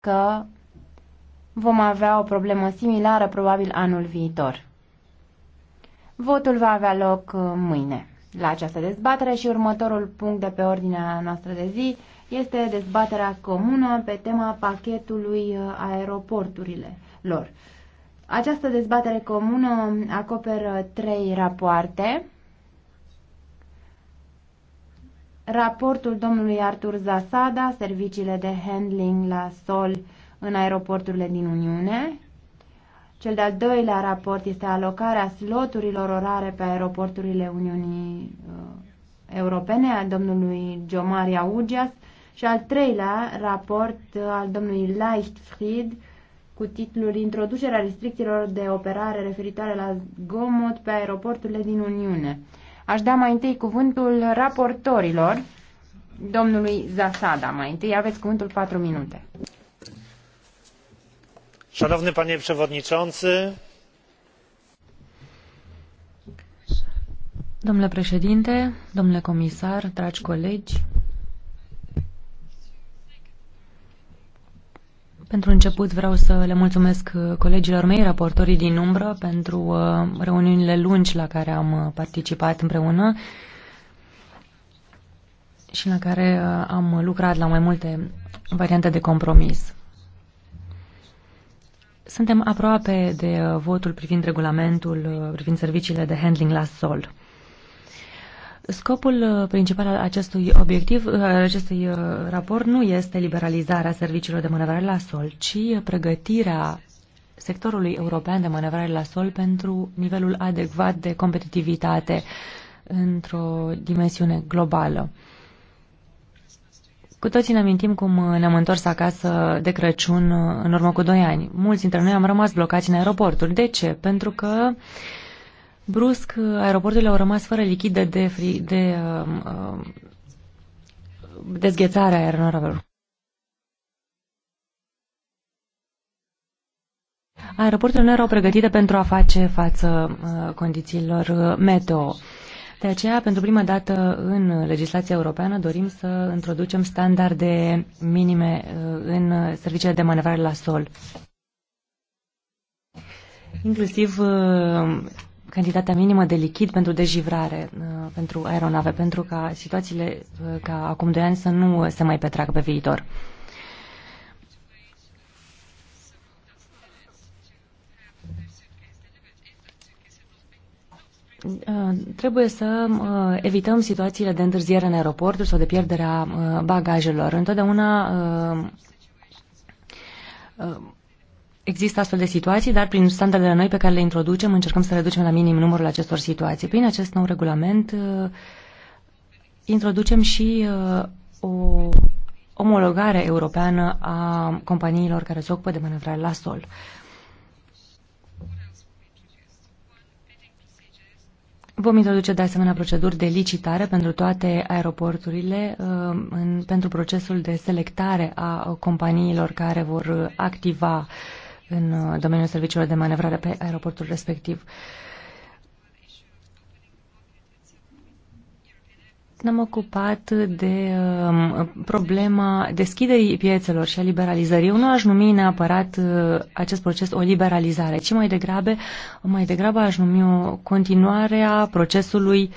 că vom avea o problemă similară probabil anul viitor. Votul va avea loc uh, mâine la această dezbatere și următorul punct de pe ordinea noastră de zi este dezbaterea comună pe tema pachetului uh, aeroporturile lor. Această dezbatere comună acoperă trei rapoarte. raportul domnului Artur Zasada, serviciile de handling la sol în aeroporturile din Uniune. Cel de-al doilea raport este alocarea sloturilor orare pe aeroporturile Uniunii uh, Europene al domnului Giomaria Ugias și al treilea raport uh, al domnului Leichtfried cu titlul Introducerea restricțiilor de operare referitoare la zgomot pe aeroporturile din Uniune. Aș da mai întâi cuvântul raportorilor, domnului Zasada. Mai întâi aveți cuvântul 4 minute. Szanowny panie przewodniczący. Domnule președinte, domnule comisar, dragi colegi, Pentru început vreau să le mulțumesc uh, colegilor mei, raportorii din umbră, pentru uh, reuniunile lungi la care am uh, participat împreună și la care am lucrat la mai multe variante de compromis. Suntem aproape de votul privind regulamentul privind serviciile de handling la sol. Scopul uh, principal al acestui obiectiv, uh, al acestui uh, raport, nu este liberalizarea serviciilor de manevrare la sol, ci pregătirea sectorului european de manevrare la sol pentru nivelul adecvat de competitivitate într-o dimensiune globală. Cu toții ne amintim cum ne-am întors acasă de Crăciun în urmă cu doi ani. Mulți dintre noi am rămas blocați în aeroporturi. De ce? Pentru că uh, Brusc, aeroporturile au rămas fără lichide de, fri, de uh, dezghețare a aeronavelor. Aeroporturile nu erau pregătite pentru a face față uh, condițiilor uh, meteo. De aceea, pentru prima dată în legislația europeană, dorim să introducem standarde minime uh, în serviciile de manevrare la sol. Inclusiv uh, cantitatea minimă de lichid pentru dejivrare uh, pentru aeronave, pentru ca situațiile uh, ca acum 2 ani să nu se mai petreacă pe viitor. Uh, trebuie să evităm situațiile de întârziere în aeroporturi sau de pierderea bagajelor. Întotdeauna Există astfel de situații, dar prin standardele noi pe care le introducem încercăm să reducem la minim numărul acestor situații. Prin acest nou regulament uh, introducem și uh, o omologare europeană a companiilor care se ocupă de manevrare la sol. Vom introduce de asemenea proceduri de licitare pentru toate aeroporturile uh, pentru procesul de selectare a companiilor care vor activa în uh, domeniul serviciilor de manevrare pe aeroportul respectiv. Ne-am ocupat de um, problema deschiderii piețelor și a liberalizării. Eu nu aș numi neapărat uh, acest proces o liberalizare, ci mai degrabă, mai degrabă aș numi o continuare a procesului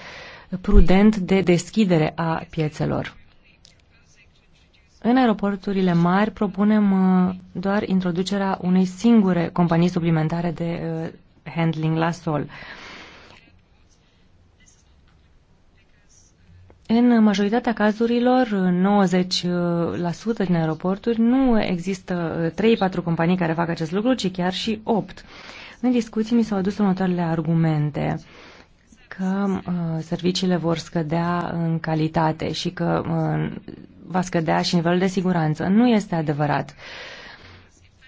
prudent de deschidere a piețelor. În aeroporturile mari propunem uh, doar introducerea unei singure companii suplimentare de uh, handling la sol. În majoritatea cazurilor, 90% din aeroporturi, nu există 3-4 uh, companii care fac acest lucru, ci chiar și 8. În discuții mi s-au adus următoarele argumente că uh, serviciile vor scădea în calitate și că uh, va scădea și nivelul de siguranță. Nu este adevărat.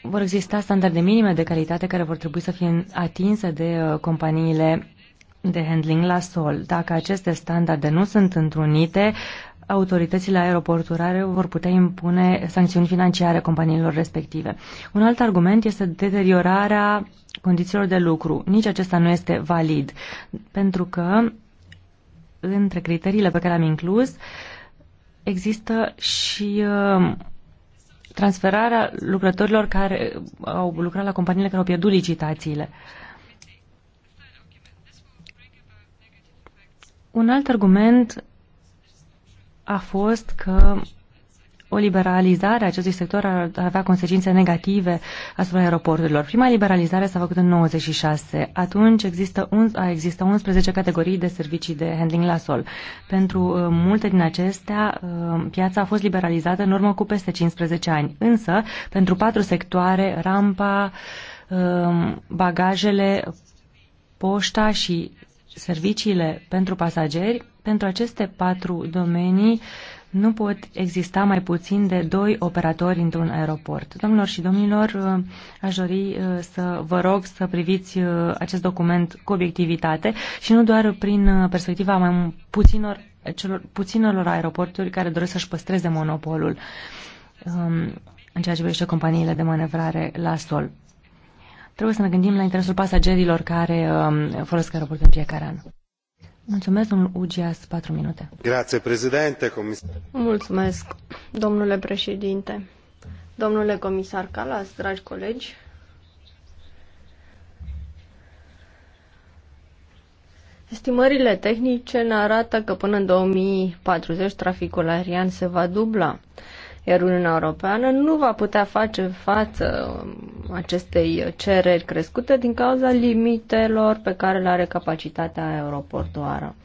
Vor exista standarde minime de calitate care vor trebui să fie atinse de uh, companiile de handling la sol. Dacă aceste standarde nu sunt întrunite, autoritățile aeroporturare vor putea impune sancțiuni financiare companiilor respective. Un alt argument este deteriorarea condițiilor de lucru. Nici acesta nu este valid, pentru că între criteriile pe care am inclus, uh, există și uh, transferarea lucrătorilor care uh, au lucrat la companiile care au pierdut licitațiile. Un alt argument a fost că o liberalizare a acestui sector ar avea consecințe negative asupra aeroporturilor. Prima liberalizare s-a făcut în 96. Atunci există un, a există 11 categorii de servicii de handling la sol. Pentru uh, multe din acestea, uh, piața a fost liberalizată în urmă cu peste 15 ani. Însă, pentru patru sectoare, rampa, uh, bagajele, poșta și serviciile pentru pasageri, pentru aceste patru domenii, nu pot exista mai puțin de doi operatori într-un aeroport. Domnilor și domnilor, uh, aș dori uh, să vă rog să priviți uh, acest document cu obiectivitate și nu doar prin perspectiva mai puținor, celor, puținor aeroporturi care doresc să-și păstreze monopolul um, în ceea ce privește companiile de manevrare la sol. Trebuie să ne gândim la interesul pasagerilor care um, folosesc aeroportul în fiecare an. Mulțumesc, domnul Ugias, patru minute. Grație, președinte, comisar. Mulțumesc, domnule președinte, domnule comisar Calas, dragi colegi. Estimările tehnice ne arată că până în 2040 traficul aerian se va dubla iar Uniunea Europeană nu va putea face față acestei cereri crescute din cauza limitelor pe care le are capacitatea aeroportoară.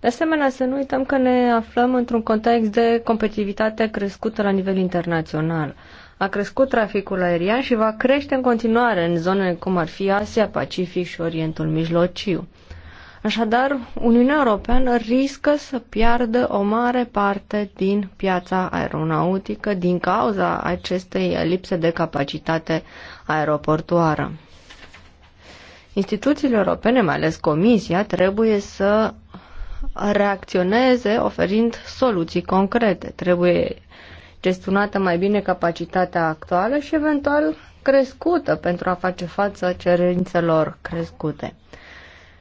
De asemenea, să nu uităm că ne aflăm într-un context de competitivitate crescută la nivel internațional. A crescut traficul aerian și va crește în continuare în zone cum ar fi Asia, Pacific și Orientul Mijlociu. Așadar, Uniunea Europeană riscă să piardă o mare parte din piața aeronautică din cauza acestei lipse de capacitate aeroportuară. Instituțiile europene, mai ales Comisia, trebuie să reacționeze oferind soluții concrete. Trebuie gestionată mai bine capacitatea actuală și eventual crescută pentru a face față cerințelor crescute.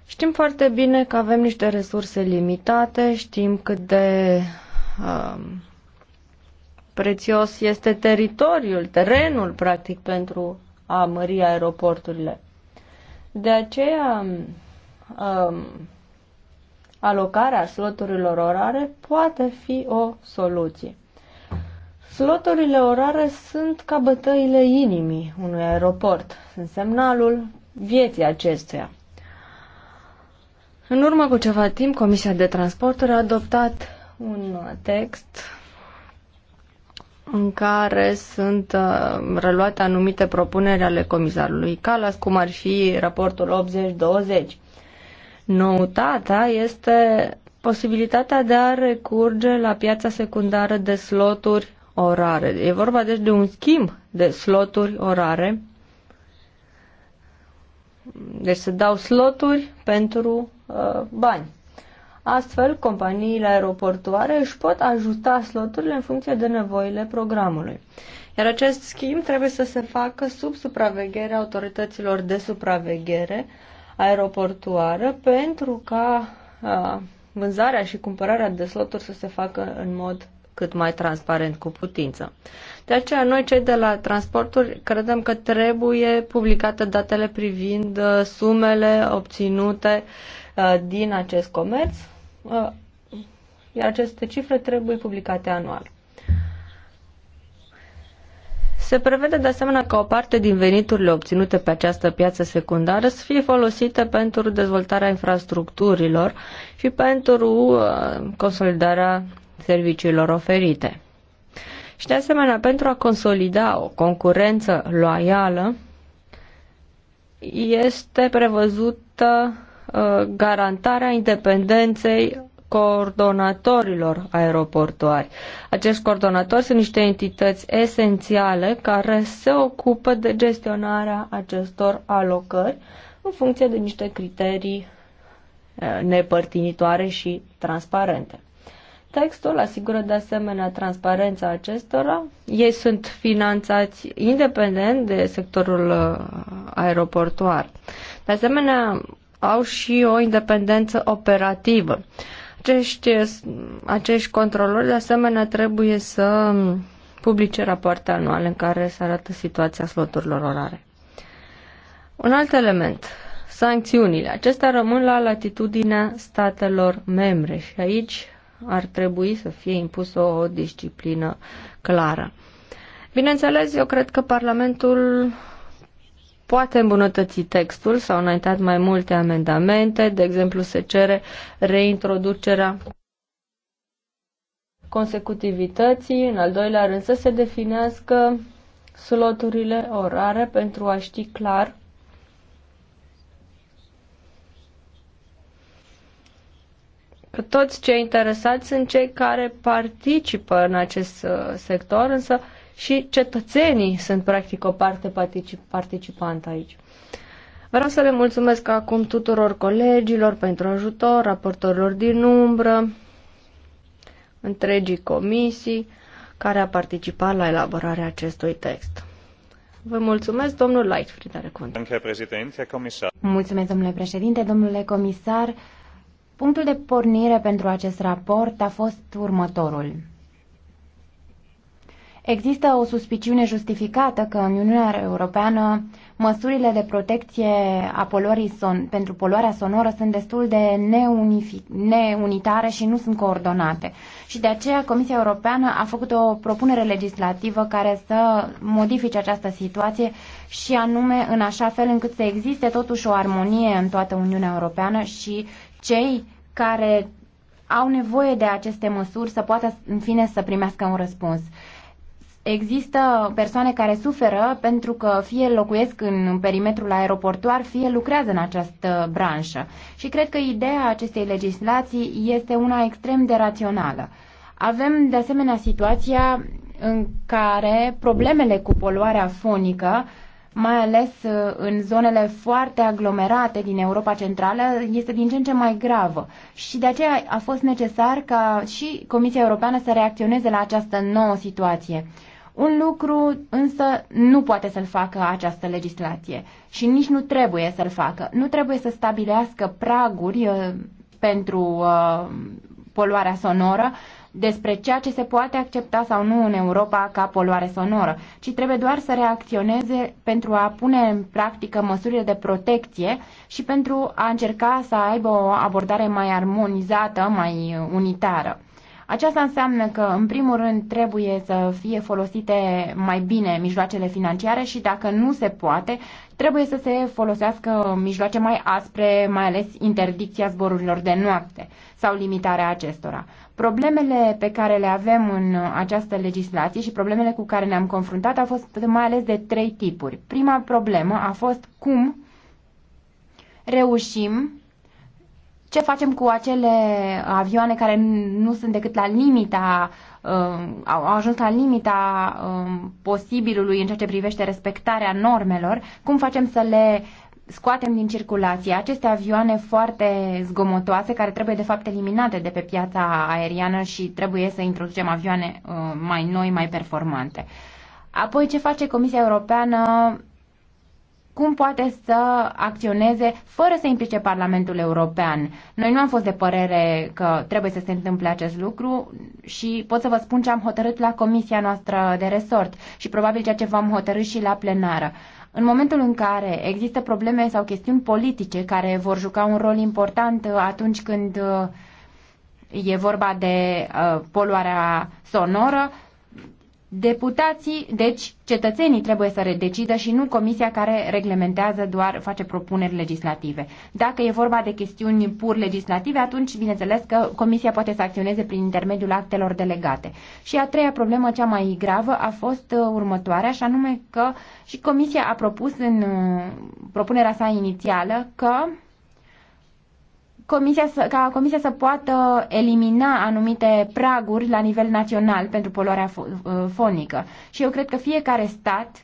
Știm foarte bine că avem niște resurse limitate, știm cât de uh, prețios este teritoriul, terenul, practic, pentru a mări aeroporturile. De aceea, um, alocarea sloturilor orare poate fi o soluție. Sloturile orare sunt ca bătăile inimii unui aeroport, sunt semnalul vieții acesteia. În urmă cu ceva timp, Comisia de Transporturi a adoptat un text în care sunt uh, reluate anumite propuneri ale comisarului Calas, cum ar fi raportul 80-20. Noutatea este posibilitatea de a recurge la piața secundară de sloturi orare. E vorba deci de un schimb de sloturi orare deci se dau sloturi pentru uh, bani. Astfel, companiile aeroportuare își pot ajuta sloturile în funcție de nevoile programului. Iar acest schimb trebuie să se facă sub supravegherea autorităților de supraveghere aeroportuară pentru ca uh, vânzarea și cumpărarea de sloturi să se facă în mod cât mai transparent cu putință. De aceea noi cei de la transporturi credem că trebuie publicate datele privind uh, sumele obținute uh, din acest comerț, uh, iar aceste cifre trebuie publicate anual. Se prevede de asemenea ca o parte din veniturile obținute pe această piață secundară să fie folosite pentru dezvoltarea infrastructurilor și pentru consolidarea serviciilor oferite. Și de asemenea, pentru a consolida o concurență loială, este prevăzută uh, garantarea independenței coordonatorilor aeroportuari. Acești coordonatori sunt niște entități esențiale care se ocupă de gestionarea acestor alocări în funcție de niște criterii uh, nepărtinitoare și transparente. Textul asigură de asemenea transparența acestora. Ei sunt finanțați independent de sectorul uh, aeroportuar. De asemenea, au și o independență operativă. Acești, acești controlori, de asemenea, trebuie să publice rapoarte anuale în care se arată situația sloturilor orare. Un alt element, sancțiunile. Acestea rămân la latitudinea statelor membre și aici ar trebui să fie impusă o disciplină clară. Bineînțeles, eu cred că Parlamentul poate îmbunătăți textul, s-au înaintat mai multe amendamente, de exemplu se cere reintroducerea consecutivității, în al doilea rând să se definească sloturile orare pentru a ști clar toți cei interesați sunt cei care participă în acest uh, sector, însă și cetățenii sunt practic o parte particip participantă aici. Vreau să le mulțumesc acum tuturor colegilor pentru ajutor, raportorilor din umbră, întregii comisii care a participat la elaborarea acestui text. Vă mulțumesc, domnul Lightfried, are cuvânt. Mulțumesc, domnule președinte, domnule comisar. Punctul de pornire pentru acest raport a fost următorul. Există o suspiciune justificată că în Uniunea Europeană măsurile de protecție a poluării son- pentru poluarea sonoră sunt destul de neunitare și nu sunt coordonate. Și de aceea Comisia Europeană a făcut o propunere legislativă care să modifice această situație și anume în așa fel încât să existe totuși o armonie în toată Uniunea Europeană și cei care au nevoie de aceste măsuri să poată, în fine, să primească un răspuns. Există persoane care suferă pentru că fie locuiesc în perimetrul aeroportuar, fie lucrează în această branșă. Și cred că ideea acestei legislații este una extrem de rațională. Avem, de asemenea, situația în care problemele cu poluarea fonică mai ales uh, în zonele foarte aglomerate din Europa Centrală, este din ce în ce mai gravă. Și de aceea a fost necesar ca și Comisia Europeană să reacționeze la această nouă situație. Un lucru însă nu poate să-l facă această legislație și nici nu trebuie să-l facă. Nu trebuie să stabilească praguri uh, pentru uh, poluarea sonoră, despre ceea ce se poate accepta sau nu în Europa ca poluare sonoră, ci trebuie doar să reacționeze pentru a pune în practică măsurile de protecție și pentru a încerca să aibă o abordare mai armonizată, mai unitară. Aceasta înseamnă că, în primul rând, trebuie să fie folosite mai bine mijloacele financiare și, dacă nu se poate, trebuie să se folosească mijloace mai aspre, mai ales interdicția zborurilor de noapte sau limitarea acestora. Problemele pe care le avem în această legislație și problemele cu care ne-am confruntat au fost mai ales de trei tipuri. Prima problemă a fost cum reușim ce facem cu acele avioane care nu sunt decât la limita, uh, au ajuns la limita uh, posibilului în ceea ce privește respectarea normelor, cum facem să le scoatem din circulație aceste avioane foarte zgomotoase care trebuie de fapt eliminate de pe piața aeriană și trebuie să introducem avioane uh, mai noi, mai performante. Apoi ce face Comisia Europeană? Cum poate să acționeze fără să implice Parlamentul European? Noi nu am fost de părere că trebuie să se întâmple acest lucru și pot să vă spun ce am hotărât la comisia noastră de resort și probabil ceea ce am hotărât și la plenară. În momentul în care există probleme sau chestiuni politice care vor juca un rol important uh, atunci când uh, e vorba de uh, poluarea sonoră, Deputații, deci cetățenii trebuie să redecidă și nu comisia care reglementează doar face propuneri legislative. Dacă e vorba de chestiuni pur legislative, atunci bineînțeles că comisia poate să acționeze prin intermediul actelor delegate. Și a treia problemă cea mai gravă a fost uh, următoarea, și anume că și comisia a propus în uh, propunerea sa inițială că comisia să, ca Comisia să poată elimina anumite praguri la nivel național pentru poluarea uh, fonică. Și eu cred că fiecare stat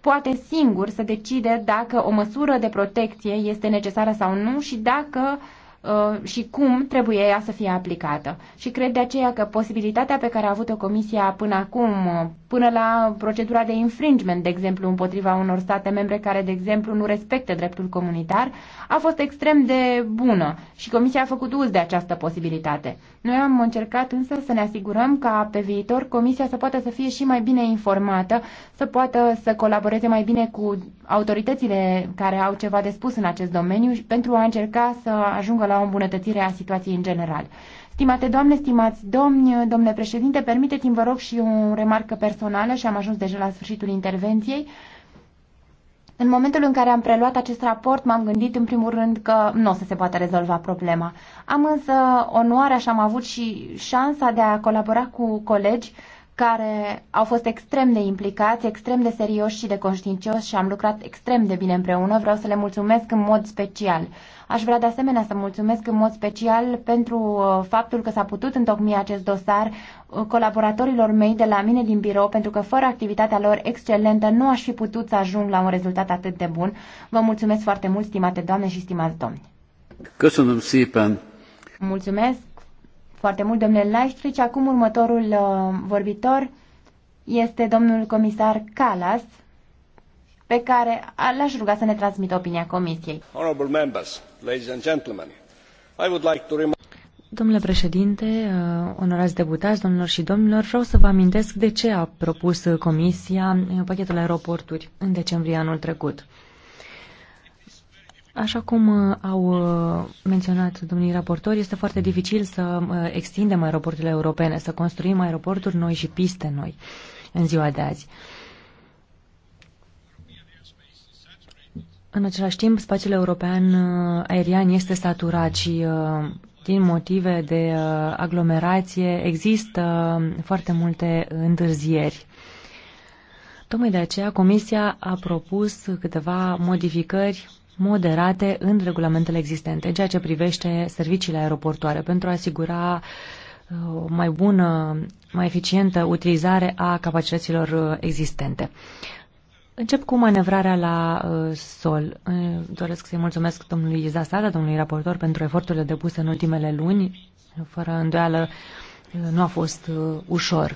poate singur să decide dacă o măsură de protecție este necesară sau nu și dacă uh, și cum trebuie ea să fie aplicată. Și cred de aceea că posibilitatea pe care a avut-o Comisia până acum uh, până la procedura de infringement, de exemplu, împotriva unor state membre care, de exemplu, nu respectă dreptul comunitar, a fost extrem de bună și Comisia a făcut uz de această posibilitate. Noi am încercat însă să ne asigurăm ca pe viitor Comisia să poată să fie și mai bine informată, să poată să colaboreze mai bine cu autoritățile care au ceva de spus în acest domeniu pentru a încerca să ajungă la o îmbunătățire a situației în general. Stimate doamne, stimați domni, domnule președinte, permiteți-mi, vă rog, și o remarcă personală și am ajuns deja la sfârșitul intervenției. În momentul în care am preluat acest raport, m-am gândit în primul rând că nu o să se poată rezolva problema. Am însă onoarea și am avut și șansa de a colabora cu colegi uh, care au fost extrem de implicați, extrem de serioși și de conștiincioși și am lucrat extrem de bine împreună. Vreau să le mulțumesc în mod special. Aș vrea de asemenea să mulțumesc în mod special pentru uh, faptul că s-a putut întocmi acest dosar uh, colaboratorilor mei de la mine din birou, pentru că fără activitatea lor excelentă nu aș fi putut să ajung la un rezultat atât de bun. Vă mulțumesc foarte mult, stimate doamne și stimați domni. Mulțumesc foarte mult, domnule Leistrich. Acum următorul uh, vorbitor este domnul comisar Calas, pe care l-aș ruga să ne transmită opinia comisiei. Honorable members, ladies and gentlemen, I would like to Domnule președinte, uh, onorați deputați, domnilor și domnilor, vreau să vă amintesc de ce a propus Comisia uh, pachetul aeroporturi în decembrie anul trecut. Așa cum uh, au uh, menționat domnii raportori, este foarte dificil să uh, extindem aeroporturile europene, să construim aeroporturi noi și piste noi în ziua de azi. În același timp, spațiul european aerian este saturat și din motive de aglomerație există foarte multe întârzieri. Tocmai de aceea Comisia a propus câteva modificări moderate în regulamentele existente, ceea ce privește serviciile aeroportoare, pentru a asigura o uh, mai bună, mai eficientă utilizare a capacităților uh, existente. Încep cu manevrarea la uh, sol. Uh, doresc să-i mulțumesc domnului Zasada, domnului raportor, pentru eforturile depuse în ultimele luni. Fără îndoială, nu a fost uh, ușor.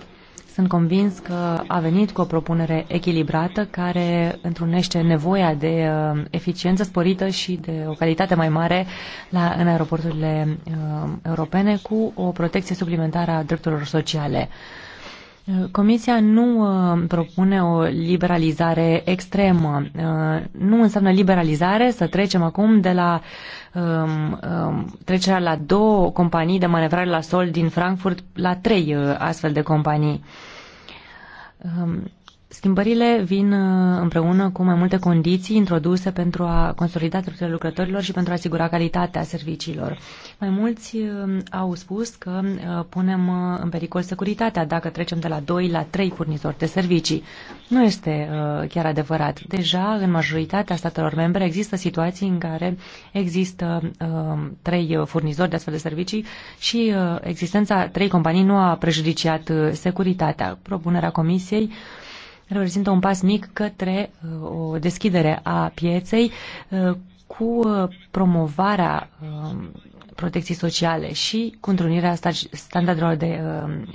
Sunt convins că a venit cu o propunere echilibrată care întrunește nevoia de uh, eficiență sporită și de o calitate mai mare la, în aeroporturile uh, europene cu o protecție suplimentară a drepturilor sociale. Comisia nu uh, propune o liberalizare extremă. Uh, nu înseamnă liberalizare să trecem acum de la um, um, trecerea la două companii de manevrare la sol din Frankfurt la trei uh, astfel de companii. Um, Schimbările vin uh, împreună cu mai multe condiții introduse pentru a consolida drepturile lucrătorilor și pentru a asigura calitatea serviciilor. Mai mulți uh, au spus că uh, punem în pericol securitatea dacă trecem de la 2 la 3 furnizori de servicii. Nu este chiar adevărat. Deja în majoritatea statelor membre există situații în care există 3 furnizori de astfel de servicii și existența 3 companii nu a prejudiciat securitatea. Propunerea Comisiei reprezintă un pas mic către uh, o deschidere a pieței uh, cu uh, promovarea um, protecției sociale și cu întrunirea standardelor de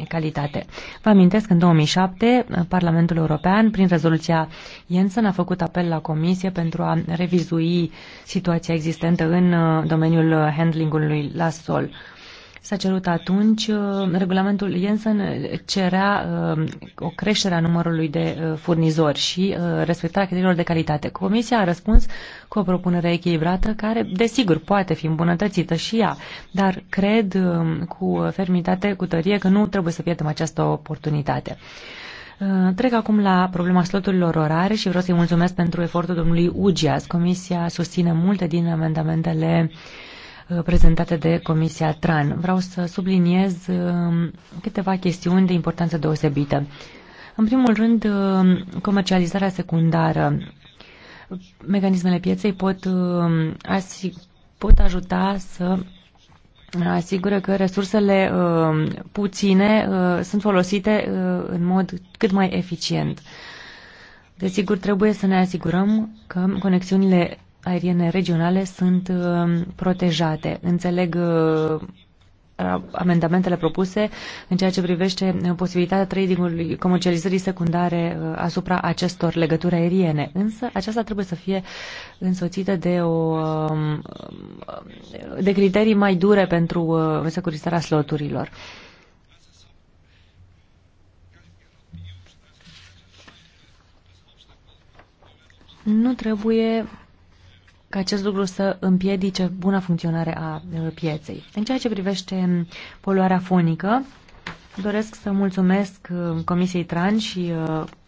calitate. Um, Vă amintesc, în 2007, Parlamentul European, prin rezoluția Jensen, a făcut apel la Comisie pentru a revizui situația existentă în domeniul handlingului la sol s-a cerut atunci. Uh, regulamentul Jensen cerea uh, o creștere a numărului de uh, furnizori și respectarea criteriilor de calitate. Comisia a răspuns cu o propunere echilibrată care, desigur, poate fi îmbunătățită și ea, dar cred cu fermitate, cu tărie, că nu trebuie să pierdem această oportunitate. Trec acum la problema sloturilor orare și vreau să-i mulțumesc pentru efortul domnului Ugias. Comisia susține multe din amendamentele uh, Uh, prezentate de Comisia TRAN. Vreau să subliniez uh, câteva chestiuni de importanță deosebită. În primul rând, uh, comercializarea secundară. Mecanismele pieței pot, pot ajuta să asigură că resursele puține sunt folosite în mod cât mai eficient. Desigur, trebuie să ne asigurăm că conexiunile aeriene regionale sunt uh, protejate. Înțeleg uh, amendamentele propuse în ceea ce privește uh, posibilitatea tradingului comercializării secundare asupra acestor legături aeriene. Însă aceasta trebuie să fie însoțită de, o, um, de criterii mai dure pentru securizarea sloturilor. Nu trebuie ca acest lucru să împiedice buna funcționare a pieței. În ceea ce privește poluarea fonică, doresc să mulțumesc Comisiei Tran și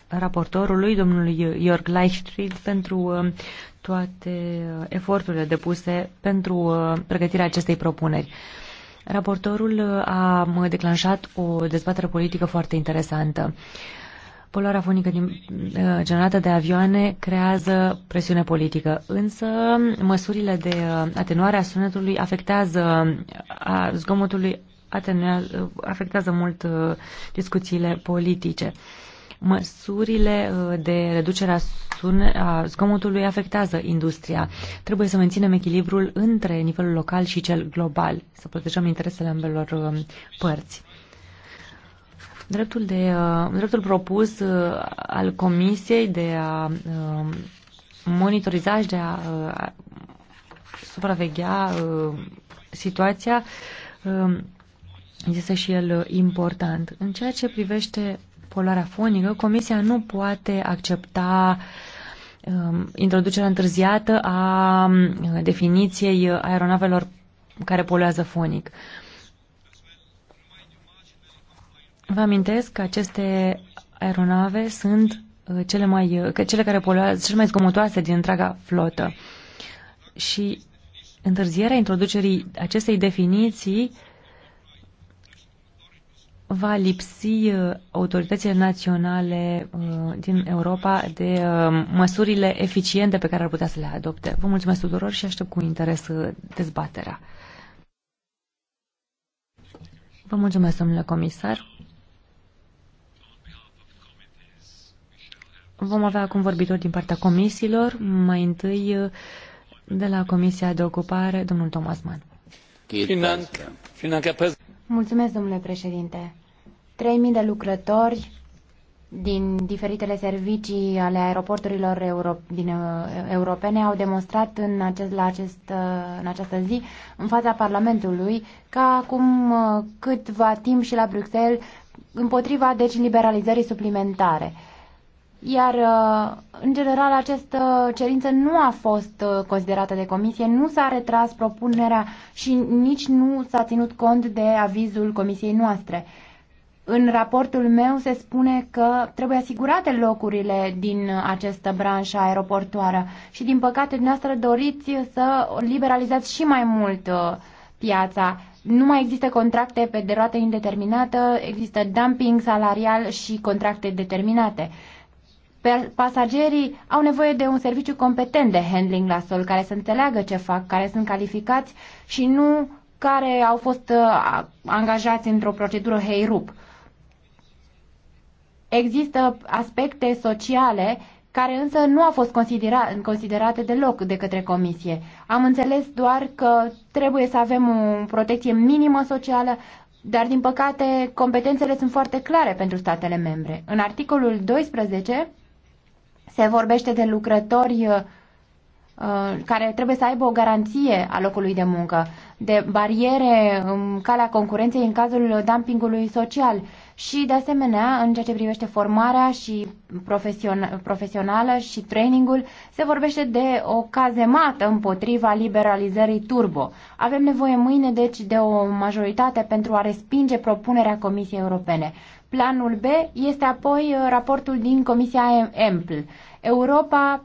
raportorului, domnului Jörg Leichtfried, pentru toate eforturile depuse pentru pregătirea acestei propuneri. Raportorul a declanșat o dezbatere politică foarte interesantă. Poluarea fonică din, uh, generată de avioane creează presiune politică, însă măsurile de uh, atenuare a sunetului afectează a zgomotului atenuează, uh, afectează mult discuțiile politice. Măsurile de reducere a, sune, a zgomotului afectează industria. Trebuie să menținem echilibrul între nivelul local și cel global, să protejăm interesele ambelor părți. Dreptul, de, uh, dreptul propus uh, al Comisiei de a uh, monitoriza și de a supraveghea situația um, este și el important. În ceea ce privește poluarea fonică, Comisia nu poate accepta um, introducerea întârziată a definiției aeronavelor care poluează fonic. Uh, Vă amintesc că aceste aeronave sunt uh, cele mai, uh, cele care poluează, cele mai zgomotoase din întreaga flotă. Și întârzierea introducerii acestei definiții va lipsi uh, autoritățile naționale din Europa de măsurile eficiente pe care ar putea să le adopte. Vă mulțumesc tuturor și aștept cu interes dezbaterea. Vă mulțumesc, domnule comisar. Vom avea acum vorbitori din partea comisiilor. Mai întâi de la Comisia de Ocupare, domnul Thomas Mann. Mulțumesc, domnule președinte. 3.000 de lucrători din diferitele servicii ale aeroporturilor euro, din, uh, europene au demonstrat în, acest, la acest, uh, în această zi în fața Parlamentului ca acum uh, câtva timp și la Bruxelles împotriva deci liberalizării suplimentare. Uh, iar, uh, în general, această cerință nu a fost uh, considerată de comisie, nu s-a retras propunerea și nici nu s-a ținut cont de avizul comisiei noastre. În raportul meu se spune că trebuie asigurate locurile din această branșă aeroportoară și, din păcate, dumneavoastră doriți să liberalizați și mai mult uh, piața. Nu mai există contracte pe derată indeterminată, există dumping salarial și contracte determinate pasagerii au nevoie de un serviciu competent de handling la sol, care să înțeleagă ce fac, care sunt calificați și nu care au fost uh, angajați într-o procedură hey-rup. Există aspecte sociale care însă nu au fost considera considerate deloc de către Comisie. Am înțeles doar că trebuie să avem o protecție minimă socială, dar din păcate competențele sunt foarte clare pentru statele membre. În articolul 12 se vorbește de lucrători uh, uh, care trebuie să aibă o garanție a locului de muncă, de bariere în calea concurenței în cazul dumpingului social și, de asemenea, în ceea ce privește formarea și profesion- profesională și trainingul, se vorbește de o cazemată împotriva liberalizării turbo. Avem nevoie mâine, deci, de o majoritate pentru a respinge propunerea Comisiei Europene. Planul B este apoi uh, raportul din Comisia EMPL Europa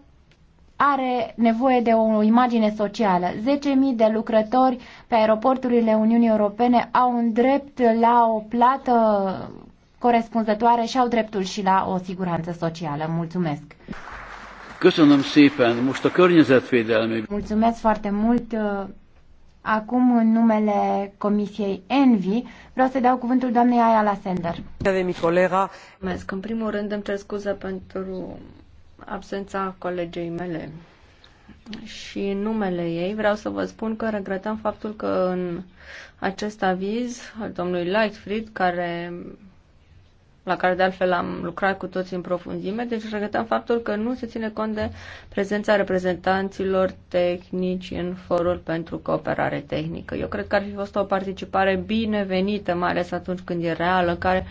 are nevoie de o imagine socială. 10.000 de lucrători pe aeroporturile Uniunii Europene au un drept la o plată corespunzătoare și au dreptul și la o siguranță socială. Mulțumesc! Mulțumesc foarte mult! Acum, în numele Comisiei Envi, vreau să dau cuvântul doamnei Aia Sender. De Mulțumesc. În primul rând îmi cer scuze pentru absența colegei mele și numele ei vreau să vă spun că regretăm faptul că în acest aviz al domnului Lightfried, care, la care de altfel am lucrat cu toți în profundime, deci regretăm faptul că nu se ține cont de prezența reprezentanților tehnici în forul pentru cooperare tehnică. Eu cred că ar fi fost o participare binevenită, mai ales atunci când e reală, care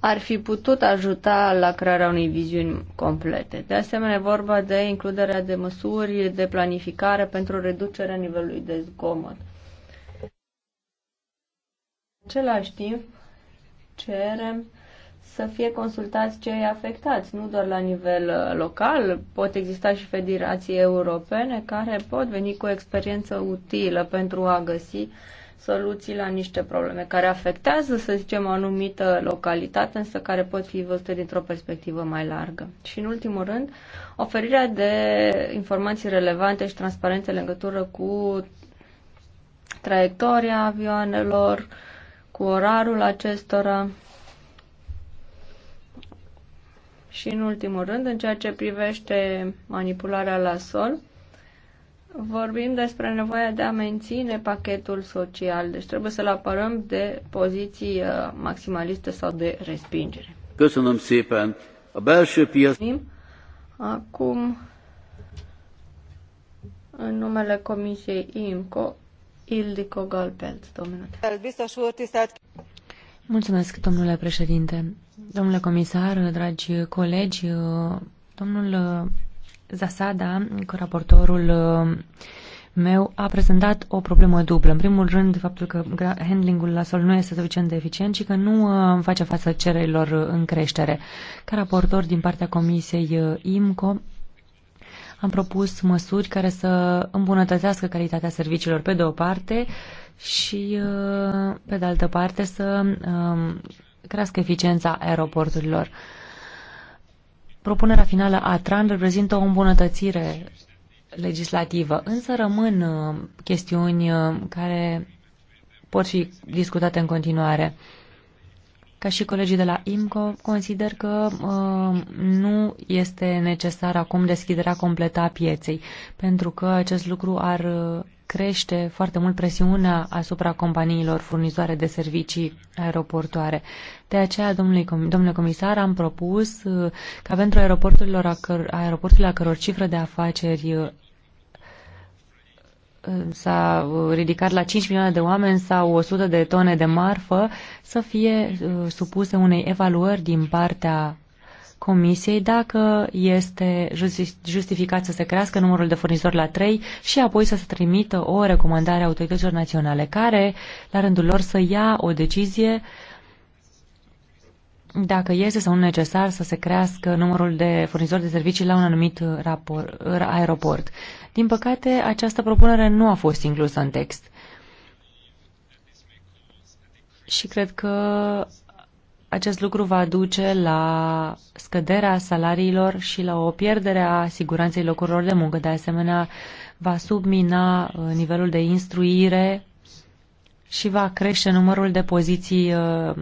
ar fi putut ajuta la crearea unei viziuni complete. De asemenea, vorba de includerea de măsuri de planificare pentru reducerea nivelului de zgomot. În același timp, cerem să fie consultați cei afectați, nu doar la nivel uh, local, pot exista și federații europene care pot veni cu o experiență utilă pentru a găsi uh, soluții la niște probleme care afectează, să zicem, o anumită localitate, însă care pot fi văzute dintr-o perspectivă mai largă. Și, în ultimul rând, oferirea de informații relevante și transparente în legătură cu traiectoria avioanelor, cu orarul acestora, și în ultimul rând, în ceea ce privește manipularea la sol, vorbim despre nevoia de a menține pachetul social, deci trebuie să-l apărăm de poziții uh, maximaliste sau de respingere. Köszönöm szépen. A belső piac... Acum, în numele Comisiei IMCO, Ildiko Galpelt, domnule. Mulțumesc, domnule președinte. Domnule comisar, dragi colegi, domnul Zasada, cu raportorul uh, meu, a prezentat o problemă dublă. În primul rând, faptul că handlingul la sol nu este suficient de eficient și că nu uh, face față cererilor uh, în creștere. Ca raportor din partea Comisiei IMCO, am propus măsuri care să îmbunătățească calitatea serviciilor pe de o parte și pe de altă parte să um, crească eficiența aeroporturilor. Propunerea finală a TRAN reprezintă o îmbunătățire legislativă, însă rămân uh, chestiuni uh, care pot fi discutate în continuare. Ca și colegii de la IMCO, consider că uh, nu este necesar acum deschiderea completă a pieței, pentru că acest lucru ar uh, crește foarte mult presiunea asupra companiilor furnizoare de servicii aeroportoare. De aceea, domnule comisar, am propus uh, ca pentru aeroporturile a, căror cifră de afaceri uh, s-a uh, ridicat la 5 milioane de oameni sau 100 de tone de marfă să fie supuse unei evaluări din partea Comisiei dacă este justificat să se crească numărul de furnizori la 3 și apoi să se trimită o recomandare a autorităților naționale care, la rândul lor, să ia o decizie uh, dacă este sau nu necesar să se crească numărul de furnizori de servicii la un anumit rapor, aeroport. Din păcate, această propunere nu a fost inclusă în text. Și cred că acest lucru va duce la scăderea salariilor și la o pierdere a siguranței locurilor de muncă. De asemenea, va submina uh, nivelul de instruire și va crește numărul de poziții uh,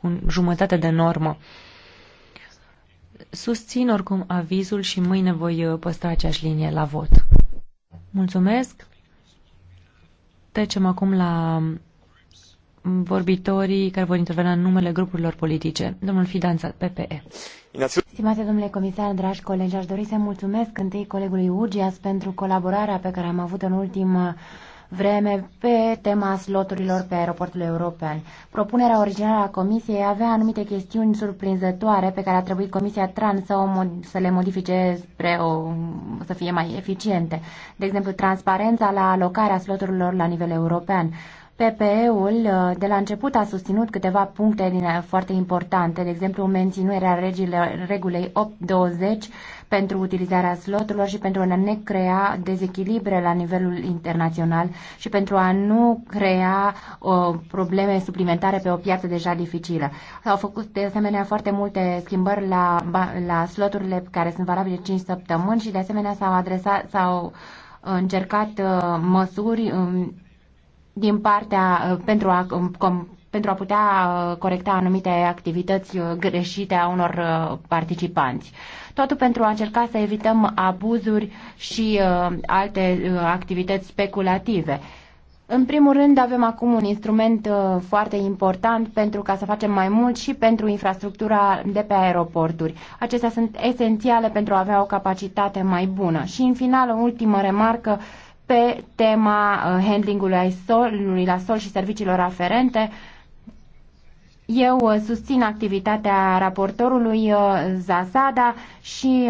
cu jumătate de normă. Susțin oricum avizul și mâine voi uh, păstra aceeași linie la vot. Mulțumesc. Trecem acum la um, vorbitorii care vor interveni în numele grupurilor politice. Domnul Fidanța, PPE. Stimate domnule comisar, dragi colegi, aș dori să mulțumesc întâi colegului Urgias pentru colaborarea pe care am avut în ultima vreme pe tema sloturilor pe aeroportul european. Propunerea originală a Comisiei avea anumite chestiuni surprinzătoare pe care a trebuit Comisia Trans să, o, să le modifice spre o, să fie mai eficiente. De exemplu, transparența la alocarea sloturilor la nivel european. PPE-ul uh, de la început a susținut câteva puncte uh, foarte importante, de exemplu menținerea regulei 820 pentru utilizarea sloturilor și pentru a ne crea dezechilibre la nivelul internațional și pentru a nu crea o, uh, probleme suplimentare pe o piață deja dificilă. S-au făcut de asemenea foarte multe schimbări la, la sloturile care sunt valabile 5 săptămâni și de asemenea s-au adresat, s-au încercat uh, măsuri um, din partea uh, pentru a, um, pentru a putea uh, corecta anumite activități uh, greșite a unor participanți. Totul pentru a încerca să evităm abuzuri și alte activități speculative. În primul rând, avem acum un instrument foarte important pentru ca să facem mai mult și pentru infrastructura de pe aeroporturi. Acestea sunt esențiale pentru a avea o capacitate mai bună. Și, în final, o ultimă remarcă pe tema uh, handlingului solului la sol și serviciilor aferente. Eu uh, susțin activitatea raportorului uh, Zasada și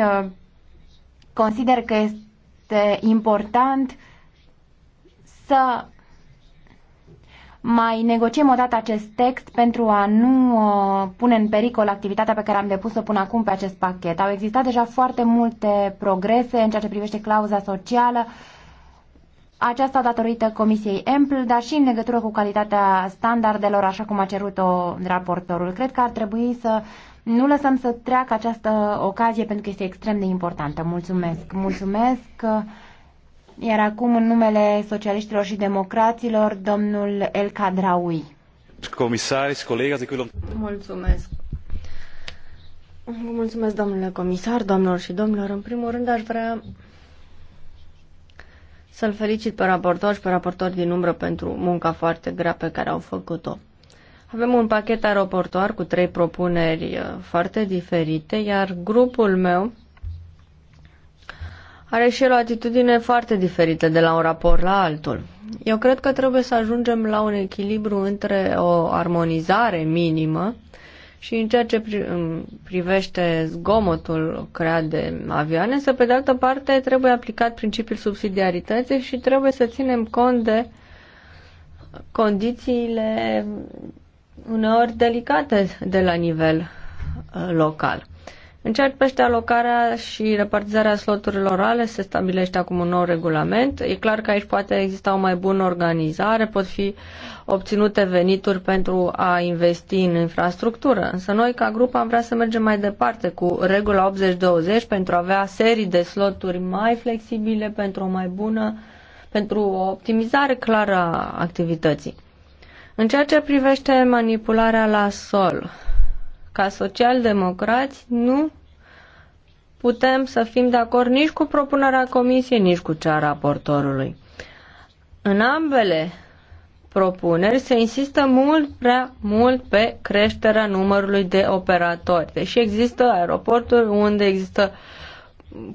consider că este important să mai negociem o dată acest text pentru a nu pune în pericol activitatea pe care am depus-o până acum pe acest pachet. Au existat deja foarte multe progrese în ceea ce privește clauza socială, aceasta datorită Comisiei EMPL, dar și în legătură cu calitatea standardelor, așa cum a cerut-o raportorul. Cred că ar trebui să nu lăsăm să treacă această ocazie pentru că este extrem de importantă. Mulțumesc! Mulțumesc! Iar acum, în numele socialiștilor și democraților, domnul El Cadraui. Comisaris, colegi, Mulțumesc! Vă mulțumesc, domnule comisar, domnilor și domnilor. În primul rând, aș vrea să-l felicit pe raportor și pe raportor din umbră pentru munca foarte grea pe care au făcut-o. Avem un pachet aeroportuar cu trei propuneri uh, foarte diferite, iar grupul meu are și el o atitudine foarte diferită de la un raport la altul. Eu cred că trebuie să ajungem la un echilibru între o armonizare minimă și în ceea ce privește zgomotul creat de avioane, să pe de altă parte trebuie aplicat principiul subsidiarității și trebuie să ținem cont de condițiile uneori delicate de la nivel uh, local. În ceea ce privește alocarea și repartizarea sloturilor orale, se stabilește acum un nou regulament. E clar că aici poate exista o mai bună organizare, pot fi uh, obținute venituri pentru a investi în infrastructură. Însă noi, ca grup, am vrea să mergem mai departe cu regula 80-20 pentru a avea serii de sloturi mai flexibile, pentru o mai bună, pentru o optimizare clară a activității. În ceea ce privește manipularea la sol, ca socialdemocrați nu putem să fim de acord nici cu propunerea comisiei, nici cu cea a raportorului. În ambele propuneri se insistă mult prea mult pe creșterea numărului de operatori. Deși există aeroporturi unde există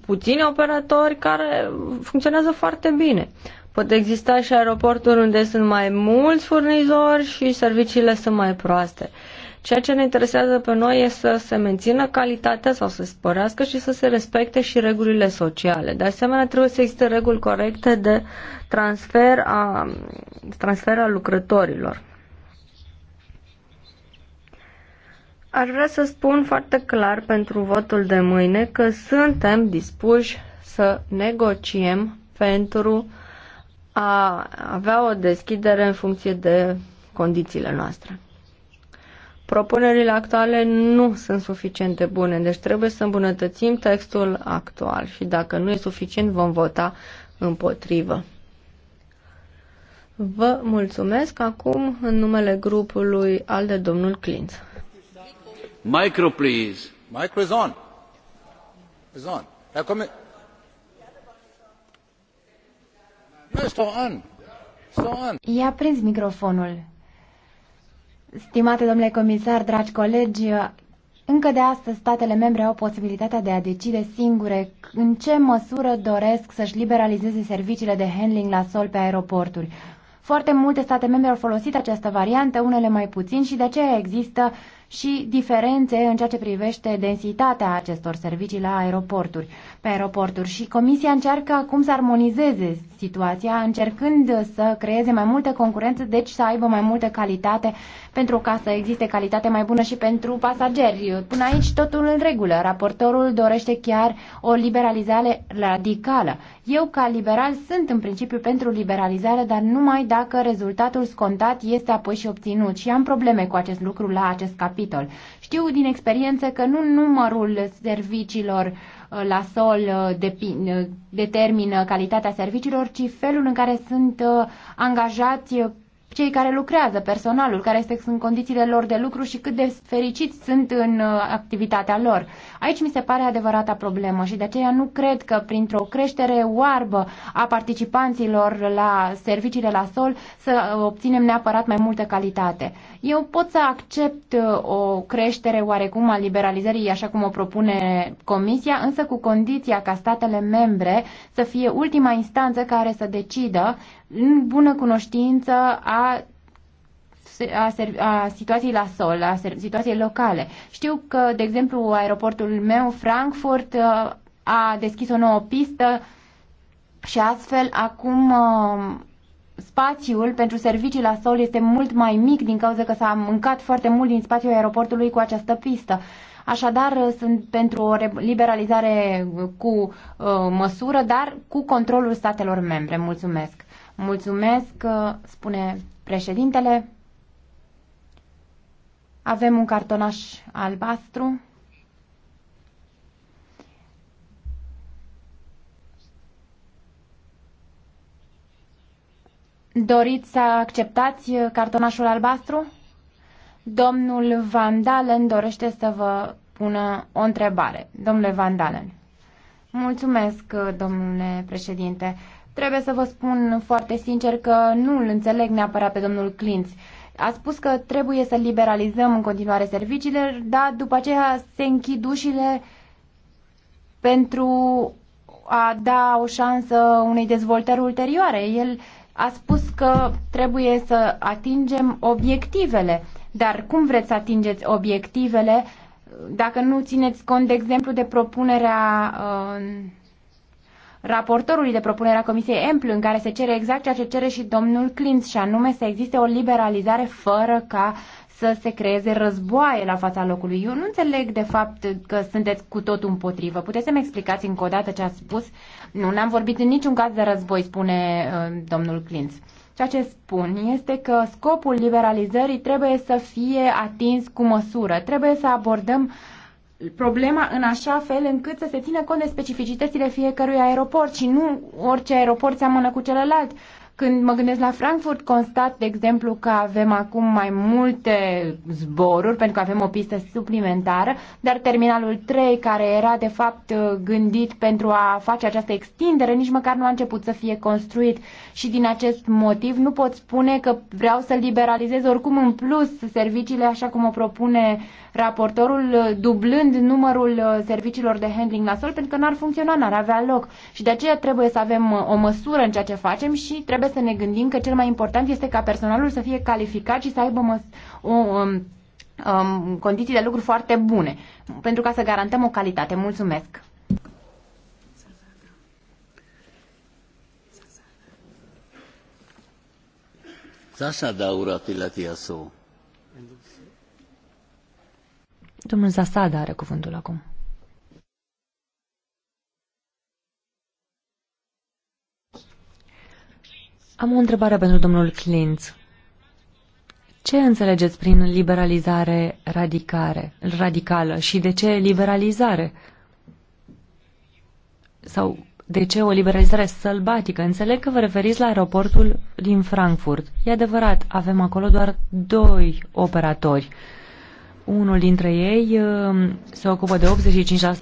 puțini operatori care funcționează foarte bine. Pot exista și aeroporturi unde sunt mai mulți furnizori și serviciile sunt mai proaste. Ceea ce ne interesează pe noi este să se mențină calitatea sau să se sporească și să se respecte și regulile sociale. De asemenea, trebuie să existe reguli corecte de transfer, a, transfer a lucrătorilor. Aș vrea să spun foarte clar pentru votul de mâine că suntem dispuși să negociem pentru a avea o deschidere în funcție de condițiile noastre. Propunerile actuale nu sunt suficient de bune, deci trebuie să îmbunătățim textul actual și dacă nu e suficient vom vota împotrivă. Vă mulțumesc. Acum, în numele grupului al de domnul Clint. Micro, please. Micro is on. Is on. Acum... on. Stau on. I-a prins microfonul. Stimate domnule comisar, dragi colegi, încă de astăzi statele membre au posibilitatea de a decide singure în ce măsură doresc să-și liberalizeze serviciile de handling la sol pe aeroporturi. Foarte multe state membre au folosit această variantă, unele mai puțin și de aceea există și diferențe în ceea ce privește densitatea acestor servicii la aeroporturi, pe aeroporturi. Și Comisia încearcă acum să armonizeze situația, încercând să creeze mai multă concurență, deci să aibă mai multă calitate, pentru ca să existe calitate mai bună și pentru pasageri. Până aici totul în regulă. Raportorul dorește chiar o liberalizare radicală. Eu, ca liberal, sunt în principiu pentru liberalizare, dar numai dacă rezultatul scontat este apoi și obținut. Și am probleme cu acest lucru la acest capitol capitol. Știu din experiență că nu numărul serviciilor uh, la sol uh, uh, determină calitatea serviciilor, ci felul în care sunt angajați cei care lucrează, personalul, care este, sunt condițiile lor de lucru și cât de fericiți sunt în activitatea lor. Aici mi se pare adevărata problemă și de aceea nu cred că printr-o creștere oarbă a participanților la serviciile la sol să obținem neapărat mai multă calitate. Eu pot să accept uh, o creștere oarecum a liberalizării, așa cum o propune Comisia, însă cu condiția ca statele membre să fie ultima instanță care să decidă în bună cunoștință a a, a situației la sol, a situației locale. Știu că, de exemplu, aeroportul meu, Frankfurt, uh, a deschis o nouă pistă și astfel acum uh, spațiul pentru servicii la sol este mult mai mic din cauza că s-a mâncat foarte mult din spațiul aeroportului cu această pistă. Așadar, sunt pentru o liberalizare cu uh, măsură, dar cu controlul statelor membre. Mulțumesc. Mulțumesc, uh, spune președintele. Avem un cartonaș albastru. Doriți să acceptați cartonașul albastru? Domnul Van Dalen dorește să vă pună o întrebare. Domnule Van Dalen. Mulțumesc, domnule președinte. Trebuie să vă spun foarte sincer că nu îl înțeleg neapărat pe domnul Clintz. A spus că trebuie să liberalizăm în continuare serviciile, dar după aceea se închid ușile pentru a da o șansă unei dezvoltări ulterioare. El a spus că trebuie să atingem obiectivele. Dar cum vreți să atingeți obiectivele dacă nu țineți cont, de exemplu, de propunerea uh, raportorului de propunerea Comisiei Emplu, în care se cere exact ceea ce cere și domnul Clint, și anume să existe o liberalizare fără ca să se creeze războaie la fața locului. Eu nu înțeleg de fapt că sunteți cu totul împotrivă. Puteți să-mi explicați încă o dată ce ați spus? Nu, n-am vorbit în niciun caz de război, spune uh, domnul Clintz. Ceea ce spun este că scopul liberalizării trebuie să fie atins cu măsură. Trebuie să abordăm problema în așa fel încât să se țină cont de specificitățile fiecărui aeroport și nu orice aeroport seamănă cu celălalt. Uh, când mă gândesc la Frankfurt, constat, de exemplu, că avem acum mai multe zboruri, pentru că avem o pistă suplimentară, dar terminalul 3, care era, de fapt, gândit pentru a face această extindere, nici măcar nu a început să fie construit. Și din acest motiv nu pot spune că vreau să liberalizez oricum în plus serviciile, așa cum o propune uh, raportorul uh, dublând numărul uh, serviciilor de handling la sol pentru că n-ar funcționa, n-ar avea loc. Și de aceea trebuie să avem uh, o măsură în ceea ce facem și trebuie să ne gândim că cel mai important este ca personalul să fie calificat și să aibă o, um, um, condiții de lucru foarte bune pentru ca să garantăm o calitate. Mulțumesc! să urat illeti tia szó. Domnul Zasada are cuvântul acum. Am o întrebare pentru domnul Clint. Ce înțelegeți prin liberalizare radicare, radicală și de ce liberalizare? Sau de ce o liberalizare sălbatică? Înțeleg că vă referiți la aeroportul din Frankfurt. E adevărat, avem acolo doar doi operatori unul dintre ei uh, se ocupă de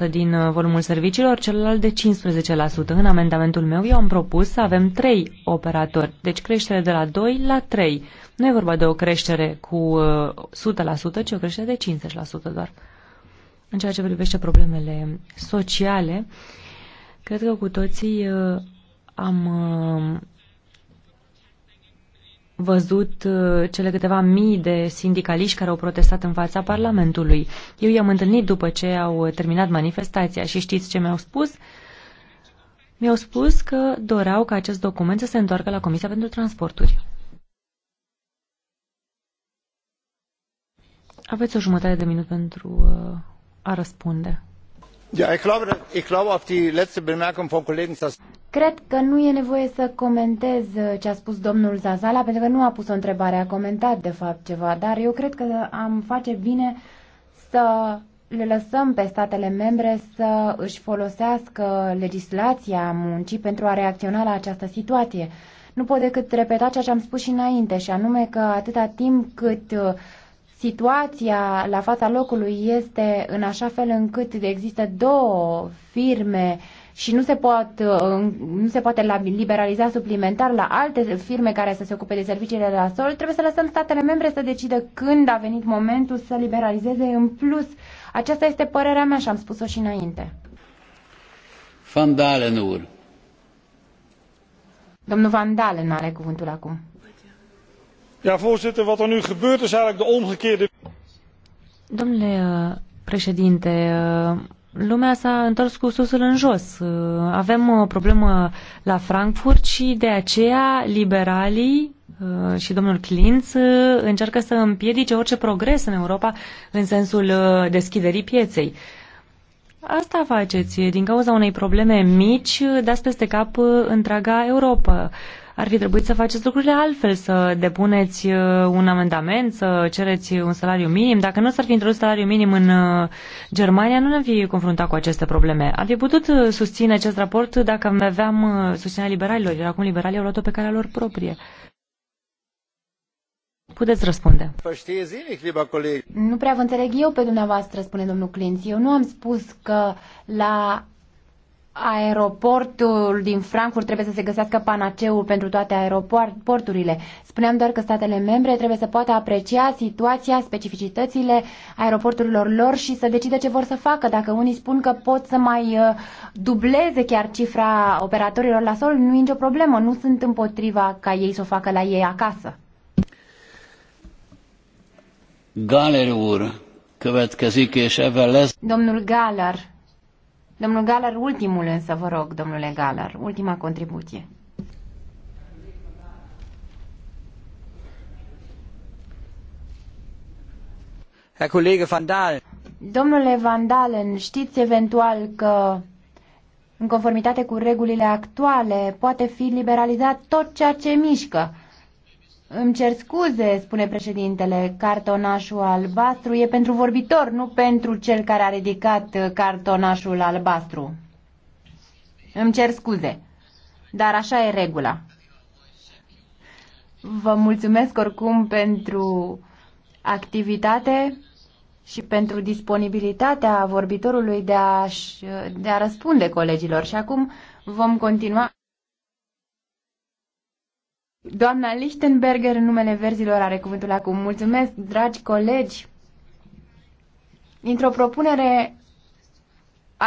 85% din uh, volumul serviciilor, celălalt de 15%. În amendamentul meu eu am propus să avem 3 operatori, deci creștere de la 2 la 3. Nu e vorba de o creștere cu 100%, uh, ci o creștere de 50% doar. În ceea ce privește problemele sociale, cred că cu toții am văzut uh, cele câteva mii de sindicaliști care au protestat în fața Parlamentului. Eu i-am întâlnit după ce au terminat manifestația și știți ce mi-au spus? Mi-au spus că doreau ca acest document să se întoarcă la Comisia pentru Transporturi. Aveți o jumătate de minut pentru uh, a răspunde. Cred că nu e nevoie să comentez uh, ce a spus domnul Zazala, pentru că nu a pus o întrebare, a comentat de fapt ceva, dar eu cred că am face bine să le lăsăm pe statele membre să își folosească legislația muncii pentru a reacționa la această situație. Nu pot decât repeta ceea ce am spus și înainte, și anume că atâta timp cât uh, situația la fața locului este în așa fel încât există două firme și nu se, pot, nu se poate liberaliza suplimentar la alte firme care să se ocupe de serviciile la sol, trebuie să lăsăm statele membre să decidă când a venit momentul să liberalizeze în plus. Aceasta este părerea mea și am spus-o și înainte. Van Domnul Van Dalen are cuvântul acum voorzitter wat er nu gebeurt is eigenlijk de omgekeerde. domnule uh, președinte uh, lumea s-a întors cu susul în jos. Uh, avem o problemă la Frankfurt și de aceea liberalii și domnul Clintz încearcă să împiedice orice progres în Europa în sensul deschiderii pieței. Asta faceți din cauza unei probleme mici, dați peste cap întreaga Europa. Ar fi trebuit să faceți lucrurile altfel, să depuneți uh, un amendament, să cereți un salariu minim. Dacă nu s-ar fi introdus salariu minim în uh, Germania, nu ne-am fi confruntat cu aceste probleme. Ar fi putut uh, susține acest raport dacă aveam susținerea liberalilor, iar acum liberalii au luat-o pe calea lor proprie. Puteți răspunde. Nu prea vă înțeleg eu pe dumneavoastră, spune domnul Clinț. Eu nu am spus că la aeroportul din Frankfurt trebuie să se găsească panaceul pentru toate aeroporturile. Spuneam doar că statele membre trebuie să poată aprecia situația, specificitățile aeroporturilor lor și să decide ce vor să facă. Dacă unii spun că pot să mai uh, dubleze chiar cifra operatorilor la sol, nu e nicio problemă. Nu sunt împotriva ca ei să o facă la ei acasă. Galer că következik, és ezzel lesz... Domnul Galer, Domnul Galar, ultimul însă, vă rog, domnule Galar, ultima contribuție. Domnule Van Dalen, știți eventual că în conformitate cu regulile actuale, poate fi liberalizat tot ceea ce mișcă. Îmi cer scuze, spune președintele, cartonașul albastru e pentru vorbitor, nu pentru cel care a ridicat cartonașul albastru. Îmi cer scuze, dar așa e regula. Vă mulțumesc oricum pentru activitate și pentru disponibilitatea vorbitorului de a, de a răspunde colegilor. Și acum vom continua. Doamna Lichtenberger, în numele verzilor, are cuvântul acum. Mulțumesc, dragi colegi! Într-o propunere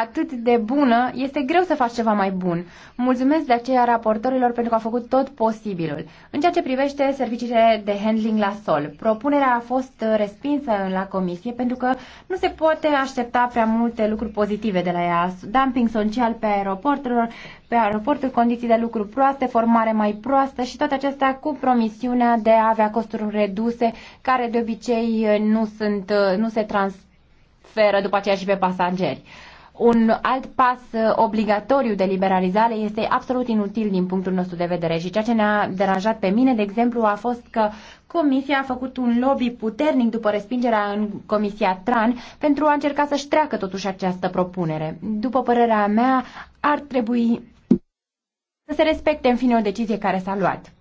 atât de bună, este greu să faci ceva mai bun. Mulțumesc de aceea raportorilor pentru că au făcut tot posibilul. În ceea ce privește serviciile de handling la sol, propunerea a fost respinsă la comisie pentru că nu se poate aștepta prea multe lucruri pozitive de la ea. Dumping social pe aeroporturilor, pe aeroporturi, condiții de lucru proaste, formare mai proastă și toate acestea cu promisiunea de a avea costuri reduse, care de obicei nu, sunt, nu se transferă după aceea și pe pasageri un alt pas uh, obligatoriu de liberalizare este absolut inutil din punctul nostru de vedere și ceea ce ne-a deranjat pe mine, de exemplu, a fost că Comisia a făcut un lobby puternic după respingerea în Comisia Tran pentru a încerca să-și treacă totuși această propunere. După părerea mea, ar trebui să se respecte în fine o decizie care s-a luat.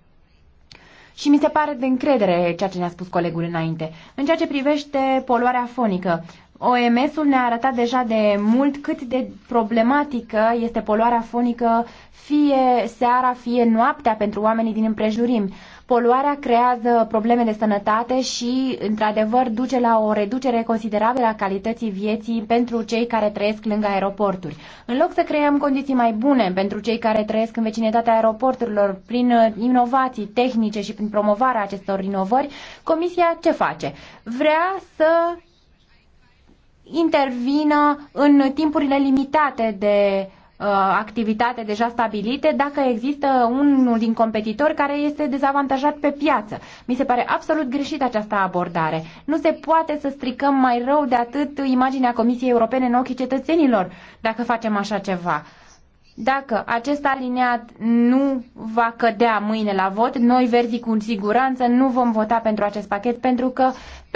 Și mi se pare de încredere ceea ce ne-a spus colegul înainte. În ceea ce privește poluarea fonică, OMS-ul ne-a arătat deja de mult cât de problematică este poluarea fonică fie seara, fie noaptea pentru oamenii din împrejurimi. Poluarea creează probleme de sănătate și, într-adevăr, duce la o reducere considerabilă a calității vieții pentru cei care trăiesc lângă aeroporturi. În loc să creăm condiții mai bune pentru cei care trăiesc în vecinătatea aeroporturilor prin uh, inovații tehnice și prin promovarea acestor inovări, Comisia ce face? Vrea să intervină în timpurile limitate de uh, activitate deja stabilite dacă există unul din competitori care este dezavantajat pe piață. Mi se pare absolut greșit această abordare. Nu se poate să stricăm mai rău de atât imaginea Comisiei Europene în ochii cetățenilor dacă facem așa ceva. Dacă acest alineat nu va cădea mâine la vot, noi verzii cu siguranță nu vom vota pentru acest pachet pentru că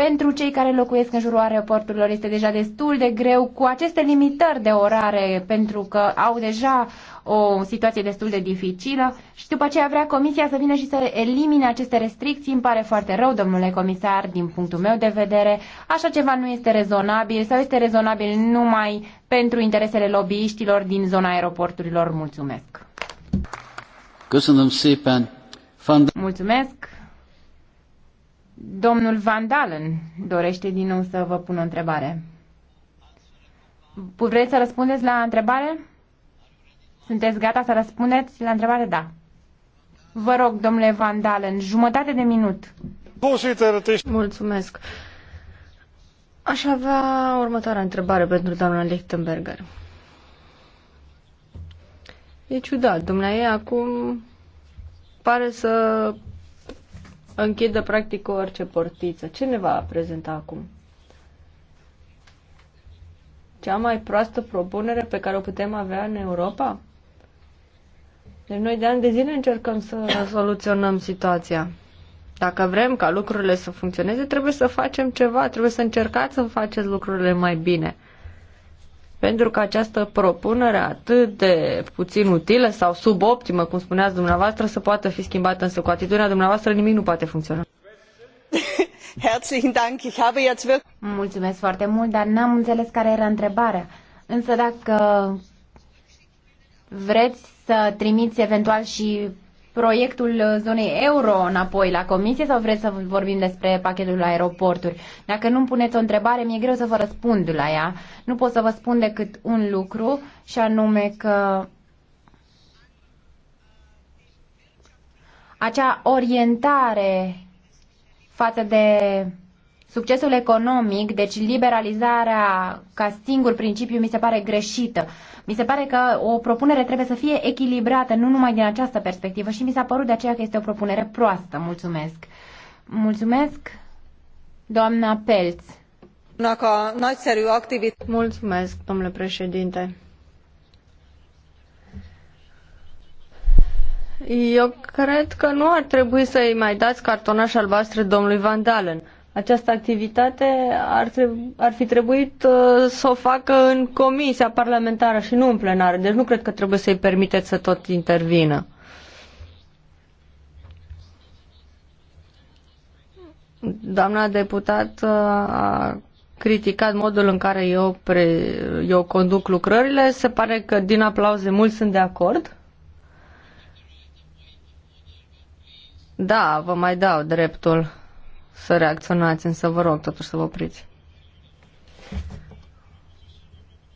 pentru cei care locuiesc în jurul aeroporturilor este deja destul de greu cu aceste limitări de orare pentru că au deja o situație destul de dificilă și după aceea vrea comisia să vină și să elimine aceste restricții. Îmi pare foarte rău, domnule comisar, din punctul meu de vedere. Așa ceva nu este rezonabil sau este rezonabil numai pentru interesele lobbyiștilor din zona aeroporturilor. Mulțumesc! Mulțumesc! Domnul Van Dalen dorește din nou să vă pun o întrebare. Vreți să răspundeți la întrebare? Sunteți gata să răspundeți la întrebare? Da. Vă rog, domnule Van Dalen, jumătate de minut. Mulțumesc. Aș avea următoarea întrebare pentru doamna Lichtenberger. E ciudat, domnule, acum pare să închidă practic orice portiță. Ce ne va prezenta acum? Cea mai proastă propunere pe care o putem avea în Europa? Deci noi de ani de zile încercăm să soluționăm situația. Dacă vrem ca lucrurile să funcționeze, trebuie să facem ceva, trebuie să încercați să faceți lucrurile mai bine pentru că această propunere atât de puțin utilă sau suboptimă, cum spuneați dumneavoastră, să poată fi schimbată, însă cu atitudinea dumneavoastră nimic nu poate funcționa. Mulțumesc foarte mult, dar n-am înțeles care era întrebarea. Însă dacă vreți să trimiți eventual și proiectul uh, zonei euro înapoi la comisie sau vreți să vorbim despre pachetul la aeroporturi? Dacă nu-mi puneți o întrebare, mi-e greu să vă răspund la ea. Nu pot să vă spun decât un lucru și anume că acea orientare față de succesul economic, deci liberalizarea ca singur principiu mi se pare greșită. Mi se pare că o propunere trebuie să fie echilibrată, nu numai din această perspectivă și mi s-a părut de aceea că este o propunere proastă. Mulțumesc. Mulțumesc, doamna Pelț. Mulțumesc, domnule președinte. Eu cred că nu ar trebui să-i mai dați cartonaș albastre domnului Van Dalen. Această activitate ar, trebui ar fi trebuit uh, să o facă în comisia parlamentară și nu în plenară, deci nu cred că trebuie să-i permiteți să tot intervină. Doamna deputat uh, a criticat modul în care eu, pre, eu conduc lucrările. Se pare că din aplauze mulți sunt de acord. Da, vă mai dau dreptul să reacționați, însă vă rog totuși să vă opriți.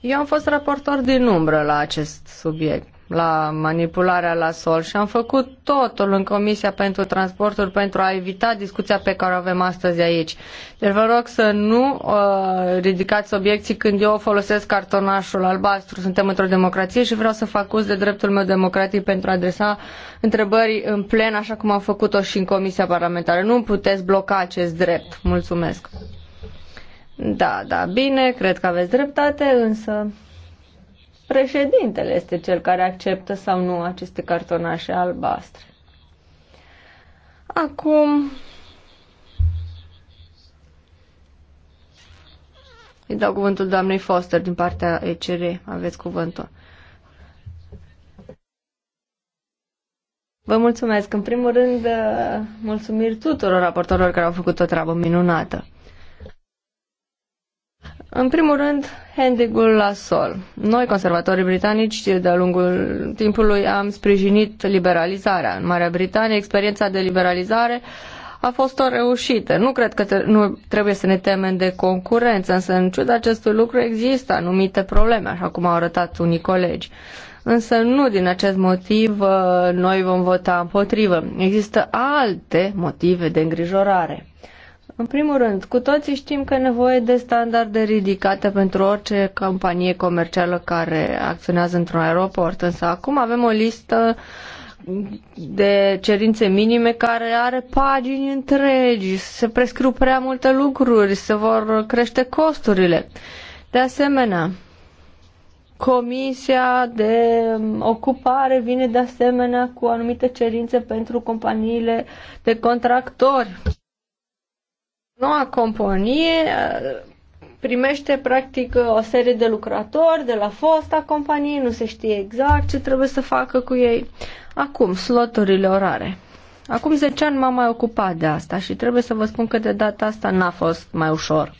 Eu am fost raportor din umbră la acest subiect la manipularea la sol și am făcut totul în Comisia pentru transportul pentru a evita discuția pe care o avem astăzi aici. Deci vă rog să nu uh, ridicați obiecții când eu folosesc cartonașul albastru. Suntem într-o democrație și vreau să fac uz de dreptul meu democratic pentru a adresa întrebări în plen, așa cum am făcut-o și în Comisia Parlamentară. Nu puteți bloca acest drept. Mulțumesc. Da, da, bine, cred că aveți dreptate, însă președintele este cel care acceptă sau nu aceste cartonașe albastre. Acum îi dau cuvântul doamnei Foster din partea ECR. Aveți cuvântul. Vă mulțumesc. În primul rând, mulțumiri tuturor raportorilor care au făcut o treabă minunată. În primul rând, handicul la sol. Noi, conservatorii britanici, de-a lungul timpului am sprijinit liberalizarea. În Marea Britanie, experiența de liberalizare a fost o reușită. Nu cred că te, nu trebuie să ne temem de concurență, însă în ciuda acestui lucru există anumite probleme, așa cum au arătat unii colegi. Însă nu din acest motiv uh, noi vom vota împotrivă. Există alte motive de îngrijorare. În primul rând, cu toții știm că e nevoie de standarde ridicate pentru orice companie comercială care acționează într-un aeroport, însă acum avem o listă de cerințe minime care are pagini întregi, se prescriu prea multe lucruri, se vor crește costurile. De asemenea, Comisia de ocupare vine de asemenea cu anumite cerințe pentru companiile de contractori. Noua companie uh, primește practic o serie de lucrători de la fosta companie, nu se știe exact ce trebuie să facă cu ei. Acum, sloturile orare. Acum 10 ani m-am mai ocupat de asta și trebuie să vă spun că de data asta n-a fost mai ușor.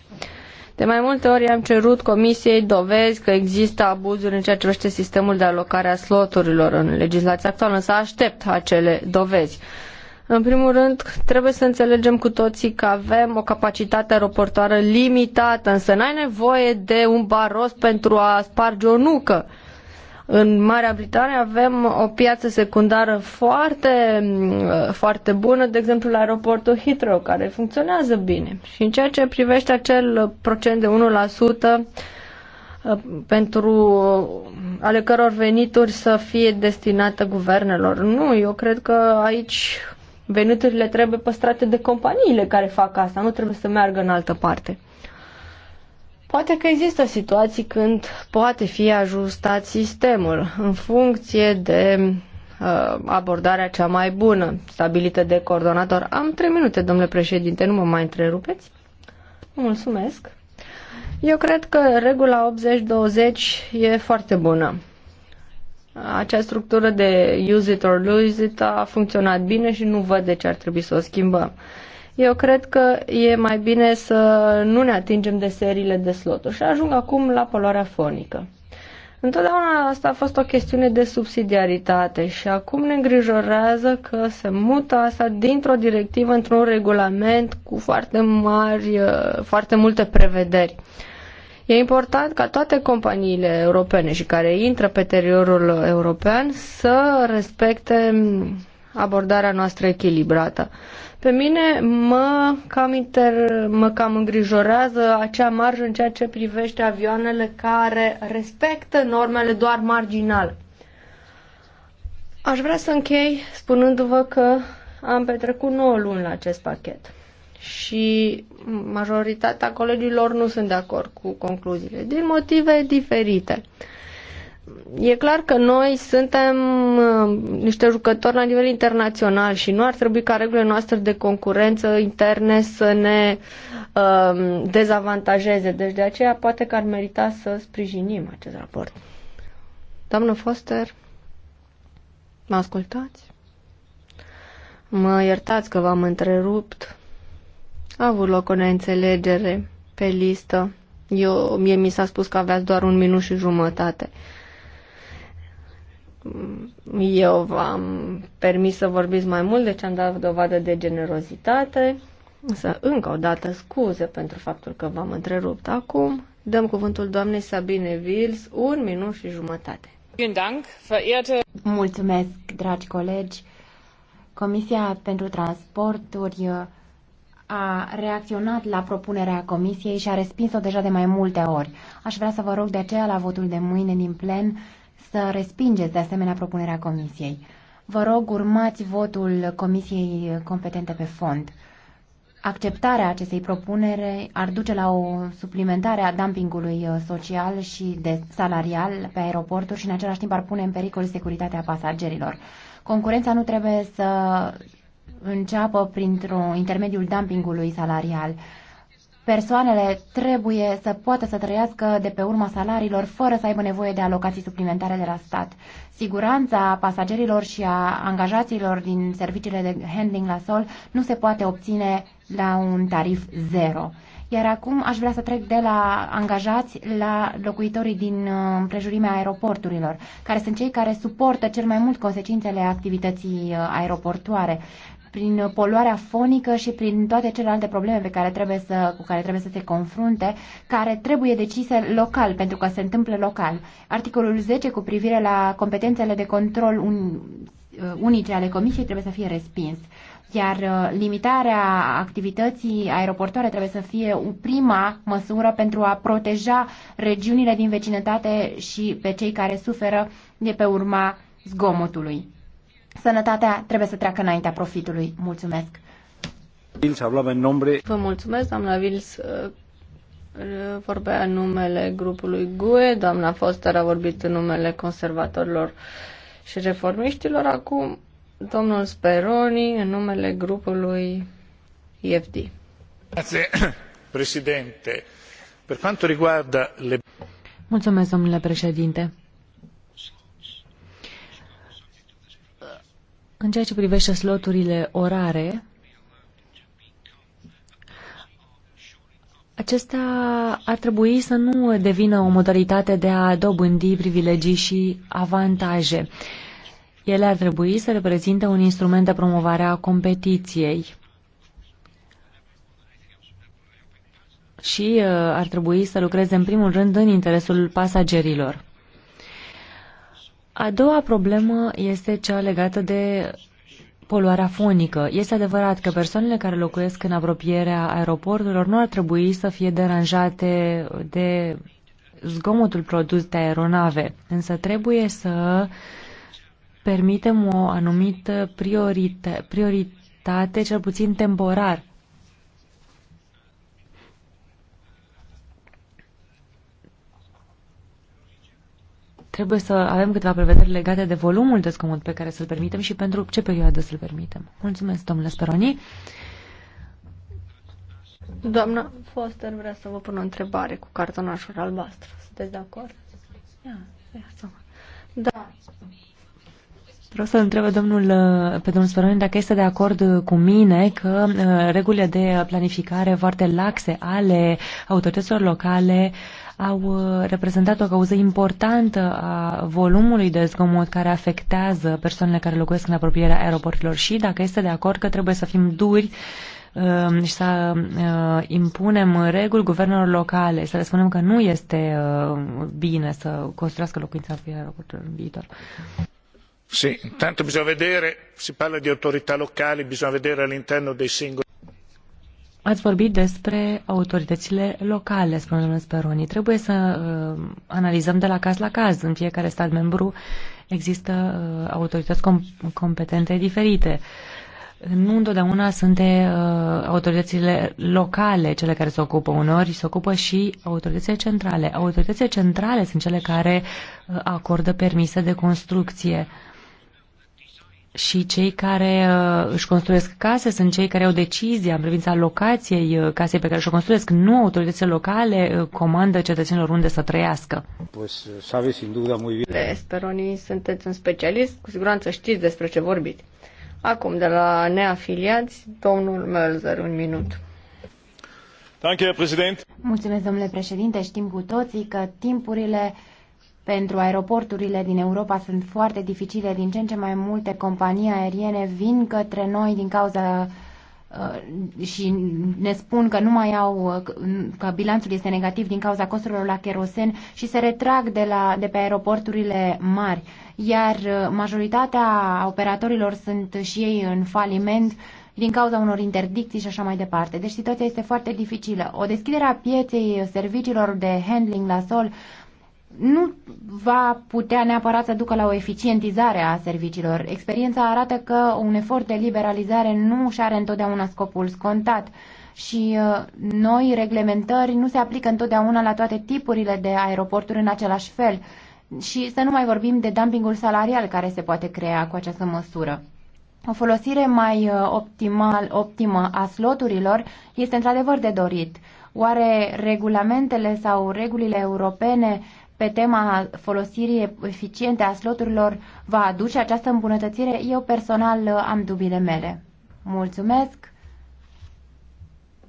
De mai multe ori am cerut comisiei dovezi că există abuzuri în ceea ce privește sistemul de alocare a sloturilor în legislația actuală, însă aștept acele dovezi. În primul rând, trebuie să înțelegem cu toții că avem o capacitate aeroportoară limitată, însă n-ai nevoie de un baros pentru a sparge o nucă. În Marea Britanie avem o piață secundară foarte, foarte bună, de exemplu la aeroportul Heathrow, care funcționează bine. Și în ceea ce privește acel procent de 1%, uh, pentru ale căror venituri să fie destinate guvernelor. Nu, eu cred că aici veniturile trebuie păstrate de companiile care fac asta, nu trebuie să meargă în altă parte. Poate că există situații când poate fi ajustat sistemul în funcție de uh, abordarea cea mai bună stabilită de coordonator. Am trei minute, domnule președinte, nu mă mai întrerupeți. Mulțumesc. Eu cred că regula 80-20 e foarte bună. Acea structură de use it or lose it a funcționat bine și nu văd de ce ar trebui să o schimbăm. Eu cred că e mai bine să nu ne atingem de seriile de sloturi și ajung acum la poluarea fonică. Întotdeauna asta a fost o chestiune de subsidiaritate și acum ne îngrijorează că se mută asta dintr-o directivă într-un regulament cu foarte mari, foarte multe prevederi. E important ca toate companiile europene și care intră pe teritoriul european să respecte abordarea noastră echilibrată. Pe mine mă cam, inter, mă cam îngrijorează acea marjă în ceea ce privește avioanele care respectă normele doar marginal. Aș vrea să închei spunându-vă că am petrecut 9 luni la acest pachet și majoritatea colegilor nu sunt de acord cu concluziile, din motive diferite. E clar că noi suntem uh, niște jucători la nivel internațional și nu ar trebui ca regulile noastre de concurență interne să ne uh, dezavantajeze. Deci de aceea poate că ar merita să sprijinim acest raport. Doamnă Foster, mă ascultați? Mă iertați că v-am întrerupt. A avut loc o neînțelegere pe listă. Eu, mie mi s-a spus că aveați doar un minut și jumătate. Eu v-am permis să vorbiți mai mult, deci am dat dovadă de generozitate. Însă, încă o dată, scuze pentru faptul că v-am întrerupt acum. Dăm cuvântul doamnei Sabine Vils, un minut și jumătate. Mulțumesc, dragi colegi. Comisia pentru Transporturi a reacționat la propunerea Comisiei și a respins-o deja de mai multe ori. Aș vrea să vă rog de aceea la votul de mâine din plen să respingeți de asemenea propunerea Comisiei. Vă rog, urmați votul Comisiei competente pe fond. Acceptarea acestei propunere ar duce la o suplimentare a dumpingului uh, social și de salarial pe aeroporturi și în același timp ar pune în pericol securitatea pasagerilor. Concurența nu trebuie să înceapă printr-un intermediul dumpingului salarial. Persoanele trebuie să poată să trăiască de pe urma salariilor fără să aibă nevoie de alocații suplimentare de la stat. Siguranța pasagerilor și a angajaților din serviciile de handling la sol nu se poate obține la un tarif zero. Iar acum aș vrea să trec de la angajați la locuitorii din uh, împrejurimea aeroporturilor, care sunt cei care suportă cel mai mult consecințele activității uh, aeroportoare prin poluarea fonică și prin toate celelalte probleme pe care trebuie să, cu care trebuie să se confrunte, care trebuie decise local, pentru că se întâmplă local. Articolul 10 cu privire la competențele de control un, uh, unice ale Comisiei trebuie să fie respins iar uh, limitarea activității aeroportoare trebuie să fie o prima măsură pentru a proteja regiunile din vecinătate și pe cei care suferă de pe urma zgomotului. Sănătatea trebuie să treacă înaintea profitului. Mulțumesc! Vă mulțumesc, doamna Vils. Uh, vorbea în numele grupului GUE, doamna Foster a vorbit în numele conservatorilor și reformiștilor. Acum, domnul Speroni, în numele grupului IFD. Grazie, președinte. Per quanto riguarda le... Mulțumesc, domnule președinte. În ceea ce privește sloturile orare, acesta ar trebui să nu devină o modalitate de a dobândi privilegii și avantaje. Ele ar trebui să reprezinte un instrument de promovare a competiției și uh, ar trebui să lucreze în primul rând în interesul pasagerilor. A doua problemă este cea legată de poluarea fonică. Este adevărat că persoanele care locuiesc în apropierea aeroporturilor nu ar trebui să fie deranjate de zgomotul produs de aeronave, însă trebuie să permitem o anumită prioritate, prioritate cel puțin temporar, Trebuie să avem câteva prevederi legate de volumul de zgomot pe care să-l permitem și pentru ce perioadă să-l permitem. Mulțumesc, domnule Speroni. Doamna Foster vrea să vă pun o întrebare cu cartonașul albastru. Sunteți de acord? Ia, ia da. Vreau să întreb domnul, pe domnul Speroni dacă este de acord cu mine că uh, regulile de planificare foarte laxe ale autorităților locale uh, au uh, reprezentat o cauză importantă a volumului de zgomot care afectează persoanele care locuiesc în apropierea aeroporturilor și dacă este de acord că trebuie să fim duri um, și să uh, impunem reguli guvernelor locale, să le spunem că nu este uh, bine să construiască locuințe pe aeroportul în viitor. Sì, intanto bisogna vedere, si parla di autorità locali, bisogna vedere all'interno dei singoli Ați vorbit despre autoritățile locale, spune domnul Speroni. Trebuie să uh, analizăm de la caz la caz. În fiecare stat membru există uh, autorități com- competente diferite. Nu întotdeauna sunt uh, autoritățile locale cele care se ocupă. Uneori se ocupă și autoritățile centrale. Autoritățile centrale sunt cele care uh, acordă permise de construcție. Uh, și cei care uh, își construiesc case sunt cei care au decizia în privința locației uh, casei pe care și-o construiesc. Nu autoritățile locale uh, comandă cetățenilor unde să trăiască. Pues, duda, Speroni, sunteți un specialist, cu siguranță știți despre ce vorbiți. Acum, de la neafiliați, domnul Mölzer, un minut. Mulțumesc, domnule președinte. Știm cu toții că timpurile pentru aeroporturile din Europa sunt foarte dificile. Din ce în ce mai multe companii aeriene vin către noi din cauza uh, și ne spun că nu mai au, uh, că bilanțul este negativ din cauza costurilor la kerosen și se retrag de, la, de pe aeroporturile mari. Iar uh, majoritatea operatorilor sunt și ei în faliment din cauza unor interdicții și așa mai departe. Deci situația este foarte dificilă. O deschidere a pieței serviciilor de handling la sol nu va putea neapărat să ducă la o eficientizare a serviciilor. Experiența arată că un efort de liberalizare nu își are întotdeauna scopul scontat și uh, noi reglementări nu se aplică întotdeauna la toate tipurile de aeroporturi în același fel și să nu mai vorbim de dumpingul salarial care se poate crea cu această măsură. O folosire mai uh, optimal, optimă a sloturilor este într-adevăr de dorit. Oare regulamentele sau regulile europene pe tema folosirii eficiente a sloturilor va aduce această îmbunătățire, eu personal uh, am dubile mele. Mulțumesc!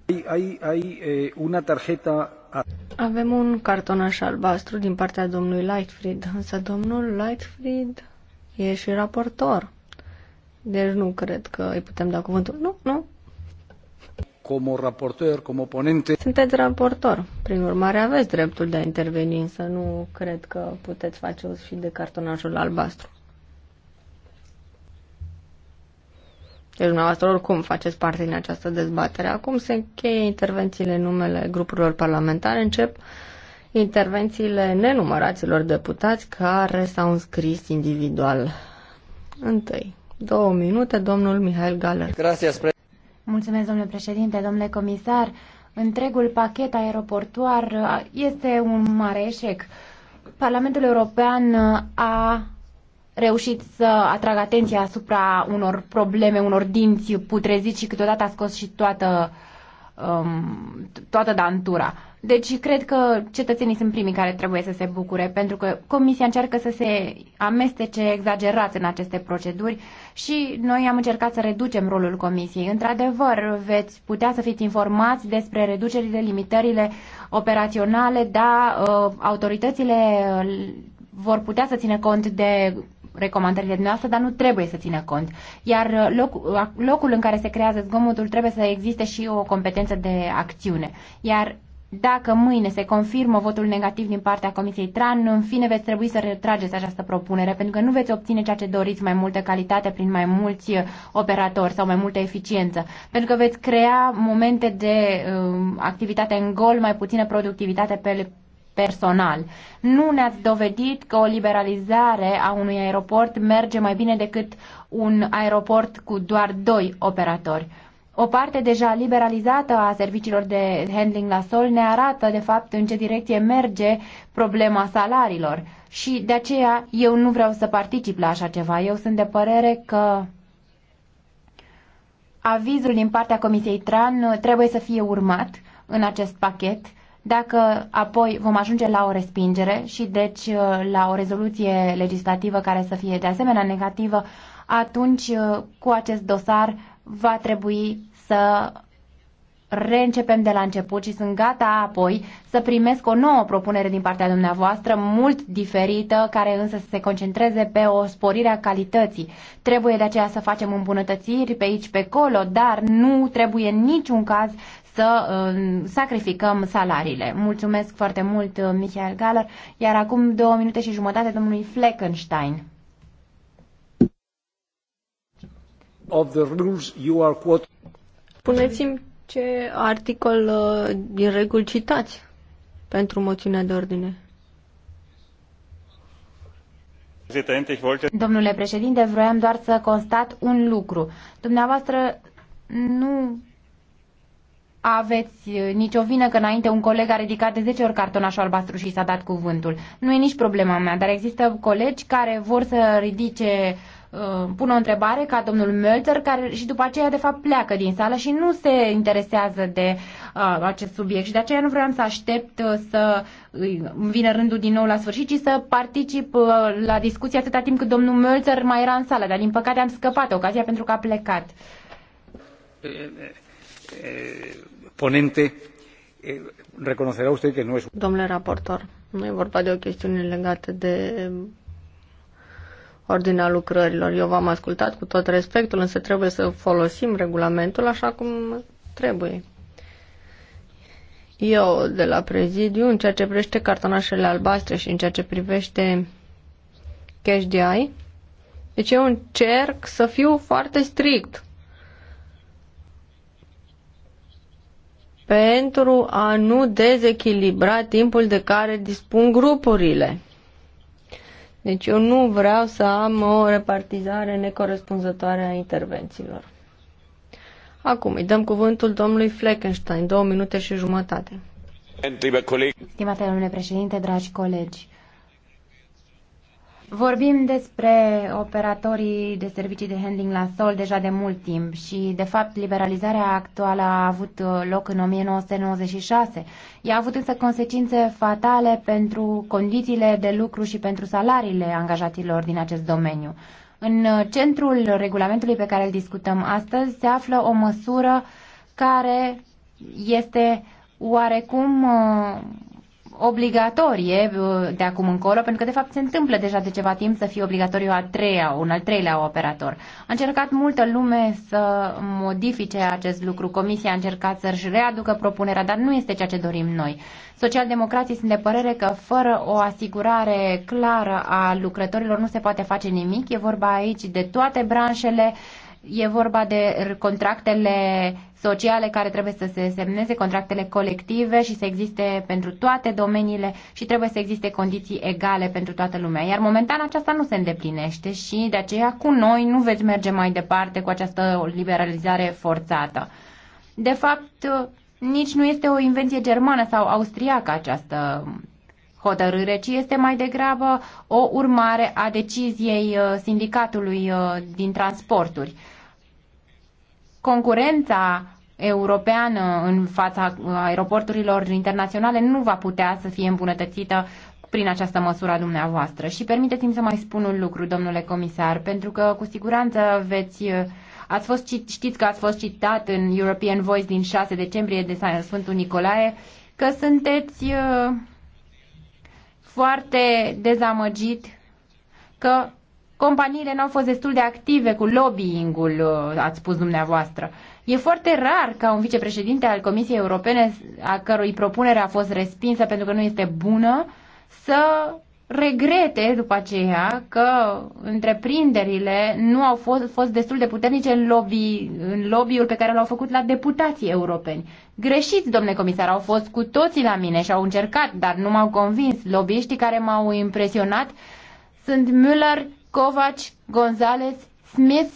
Ai, ai, ai, eh, una tarjeta... Avem un cartonaș albastru din partea domnului Lightfried, însă domnul Lightfried e și raportor. Deci nu cred că îi putem da cuvântul. Nu, nu. Sunteți raportor, prin urmare aveți dreptul de a interveni, însă nu cred că puteți face uz și de cartonajul albastru. Deci dumneavoastră oricum faceți parte din această dezbatere. Acum se încheie intervențiile în numele grupurilor parlamentare. Încep intervențiile nenumăraților deputați care s-au înscris individual. Întâi, două minute, domnul Mihail Galer. Gracias, Mulțumesc, domnule președinte, domnule comisar. Întregul pachet aeroportuar uh, este un mare eșec. Parlamentul European uh, a reușit să atragă atenția asupra unor probleme, unor dinți putreziți și câteodată a scos și toată, um, toată dantura. Deci cred că cetățenii sunt primii care trebuie să se bucure, pentru că Comisia încearcă să se amestece exagerat în aceste proceduri și noi am încercat să reducem rolul Comisiei. Într-adevăr, veți putea să fiți informați despre reducerile, limitările operaționale, dar uh, autoritățile uh, vor putea să țină cont de recomandările dumneavoastră, dar nu trebuie să țină cont. Iar uh, loc, locul în care se creează zgomotul trebuie să existe și o competență de acțiune. Iar dacă mâine se confirmă votul negativ din partea Comisiei TRAN, în fine veți trebui să retrageți această propunere, pentru că nu veți obține ceea ce doriți, mai multă calitate prin mai mulți uh, operatori sau mai multă eficiență, pentru că veți crea momente de um, activitate în gol, mai puțină productivitate pe personal. Nu ne-ați dovedit că o liberalizare a unui aeroport merge mai bine decât un aeroport cu doar doi operatori. O parte deja liberalizată a serviciilor de handling la sol ne arată, de fapt, în ce direcție merge problema salariilor. Și de aceea eu nu vreau să particip la așa ceva. Eu sunt de părere că avizul din partea Comisiei TRAN trebuie să fie urmat în acest pachet dacă apoi vom ajunge la o respingere și deci la o rezoluție legislativă care să fie de asemenea negativă, atunci cu acest dosar va trebui să reîncepem de la început și sunt gata apoi să primesc o nouă propunere din partea dumneavoastră, mult diferită, care însă să se concentreze pe o sporire a calității. Trebuie de aceea să facem îmbunătățiri pe aici, pe acolo, dar nu trebuie în niciun caz să uh, sacrificăm salariile. Mulțumesc foarte mult, uh, Michael Galler. Iar acum două minute și jumătate domnului Fleckenstein. of the rules you are quoting. Puneți-mi ce articol uh, din reguli citați pentru moțiunea de ordine. Domnule președinte, vroiam doar să constat un lucru. Dumneavoastră nu aveți uh, nicio vină că înainte un coleg a ridicat de 10 ori cartonașul albastru și s-a dat cuvântul. Nu e nici problema mea, dar există colegi care vor să ridice uh, Uh, pun o întrebare ca domnul Mölzer, care și după aceea de fapt pleacă din sală și nu se interesează de uh, acest subiect și de aceea nu vreau să aștept uh, să îmi vine rândul din nou la sfârșit, ci să particip uh, la discuție atâta timp cât domnul Mölzer mai era în sală, dar din păcate am scăpat ocazia pentru că a plecat. Eh, eh, eh, ponente, recunoscerea usted că nu es... Domnule raportor, nu e vorba de o chestiune legată de ordinea lucrărilor. Eu v-am ascultat cu tot respectul, însă trebuie să folosim regulamentul așa cum trebuie. Eu, de la prezidiu, în ceea ce privește cartonașele albastre și în ceea ce privește cash DI, deci eu încerc să fiu foarte strict pentru a nu dezechilibra timpul de care dispun grupurile. Deci eu nu vreau să am o repartizare necorespunzătoare a intervențiilor. Acum îi dăm cuvântul domnului Fleckenstein, două minute și jumătate. Stimate domnule președinte, dragi colegi, Vorbim despre operatorii de servicii de handling la sol deja de mult timp și, de fapt, liberalizarea actuală a avut uh, loc în 1996. Ea a avut însă consecințe fatale pentru condițiile de lucru și pentru salariile angajaților din acest domeniu. În uh, centrul regulamentului pe care îl discutăm astăzi se află o măsură care este oarecum uh, obligatorie uh, de acum încolo, pentru că de fapt se întâmplă deja de ceva timp să fie obligatoriu a treia, un al treilea operator. A încercat multă lume să modifice acest lucru. Comisia a încercat să-și readucă propunerea, dar nu este ceea ce dorim noi. Socialdemocrații sunt de părere că fără o asigurare clară a lucrătorilor nu se poate face nimic. E vorba aici de toate branșele, E vorba de contractele sociale care trebuie să se semneze, contractele colective și să existe pentru toate domeniile și trebuie să existe condiții egale pentru toată lumea. Iar momentan aceasta nu se îndeplinește și de aceea cu noi nu veți merge mai departe cu această liberalizare forțată. De fapt, nici nu este o invenție germană sau austriacă această hotărâre, ci este mai degrabă o urmare a deciziei uh, sindicatului uh, din transporturi concurența europeană în fața aeroporturilor internaționale nu va putea să fie îmbunătățită prin această măsură a dumneavoastră. Și permiteți-mi să mai spun un lucru, domnule comisar, pentru că cu siguranță veți Ați fost, știți că ați fost citat în European Voice din 6 decembrie de Sfântul Nicolae că sunteți uh, foarte dezamăgit că companiile nu au fost destul de active cu lobbying-ul, ați spus dumneavoastră. E foarte rar ca un vicepreședinte al Comisiei Europene, a cărui propunere a fost respinsă pentru că nu este bună, să regrete după aceea că întreprinderile nu au fost, fost destul de puternice în, lobby, în lobby-ul pe care l-au făcut la deputații europeni. Greșiți, domnule comisar, au fost cu toții la mine și au încercat, dar nu m-au convins. Lobbyiștii care m-au impresionat sunt Müller, Kovac, Gonzales, Smith,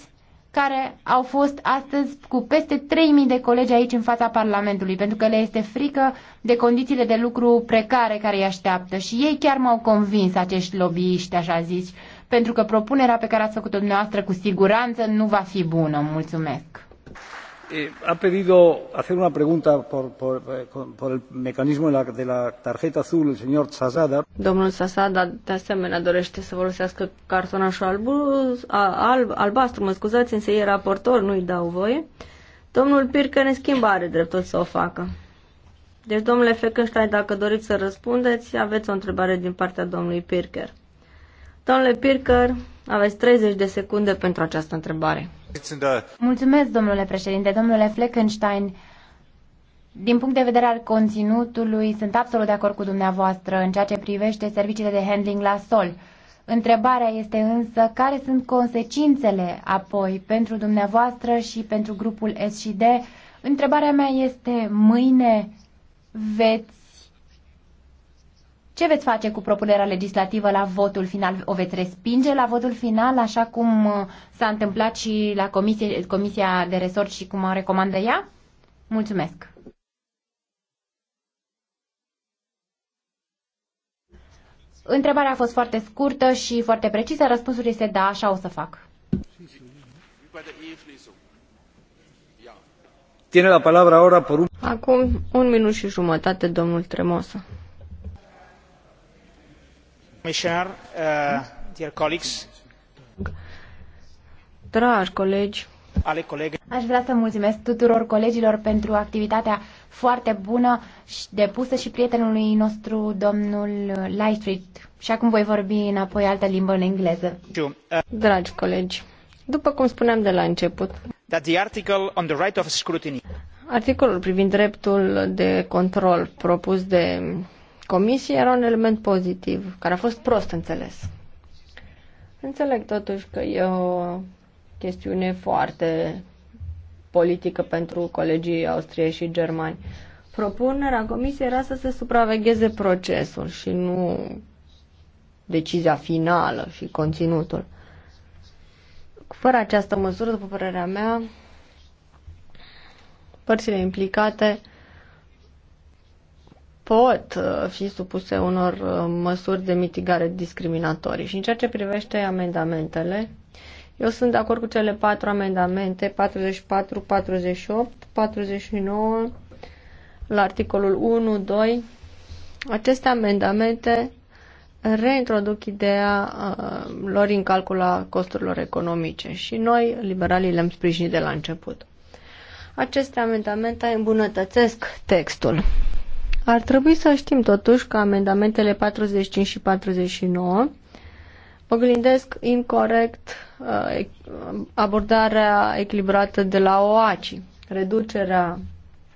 care au fost astăzi cu peste 3.000 de colegi aici în fața Parlamentului, pentru că le este frică de condițiile de lucru precare care îi așteaptă. Și ei chiar m-au convins, acești lobbyiști, așa zici, pentru că propunerea pe care ați făcut-o dumneavoastră cu siguranță nu va fi bună. Mulțumesc! Eh, ha pedido hacer una pregunta por, eh, el mecanismo de la, tarjeta azul el señor Zasada. Domnul Zasada de asemenea dorește să folosească cartonașul albu, alb, albastru, mă scuzați, însă e raportor, nu-i dau voie. Domnul Pircă ne schimbă, are dreptul să o facă. Deci, domnule Fecăștai, dacă doriți să răspundeți, aveți o întrebare din partea domnului Pirker. Domnule Pirker, aveți 30 de secunde pentru această întrebare. Mulțumesc, domnule președinte. Domnule Fleckenstein, din punct de vedere al conținutului, sunt absolut de acord cu dumneavoastră în ceea ce privește serviciile de handling la sol. Întrebarea este însă care sunt consecințele apoi pentru dumneavoastră și pentru grupul S&D. Întrebarea mea este mâine veți ce veți face cu propunerea legislativă la votul final? O veți respinge la votul final, așa cum uh, s-a întâmplat și la comisie, Comisia de Resort și cum o recomandă ea? Mulțumesc! Întrebarea a fost foarte scurtă și foarte precisă. Răspunsul este da, așa o să fac. Tiene la palabra ora por un... Acum un minut și jumătate, domnul Tremosa. Uh, dragi colegi, aș vrea să mulțumesc tuturor colegilor pentru activitatea foarte bună și depusă și prietenului nostru, domnul Lightfried. Și acum voi vorbi înapoi altă limbă în engleză. Dragi colegi, după cum spuneam de la început, that the article on the right of scrutiny. Articolul privind dreptul de control propus de comisie era un element pozitiv, care a fost prost înțeles. Înțeleg totuși că e o chestiune foarte politică pentru colegii Austriei și germani. Propunerea comisiei era să se supravegheze procesul și nu decizia finală și conținutul. Fără această măsură, după părerea mea, părțile implicate pot uh, fi supuse unor uh, măsuri de mitigare discriminatorii. Și în ceea ce privește amendamentele, eu sunt de acord cu cele patru amendamente, 44, 48, 49, la articolul 1, 2. Aceste amendamente reintroduc ideea uh, lor în calcul a costurilor economice și noi, liberalii, le-am sprijinit de la început. Aceste amendamente îmbunătățesc textul ar trebui să știm totuși că amendamentele 45 și 49 oglindesc incorrect uh, abordarea echilibrată de la OACI. Reducerea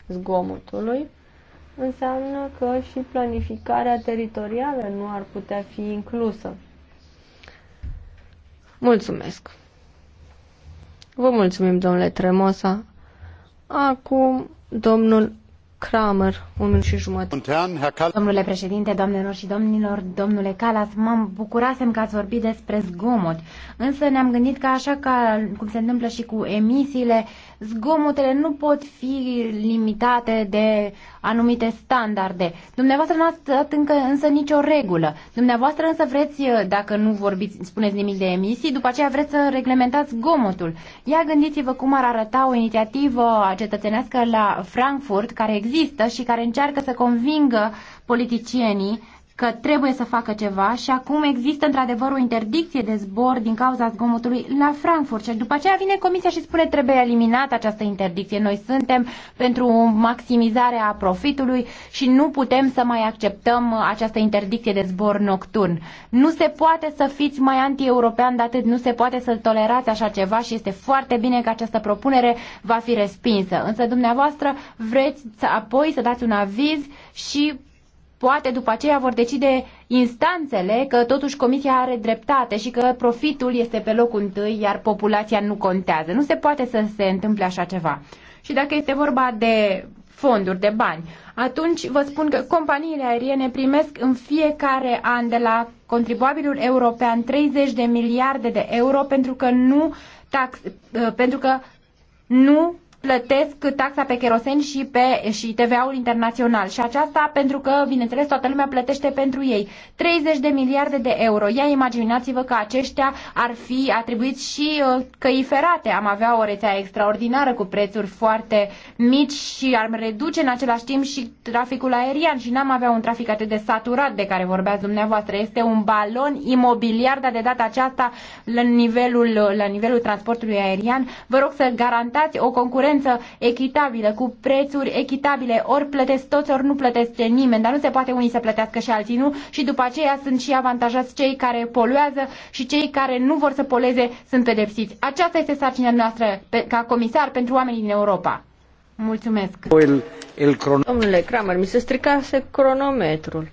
zgomotului înseamnă că și planificarea teritorială nu ar putea fi inclusă. Mulțumesc! Vă mulțumim, domnule Tremosa. Acum, domnul Kramer, și jumătate. Domnule președinte, doamnelor și domnilor, domnule Calas, m-am bucurasem că ați vorbit despre zgomot, însă ne-am gândit că așa ca, cum se întâmplă și cu emisiile, zgomotele nu pot fi limitate de anumite standarde. Dumneavoastră nu ați dat încă însă nicio regulă. Dumneavoastră însă vreți, uh, dacă nu vorbiți, spuneți nimic de emisii, după aceea vreți să reglementați zgomotul. Ia gândiți-vă cum ar arăta o inițiativă cetățenească la Frankfurt, care există și care încearcă să convingă politicienii că trebuie să facă ceva și acum există într-adevăr o interdicție de zbor din cauza zgomotului la Frankfurt și după aceea vine comisia și spune trebuie eliminată această interdicție. Noi suntem pentru maximizarea profitului și nu putem să mai acceptăm această interdicție de zbor nocturn. Nu se poate să fiți mai anti-european de atât, nu se poate să tolerați așa ceva și este foarte bine că această propunere va fi respinsă. Însă dumneavoastră vreți să apoi să dați un aviz și poate după aceea vor decide instanțele că totuși comisia are dreptate și că profitul este pe locul întâi, iar populația nu contează. Nu se poate să se întâmple așa ceva. Și dacă este vorba de fonduri, de bani, atunci vă spun că companiile aeriene primesc în fiecare an de la contribuabilul european 30 de miliarde de euro pentru că nu, tax, pentru că nu plătesc taxa pe kerosen și, pe, și TVA-ul internațional. Și aceasta pentru că, bineînțeles, toată lumea plătește pentru ei. 30 de miliarde de euro. Ia imaginați-vă că aceștia ar fi atribuit și uh, căi ferate. Am avea o rețea extraordinară cu prețuri foarte mici și ar reduce în același timp și traficul aerian și n-am avea un trafic atât de saturat de care vorbeați dumneavoastră. Este un balon imobiliar, dar de data aceasta la nivelul, la nivelul transportului aerian. Vă rog să garantați o concurență concurență echitabilă, cu prețuri echitabile, ori plătesc toți, ori nu plătesc nimeni, dar nu se poate unii să plătească și alții nu și după aceea sunt și avantajați cei care poluează și cei care nu vor să poleze sunt pedepsiți. Aceasta este sarcina noastră pe, ca comisar pentru oamenii din Europa. Mulțumesc. El, el cron- Domnule Kramer, mi se stricase cronometrul.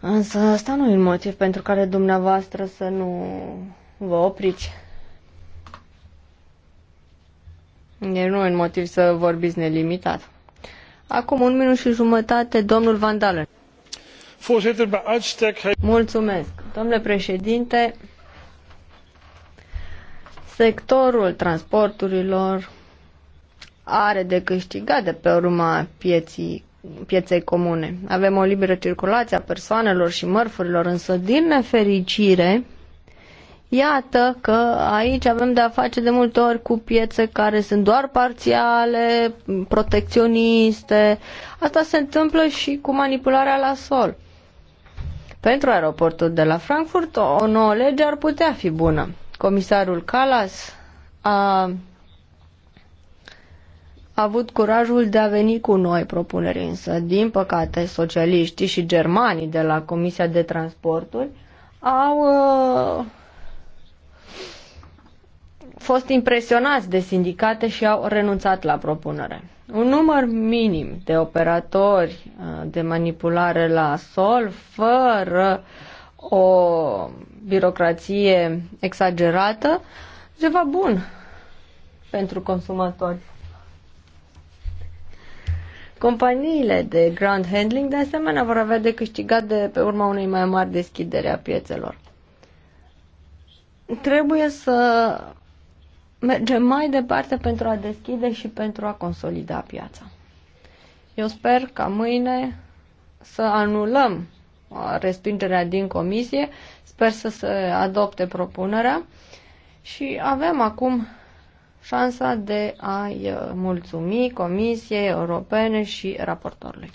Însă asta nu e motiv pentru care dumneavoastră să nu vă opriți. Deci e nu un motiv să vorbiți nelimitat. Acum un minut și jumătate, domnul Vandalen. Mulțumesc. Domnule președinte, sectorul transporturilor are de câștigat de pe urma pieții, pieței comune. Avem o liberă circulație a persoanelor și mărfurilor, însă din nefericire, Iată că aici avem de a face de multe ori cu piețe care sunt doar parțiale, protecționiste. Asta se întâmplă și cu manipularea la sol. Pentru aeroportul de la Frankfurt, o nouă lege ar putea fi bună. Comisarul Calas a a avut curajul de a veni cu noi propuneri, însă, din păcate, socialiștii și germanii de la Comisia de Transporturi au uh, fost impresionați de sindicate și au renunțat la propunere. Un număr minim de operatori uh, de manipulare la sol, fără o birocrație exagerată, ceva bun pentru consumatori. Companiile de ground handling de asemenea vor avea de câștigat de pe urma unei mai mari deschidere a piețelor. Trebuie să mergem mai departe pentru a deschide și pentru a consolida piața. Eu sper ca mâine să anulăm uh, respingerea din comisie, sper să se adopte propunerea și avem acum șansa de a-i uh, mulțumi Comisiei Europene și raportorului.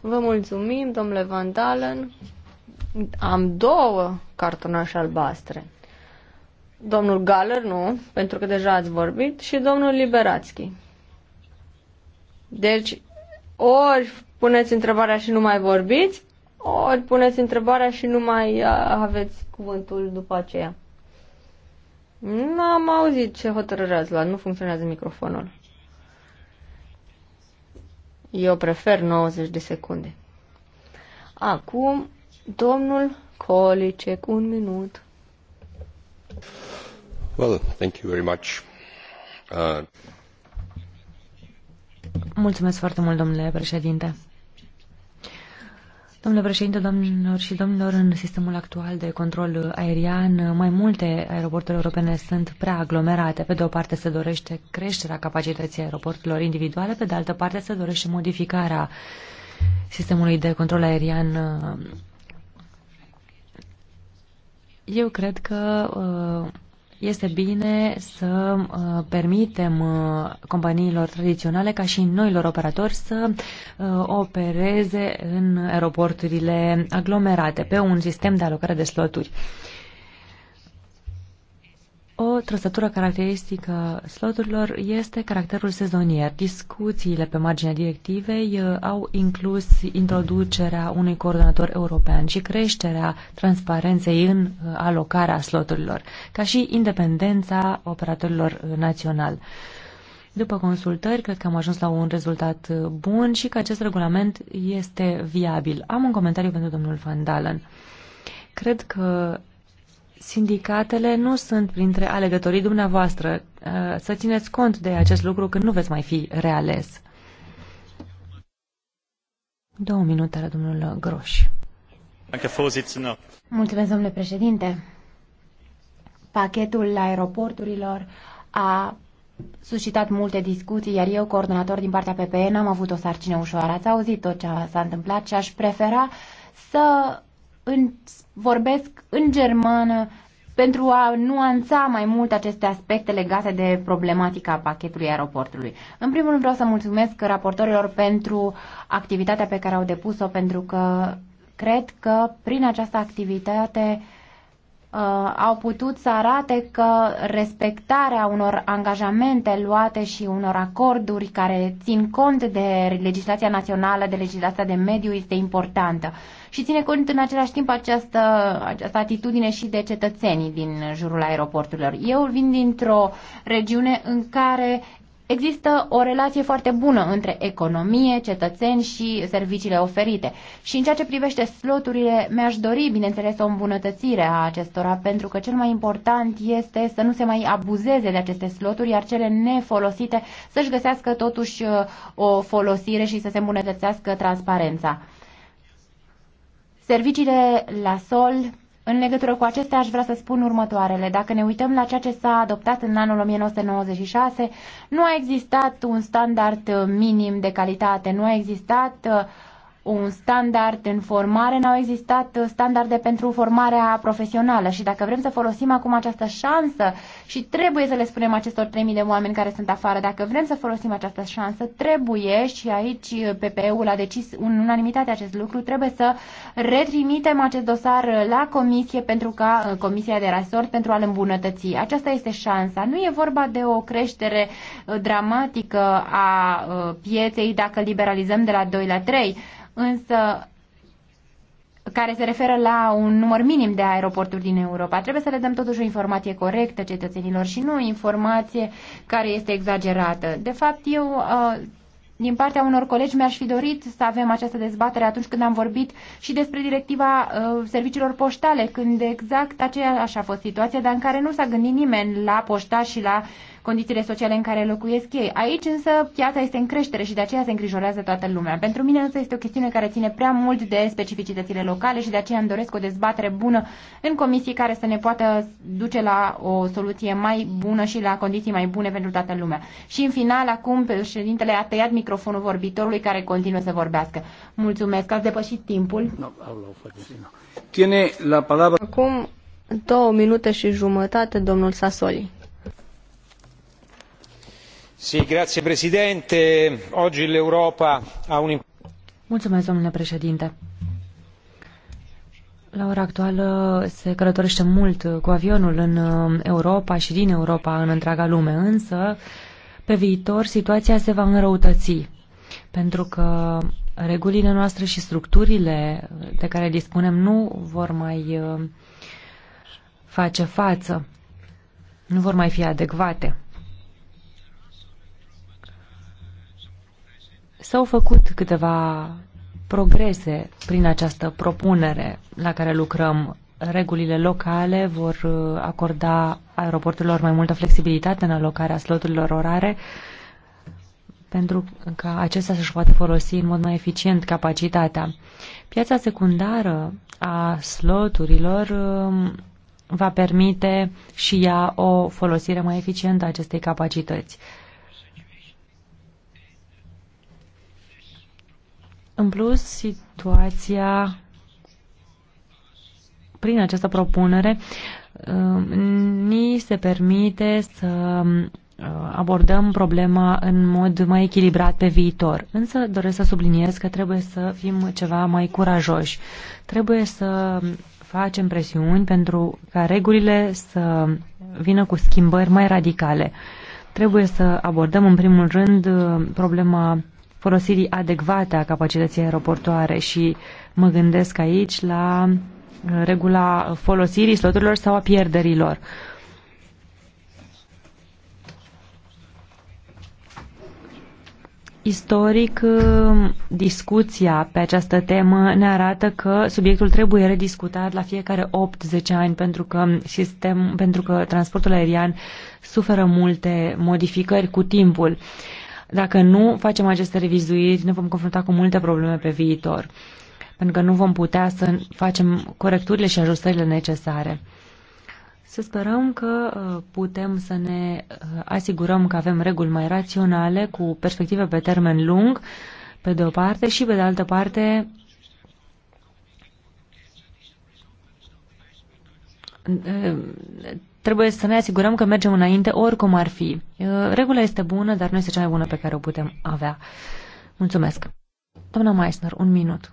Vă mulțumim, domnule Van Dalen. Am două cartonașe albastre. Domnul Galer, nu, pentru că deja ați vorbit, și domnul Liberațchi. Deci, ori puneți întrebarea și nu mai vorbiți, ori puneți întrebarea și nu mai aveți cuvântul după aceea. Nu am auzit ce hotărâre ați luat, nu funcționează microfonul. Eu prefer 90 de secunde. Acum, domnul Colicec, un minut thank you very much. Uh, Mulțumesc foarte mult, domnule președinte. Domnule președinte, domnilor și domnilor, în sistemul actual de control aerian, mai multe aeroporturi europene sunt prea aglomerate. Pe de o parte se dorește creșterea capacității aeroporturilor individuale, pe de altă parte se dorește modificarea sistemului de control aerian eu cred că uh, este bine să uh, permitem uh, companiilor tradiționale ca și noilor operatori să opereze în aeroporturile aglomerate pe un sistem de alocare de sloturi. O trăsătură caracteristică sloturilor este caracterul sezonier. Discuțiile pe marginea directivei uh, au inclus introducerea unui coordonator european și creșterea transparenței în uh, alocarea sloturilor, ca și independența operatorilor uh, național. După consultări, cred că am ajuns la un rezultat bun și că acest regulament este viabil. Am un comentariu pentru domnul Van Dalen. Cred că sindicatele nu sunt printre alegătorii dumneavoastră. Uh, să țineți cont de acest lucru când nu veți mai fi reales. Două minute la domnul Groș. Mulțumesc, domnule președinte. Pachetul aeroporturilor a suscitat multe discuții, iar eu, coordonator din partea PPN, am avut o sarcină ușoară. Ați auzit tot ce s-a întâmplat și aș prefera să în, vorbesc în germană pentru a nuanța mai mult aceste aspecte legate de problematica pachetului aeroportului. În primul rând vreau să mulțumesc raportorilor pentru activitatea pe care au depus-o, pentru că cred că prin această activitate uh, au putut să arate că respectarea unor angajamente luate și unor acorduri care țin cont de legislația națională, de legislația de mediu, este importantă. Uh, și ține cont în același timp această, această atitudine și de cetățenii din jurul aeroporturilor. Eu vin dintr-o regiune în care Există o relație foarte bună între economie, cetățeni și serviciile oferite. Și în ceea ce privește sloturile, mi-aș dori, bineînțeles, o îmbunătățire a acestora, pentru că cel mai important este să nu se mai abuzeze de aceste sloturi, iar cele nefolosite să-și găsească totuși uh, o folosire și să se îmbunătățească transparența. Serviciile la sol, în legătură cu acestea aș vrea să spun următoarele. Dacă ne uităm la ceea ce s-a adoptat în anul 1996, nu a existat un standard minim de calitate, nu a existat un standard în formare, n-au existat uh, standarde pentru formarea profesională și dacă vrem să folosim acum această șansă și trebuie să le spunem acestor 3.000 de oameni care sunt afară, dacă vrem să folosim această șansă, trebuie și aici uh, PPE-ul a decis în unanimitate acest lucru, trebuie să retrimitem acest dosar uh, la comisie pentru ca comisia de resort pentru a-l îmbunătăți. Aceasta este șansa. Nu e vorba de o creștere dramatică a pieței dacă liberalizăm de la 2 la 3 însă care se referă la un număr minim de aeroporturi din Europa. Trebuie să le dăm totuși o informație corectă cetățenilor și nu o informație care este exagerată. De fapt, eu uh, din partea unor colegi mi-aș fi dorit să avem această dezbatere atunci când am vorbit și despre directiva uh, serviciilor poștale, când exact aceeași așa a fost situația, dar în care nu s-a gândit nimeni la poșta și la uh, condițiile sociale în care locuiesc ei. Aici însă piața este în creștere și de aceea se îngrijorează toată lumea. Pentru mine însă este o chestiune care ține prea mult de specificitățile locale și de aceea îmi doresc o dezbatere bună în comisii care să ne poată duce la o soluție mai bună și la condiții mai bune pentru toată lumea. Și în final, acum președintele a tăiat microfonul vorbitorului care continuă să vorbească. Mulțumesc, ați depășit timpul. Tiene la palabra... Acum două minute și jumătate, domnul Sasoli. Grazie, președinte. Oggi l'Europa ha un... Mulțumesc, domnule președinte. La ora actuală se călătorește mult cu avionul în uh, Europa și din Europa în întreaga lume, însă pe viitor situația se va înrăutăți pentru că regulile noastre și structurile de care dispunem nu vor mai uh, face față, nu vor mai fi adecvate. S-au făcut câteva progrese prin această propunere la care lucrăm. Regulile locale vor uh, acorda aeroporturilor mai multă flexibilitate în alocarea sloturilor orare pentru ca acesta să-și poată folosi în mod mai eficient capacitatea. Piața secundară a sloturilor um, va permite și ea o folosire mai eficientă a acestei capacități. În plus, situația prin această propunere uh, ni se permite să uh, abordăm problema în mod mai echilibrat pe viitor. Însă doresc să subliniez că trebuie să fim ceva mai curajoși. Trebuie să facem presiuni pentru ca regulile să vină cu schimbări mai radicale. Trebuie să abordăm în primul rând uh, problema folosirii adecvate a capacității aeroportoare și mă gândesc aici la uh, regula folosirii sloturilor sau a pierderilor. Istoric, uh, discuția pe această temă ne arată că subiectul trebuie rediscutat la fiecare 8-10 ani pentru că, sistem, pentru că transportul aerian suferă multe modificări cu timpul. Uh, dacă nu facem aceste revizuiri, ne vom confrunta cu multe probleme pe viitor, pentru că nu vom putea să facem corecturile și ajustările necesare. Să sperăm că uh, putem să ne uh, asigurăm că avem reguli mai raționale, cu perspective pe termen lung, pe de o parte, și pe de altă parte uh, trebuie să ne asigurăm că mergem înainte oricum ar fi. Regula este bună, dar nu este cea mai bună pe care o putem avea. Mulțumesc. Doamna Meissner, un minut.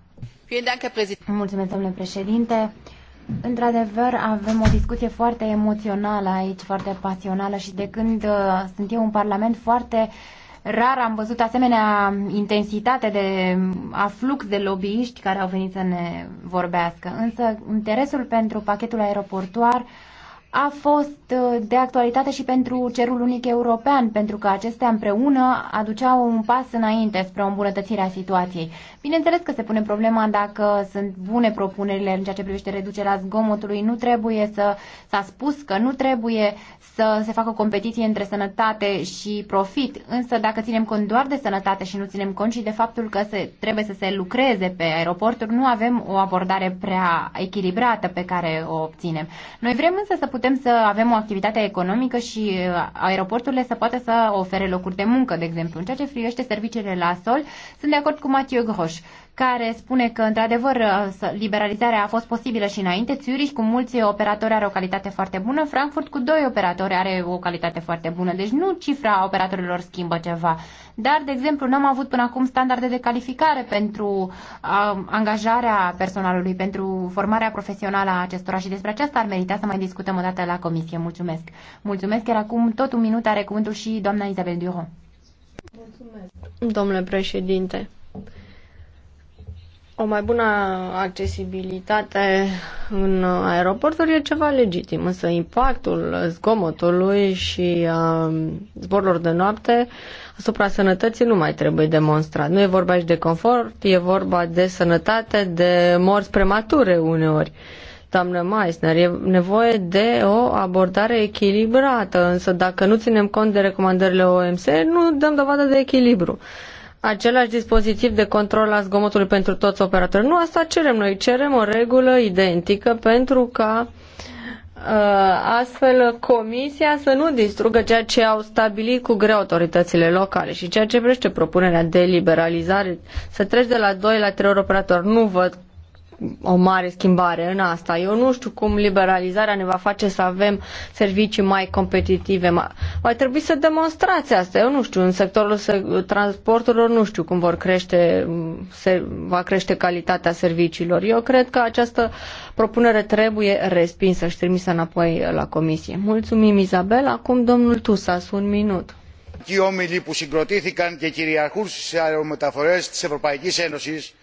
Mulțumesc, domnule președinte. Într-adevăr, avem o discuție foarte emoțională aici, foarte pasională și de când uh, sunt eu în Parlament foarte rar am văzut asemenea intensitate de aflux de lobbyiști care au venit să ne vorbească. Însă interesul pentru pachetul aeroportuar a fost uh, de actualitate și pentru cerul unic european, pentru că acestea împreună aduceau un pas înainte spre o îmbunătățire a situației. Bineînțeles că se pune problema dacă sunt bune propunerile în ceea ce privește reducerea zgomotului. Nu trebuie să... S-a spus că nu trebuie să se facă o competiție între sănătate și profit, însă dacă ținem cont doar de sănătate și nu ținem cont și de faptul că se, trebuie să se lucreze pe aeroporturi, nu avem o abordare prea echilibrată pe care o obținem. Noi vrem însă să putem putem să avem o activitate economică și uh, aeroporturile să poată să ofere locuri de muncă, de exemplu. În ceea ce privește serviciile la sol, sunt de acord cu Mathieu Groș care spune că, într-adevăr, uh, liberalizarea a fost posibilă și înainte. Zurich, cu mulți operatori, are o calitate foarte bună. Frankfurt, cu doi operatori, are o calitate foarte bună. Deci nu cifra operatorilor schimbă ceva. Dar, de exemplu, n-am avut până acum standarde de calificare pentru a, uh, angajarea personalului, pentru formarea profesională a acestora și despre aceasta ar merita să mai discutăm o dată la comisie. Mulțumesc! Mulțumesc, iar acum tot un minut are cuvântul și doamna Isabel Duron. Mulțumesc. Domnule președinte, o mai bună accesibilitate în aeroporturi e ceva legitim, însă impactul zgomotului și a um, zborurilor de noapte asupra sănătății nu mai trebuie demonstrat. Nu e vorba aici de confort, e vorba de sănătate, de morți premature uneori. Doamnă Meissner, e nevoie de o abordare echilibrată, însă dacă nu ținem cont de recomandările OMC, nu dăm dovadă de echilibru același dispozitiv de control al zgomotului pentru toți operatorii. Nu asta cerem noi, cerem o regulă identică pentru ca uh, astfel comisia să nu distrugă ceea ce au stabilit cu greu autoritățile locale și ceea ce vrește propunerea de liberalizare să treci de la 2 la 3 ori operator. Nu văd o mare schimbare în asta. Eu nu știu cum liberalizarea ne va face să avem servicii mai competitive, Va trebui să demonstrați asta. Eu nu știu, în sectorul transporturilor nu știu cum vor crește, se, va crește calitatea serviciilor. Eu cred că această propunere trebuie respinsă și trimisă înapoi la comisie. Mulțumim, Izabel. Acum domnul Tusas, un minut. Οι όμιλοι που συγκροτήθηκαν και κυριαρχούν στι αερομεταφορέ τη Ευρωπαϊκή Ένωση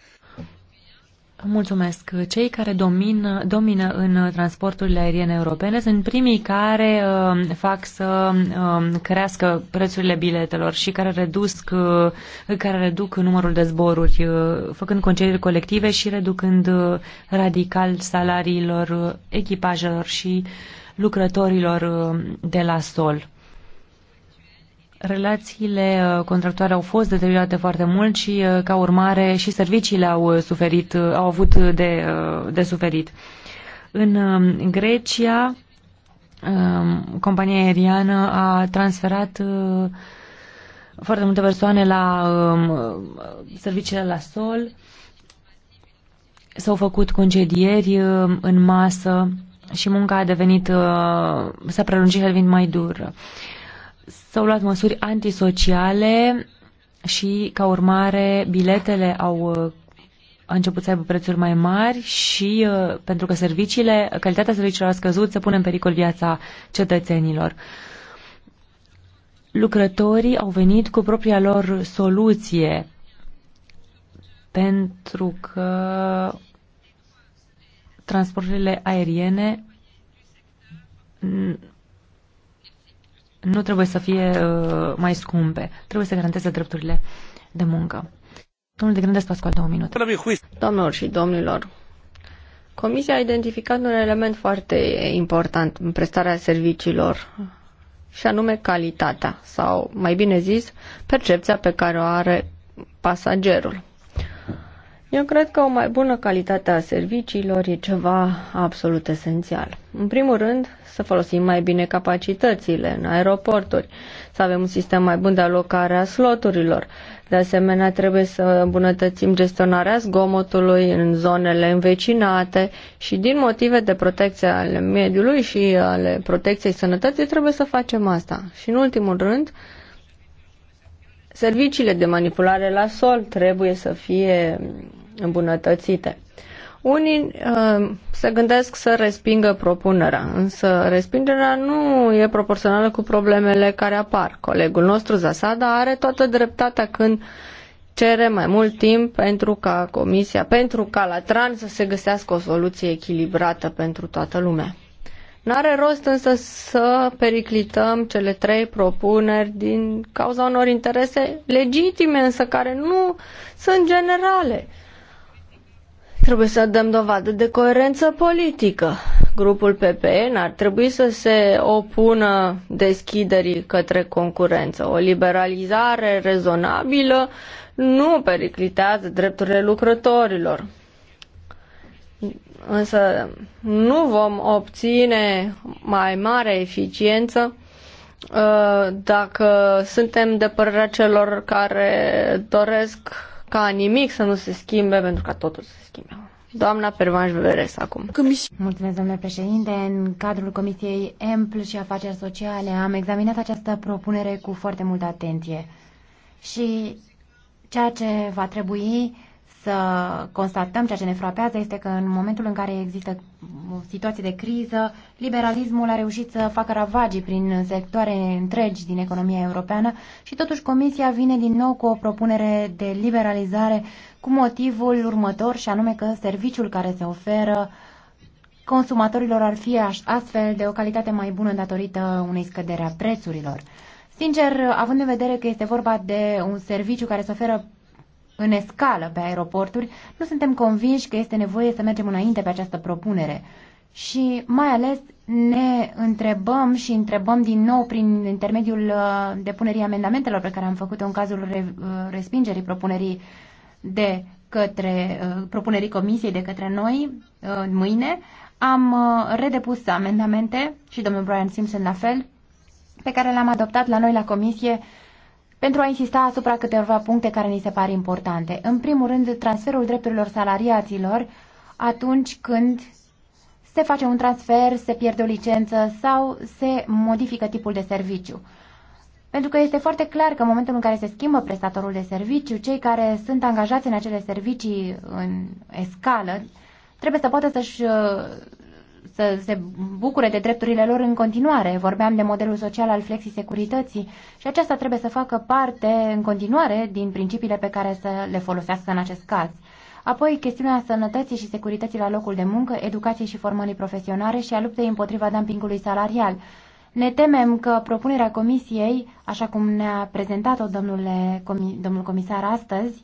Mulțumesc. Cei care domină, domină în transporturile aeriene europene sunt primii care uh, fac să uh, crească prețurile biletelor și care, redusc, uh, care reduc numărul de zboruri, uh, făcând concedii colective și reducând uh, radical salariilor, uh, echipajelor și lucrătorilor uh, de la sol. Relațiile uh, contractuale au fost deteriorate foarte mult și, uh, ca urmare, și serviciile au uh, suferit, au avut de, de suferit. În um, Grecia, um, compania aeriană a transferat foarte multe persoane la um, serviciile la sol, s-au făcut concedieri în masă și munca a devenit, s-a prelungit, a devenit mai dură. S-au luat măsuri antisociale și, ca urmare, biletele au a început să aibă prețuri mai mari și uh, pentru că serviciile, calitatea serviciilor a scăzut, se pune în pericol viața cetățenilor. Lucrătorii au venit cu propria lor soluție pentru că transporturile aeriene nu trebuie să fie uh, mai scumpe. Trebuie să garanteze drepturile de muncă. Domnul de Grândes Pascual, două minute. Domnilor și domnilor, Comisia a identificat un element foarte important în prestarea serviciilor și anume calitatea sau, mai bine zis, percepția pe care o are pasagerul. Eu cred că o mai bună calitate a serviciilor e ceva absolut esențial. În primul rând, să folosim mai bine capacitățile în aeroporturi, să avem un sistem mai bun de alocare a sloturilor. De asemenea, trebuie să îmbunătățim gestionarea zgomotului în zonele învecinate și din motive de protecție ale mediului și ale protecției sănătății trebuie să facem asta. Și în ultimul rând, serviciile de manipulare la sol trebuie să fie îmbunătățite. Unii uh, se gândesc să respingă propunerea, însă respingerea nu e proporțională cu problemele care apar. Colegul nostru, Zasada, are toată dreptatea când cere mai mult timp pentru ca Comisia, pentru ca la TRAN să se găsească o soluție echilibrată pentru toată lumea. N-are rost însă să periclităm cele trei propuneri din cauza unor interese legitime, însă care nu sunt generale. Uh, Trebuie să dăm dovadă de coerență politică. Grupul PPN ar trebui să se opună deschiderii către concurență. O liberalizare rezonabilă nu periclitează drepturile lucrătorilor. Însă nu vom obține mai mare eficiență uh, dacă suntem de părerea celor care doresc ca nimic să nu se schimbe, pentru ca totul să se schimbe. Doamna Pervanș Beberes acum. Mulțumesc, domnule președinte. În cadrul Comisiei EMPL și Afaceri Sociale am examinat această propunere cu foarte multă atenție. Și ceea ce va trebui să constatăm ceea ce ne frapează este că în momentul în care există o situație de criză, liberalismul a reușit să facă ravagii prin sectoare întregi din economia europeană și totuși Comisia vine din nou cu o propunere de liberalizare cu motivul următor și anume că serviciul care se oferă consumatorilor ar fi astfel de o calitate mai bună datorită unei scădere a prețurilor. Sincer, având în vedere că este vorba de un serviciu care se oferă în escală pe aeroporturi, nu suntem convinși că este nevoie să mergem înainte pe această propunere. Și mai ales ne întrebăm și întrebăm din nou prin intermediul uh, depunerii amendamentelor pe care am făcut-o în cazul uh, respingerii propunerii de către uh, propunerii comisiei de către noi mâine, am redepus amendamente și domnul Brian Simpson la fel, pe care le-am adoptat la noi la comisie pentru a insista asupra câteva puncte care ni se par importante. În primul rând, transferul drepturilor salariaților atunci când se face un transfer, se pierde o licență sau se modifică tipul de serviciu. Pentru că este foarte clar că în momentul în care se schimbă prestatorul de serviciu, cei care sunt angajați în acele servicii în escală trebuie să poată să-și să se bucure de drepturile lor în continuare. Vorbeam de modelul social al flexisecurității și aceasta trebuie să facă parte în continuare din principiile pe care să le folosească în acest caz. Apoi, chestiunea sănătății și securității la locul de muncă, educației și formării profesionale și a luptei împotriva dumpingului salarial. Ne temem că propunerea comisiei, așa cum ne-a prezentat-o domnul comisar astăzi,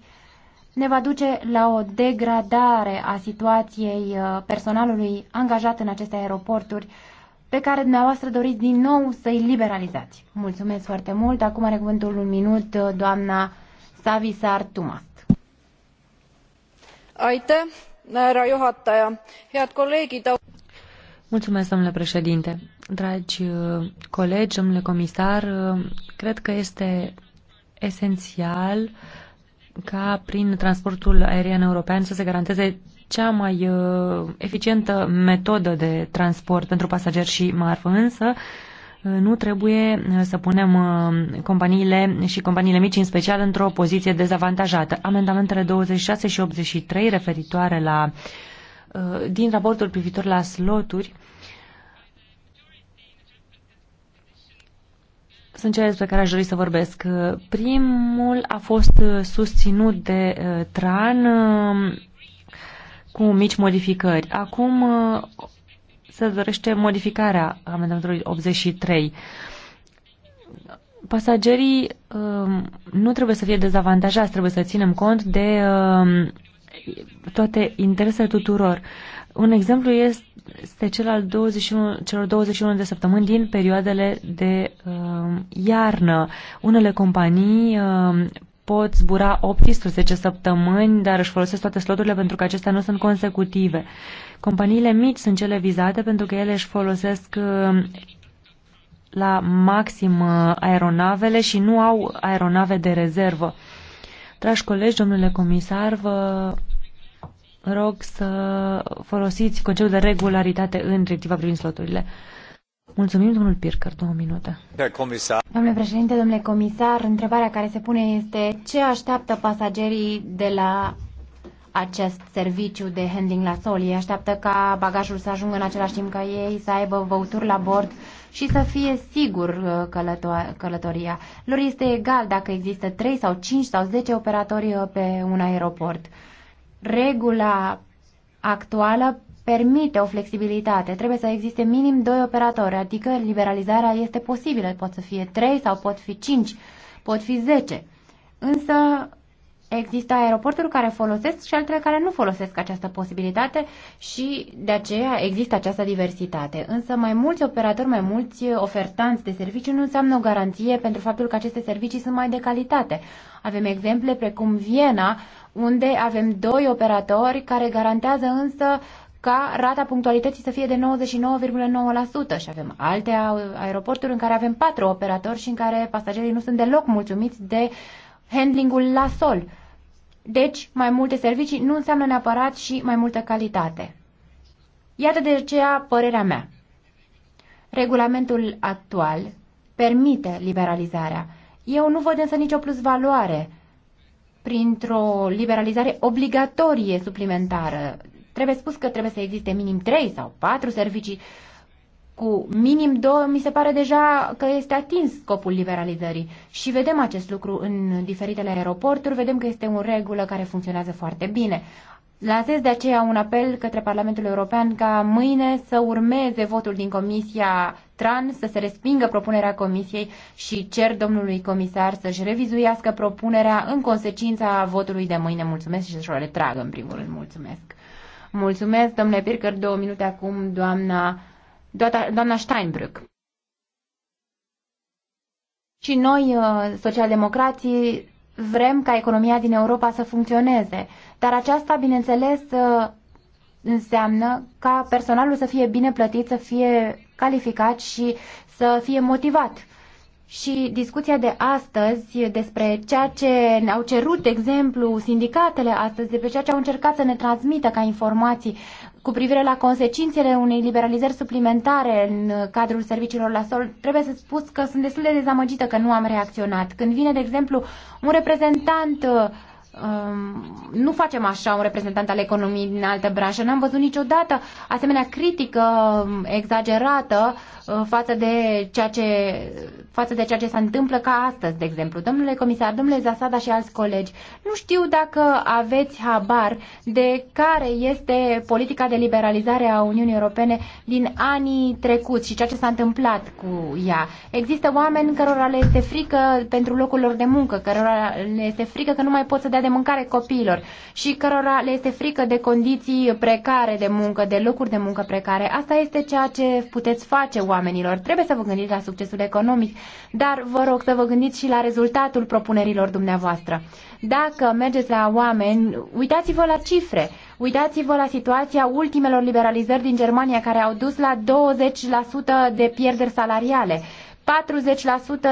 ne va duce la o degradare a situației uh, personalului angajat în aceste aeroporturi pe care dumneavoastră doriți din nou să-i liberalizați. Mulțumesc foarte mult. Acum are cuvântul un minut uh, doamna Savisar Tumast. Aite, härra juhataja, head kolleegid. Mulțumesc, domnule președinte. Dragi uh, colegi, domnule comisar, cred că este esențial uh, ca prin transportul aerian european să se garanteze cea mai uh, eficientă metodă de transport pentru pasageri și marfă, însă uh, nu trebuie uh, să punem companiile și companiile mici în special într-o poziție dezavantajată. Amendamentele 26 și 83 referitoare la din raportul privitor la sloturi sunt cele despre care aș dori să vorbesc. Primul a fost susținut de uh, TRAN um, cu mici modificări. Acum uh, se dorește modificarea amendamentului 83. Pasagerii um, nu trebuie să fie dezavantajați, trebuie să ținem cont de um, toate interesele tuturor. Uh, un exemplu este cel al 21, celor 21 de săptămâni din perioadele de uh, iarnă. Unele companii uh, pot zbura 18 săptămâni, dar își folosesc toate sloturile pentru că acestea nu sunt consecutive. Companiile mici sunt cele vizate pentru că ele își folosesc uh, la maxim uh, aeronavele și nu au aeronave de rezervă. Dragi colegi, domnule comisar, vă rog să folosiți conceptul de regularitate în directiva privind sloturile. Mulțumim, domnul Pircăr, două minute. Comisar. Domnule președinte, domnule comisar, întrebarea care se pune este ce așteaptă pasagerii de la acest serviciu de handling la sol? Ei așteaptă ca bagajul să ajungă în același timp ca ei, să aibă băuturi la bord și să fie sigur uh, călăto- călătoria. Lor este egal dacă există 3 sau 5 sau 10 operatori uh, pe un aeroport regula actuală permite o flexibilitate. Trebuie să existe minim doi operatori, adică liberalizarea este posibilă. Pot să fie trei sau pot fi cinci, pot fi zece. Însă Există aeroporturi care folosesc și altele care nu folosesc această posibilitate și de aceea există această diversitate. Însă mai mulți operatori, mai mulți ofertanți de servicii nu înseamnă o garanție pentru faptul că aceste servicii sunt mai de calitate. Avem exemple precum Viena, unde avem doi operatori care garantează însă ca rata punctualității să fie de 99,9% și avem alte aeroporturi în care avem patru operatori și în care pasagerii nu sunt deloc mulțumiți de uh, handlingul la sol. Deci, mai multe servicii nu înseamnă neapărat și mai multă calitate. Iată de aceea părerea mea. Regulamentul actual permite liberalizarea. Eu nu văd însă nicio plusvaloare printr-o liberalizare obligatorie suplimentară. Trebuie spus că trebuie să existe minim 3 sau 4 servicii cu minim două, mi se pare deja că este atins scopul liberalizării. Și vedem acest lucru în diferitele aeroporturi, vedem că este o regulă care funcționează foarte bine. Lansez de aceea un apel către Parlamentul European ca mâine să urmeze votul din Comisia TRAN, să se respingă propunerea Comisiei și cer domnului comisar să-și revizuiască propunerea în consecința votului de mâine. Mulțumesc și să-și o retragă, în primul rând. Mulțumesc. Mulțumesc, domnule Pircăr. Două minute acum, doamna doamna Steinbrück. Și noi, uh, socialdemocrații, vrem ca economia din Europa să funcționeze, dar aceasta, bineînțeles, uh, înseamnă ca personalul să fie bine plătit, să fie calificat și să fie motivat. Și discuția de astăzi despre ceea ce ne-au cerut, de exemplu, sindicatele astăzi, despre ceea ce au încercat să ne transmită ca informații cu privire la consecințele unei liberalizări suplimentare în cadrul serviciilor la sol, trebuie să spus că sunt destul de dezamăgită că nu am reacționat. Când vine, de exemplu, un reprezentant uh, Um, nu facem așa un reprezentant al economiei din altă branșă. N-am văzut niciodată asemenea critică um, exagerată uh, față de ceea ce, față de ceea ce se întâmplă ca astăzi, de exemplu. Domnule comisar, domnule Zasada și alți colegi, nu știu dacă aveți habar de care este politica de liberalizare a Uniunii Europene din anii trecuți și ceea ce s-a întâmplat cu ea. Există oameni cărora le este frică pentru locul lor de muncă, cărora le este frică că nu mai pot să dea de mâncare copiilor și cărora le este frică de condiții precare de muncă, de locuri de muncă precare. Asta este ceea ce puteți face oamenilor. Trebuie să vă gândiți la succesul economic, dar vă rog să vă gândiți și la rezultatul propunerilor dumneavoastră. Dacă mergeți la oameni, uitați-vă la cifre. Uitați-vă la situația ultimelor liberalizări din Germania care au dus la 20% de pierderi salariale.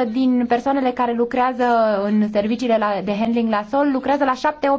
40% din persoanele care lucrează în serviciile de handling la sol lucrează la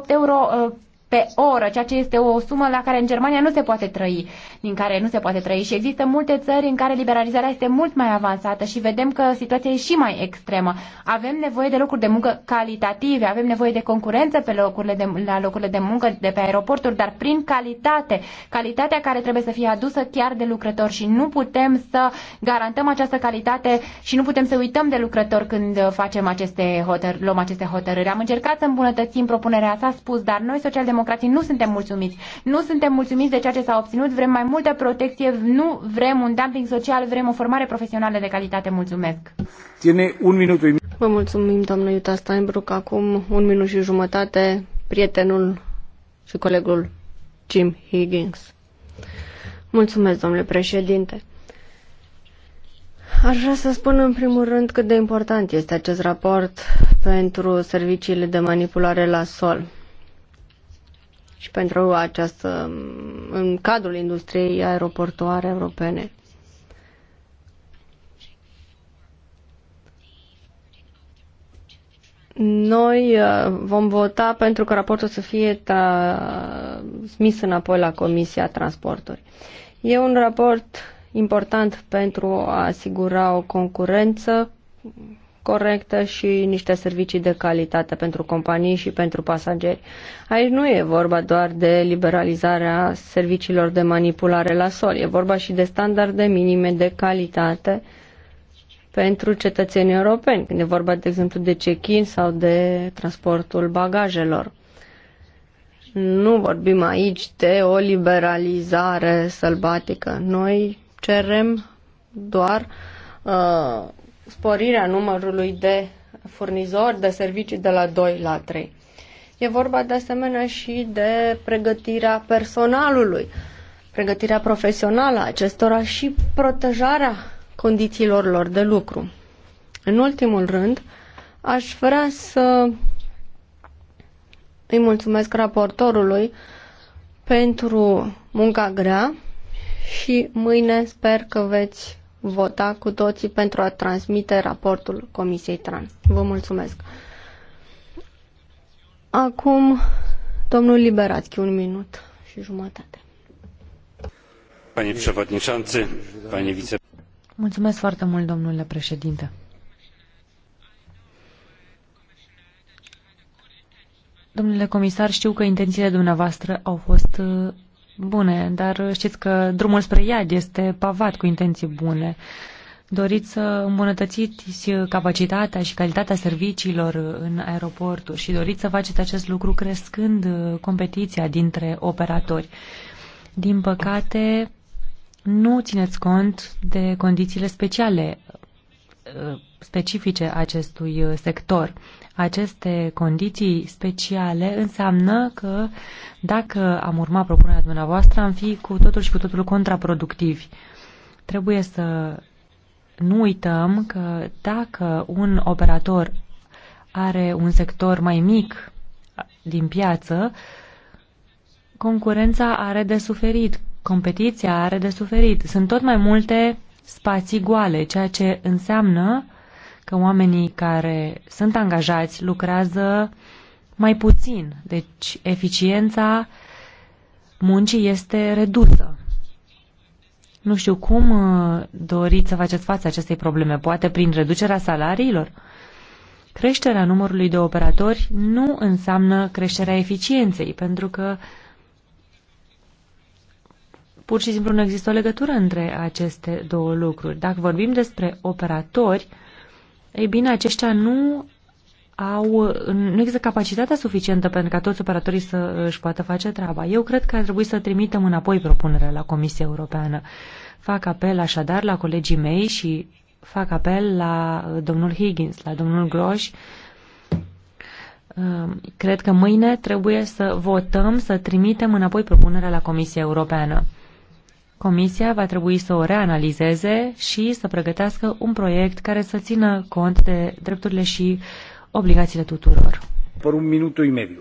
7-8 euro uh, pe oră, ceea ce este o sumă la care în Germania nu se poate trăi, din care nu se poate trăi și există multe țări în care liberalizarea este mult mai avansată și vedem că situația e și mai extremă. Avem nevoie de locuri de muncă calitative, avem nevoie de concurență pe locurile de, la locurile de muncă de pe aeroporturi, dar prin calitate, calitatea care trebuie să fie adusă chiar de lucrători și nu putem să garantăm această calitate și nu putem să uităm de lucrători când facem aceste hotăr- luăm aceste hotărâri. Am încercat să îmbunătățim propunerea, s-a spus, dar noi social democrații nu suntem mulțumiți. Nu suntem mulțumiți de ceea ce s-a obținut, vrem mai multă protecție, nu vrem un dumping social, vrem o formare profesională de calitate. Mulțumesc! Tine un minut. Vă mulțumim, doamnă Iuta Steinbrück. Acum un minut și jumătate, prietenul și colegul Jim Higgins. Mulțumesc, domnule președinte. Aș vrea să spun în primul rând cât de important este acest raport pentru serviciile de manipulare la sol și pentru această, um, în cadrul industriei aeroportoare europene. Noi uh, vom vota pentru că raportul să fie transmis înapoi la Comisia Transporturi. E un raport important pentru a asigura o concurență corectă și niște servicii de calitate pentru companii și pentru pasageri. Aici nu e vorba doar de liberalizarea serviciilor de manipulare la sol, e vorba și de standarde minime de calitate pentru cetățenii europeni, când e vorba, de exemplu, de check-in sau de transportul bagajelor. Nu vorbim aici de o liberalizare sălbatică. Noi cerem doar uh, sporirea numărului de furnizori de servicii de la 2 la 3. E vorba de asemenea și de pregătirea personalului, pregătirea profesională a acestora și protejarea condițiilor lor de lucru. În ultimul rând, aș vrea să îi mulțumesc raportorului pentru munca grea și mâine sper că veți vota cu toții pentru a transmite raportul Comisiei Trans. Vă mulțumesc. Acum, domnul Liberațchi, un minut și jumătate. Pani președinte, pani vice... Mulțumesc foarte mult, domnule președinte. Domnule comisar, știu că intențiile dumneavoastră au fost uh, bune, dar știți că drumul spre iad este pavat cu intenții bune. Doriți să îmbunătățiți capacitatea și calitatea serviciilor în aeroporturi și doriți să faceți acest lucru crescând competiția dintre operatori. Din păcate, nu țineți cont de condițiile speciale specifice acestui uh, sector. Aceste condiții speciale înseamnă că dacă am urma propunerea dumneavoastră, am fi cu totul și cu totul contraproductivi. Trebuie să nu uităm că dacă un operator are un sector mai mic din piață, concurența are de suferit, competiția are de suferit. Sunt tot mai multe spații goale, ceea ce înseamnă că oamenii care sunt angajați lucrează mai puțin, deci eficiența muncii este redusă. Nu știu cum uh, doriți să faceți față acestei probleme, poate prin reducerea salariilor? Creșterea numărului de operatori nu înseamnă creșterea eficienței, pentru că pur și simplu nu există o legătură între aceste două lucruri. Dacă vorbim despre operatori, ei bine, aceștia nu au, nu există capacitatea suficientă pentru ca toți operatorii să își poată face treaba. Eu cred că ar trebui să trimitem înapoi propunerea la Comisia Europeană. Fac apel așadar la colegii mei și fac apel la uh, domnul Higgins, la domnul Groș. Um, cred că mâine trebuie să votăm, să trimitem înapoi propunerea la Comisia Europeană. Comisia va trebui să o reanalizeze și să pregătească un proiect care să țină cont de drepturile și obligațiile tuturor. Por un minut și mediu.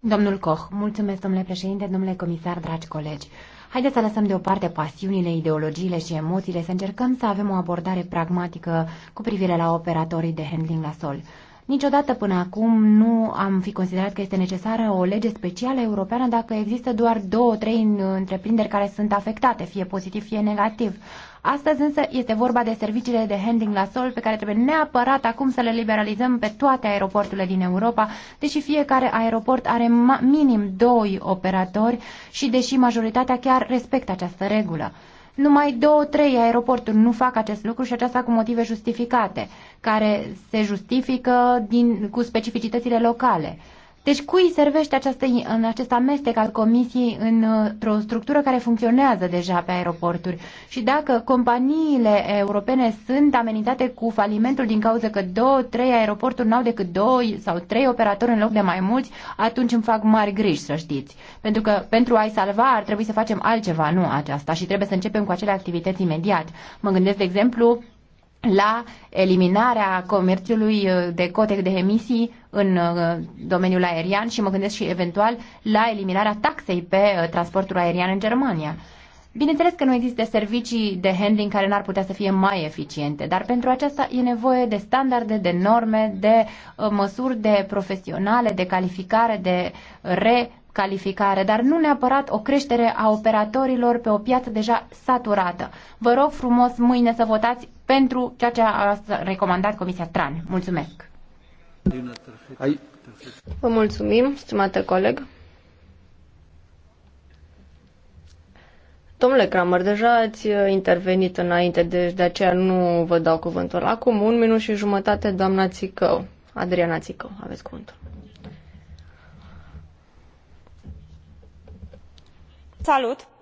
Domnul Koch, mulțumesc, domnule președinte, domnule comisar, dragi colegi. Haideți să lăsăm deoparte pasiunile, ideologiile și emoțiile, să încercăm să avem o abordare pragmatică cu privire la operatorii de handling la sol. Niciodată până acum nu am fi considerat că este necesară o lege specială europeană dacă există doar două, trei întreprinderi care sunt afectate, fie pozitiv, fie negativ. Astăzi însă este vorba de serviciile de handling la sol pe care trebuie neapărat acum să le liberalizăm pe toate aeroporturile din Europa, deși fiecare aeroport are minim doi operatori și deși majoritatea chiar respectă această regulă. Numai două, trei aeroporturi nu fac acest lucru și aceasta cu motive justificate, care se justifică din, cu specificitățile locale. Deci cui servește această, în acest amestec al comisiei într-o structură care funcționează deja pe aeroporturi? Și dacă companiile europene sunt amenitate cu falimentul din cauza că două, trei aeroporturi n-au decât doi sau trei operatori în loc de mai mulți, atunci îmi fac mari griji, să știți. Pentru că pentru a-i salva ar trebui să facem altceva, nu aceasta. Și trebuie să începem cu acele activități imediat. Mă gândesc, de exemplu, la eliminarea comerțului uh, de cote de emisii în uh, domeniul aerian și mă gândesc și eventual la eliminarea taxei pe uh, transportul aerian în Germania. Bineînțeles că nu există servicii de handling care n-ar putea să fie mai eficiente, dar pentru aceasta e nevoie de standarde, de norme, de măsuri de profesionale, de calificare, de recalificare, dar nu neapărat o creștere a operatorilor pe o piață deja saturată. Vă rog frumos mâine să votați pentru ceea ce a recomandat Comisia TRAN. Mulțumesc! Vă mulțumim, stimate coleg. Domnule Kramer, deja ați intervenit înainte, deci de aceea nu vă dau cuvântul. Acum un minut și jumătate, doamna Țicău. Adriana Țicău, aveți cuvântul. Salut!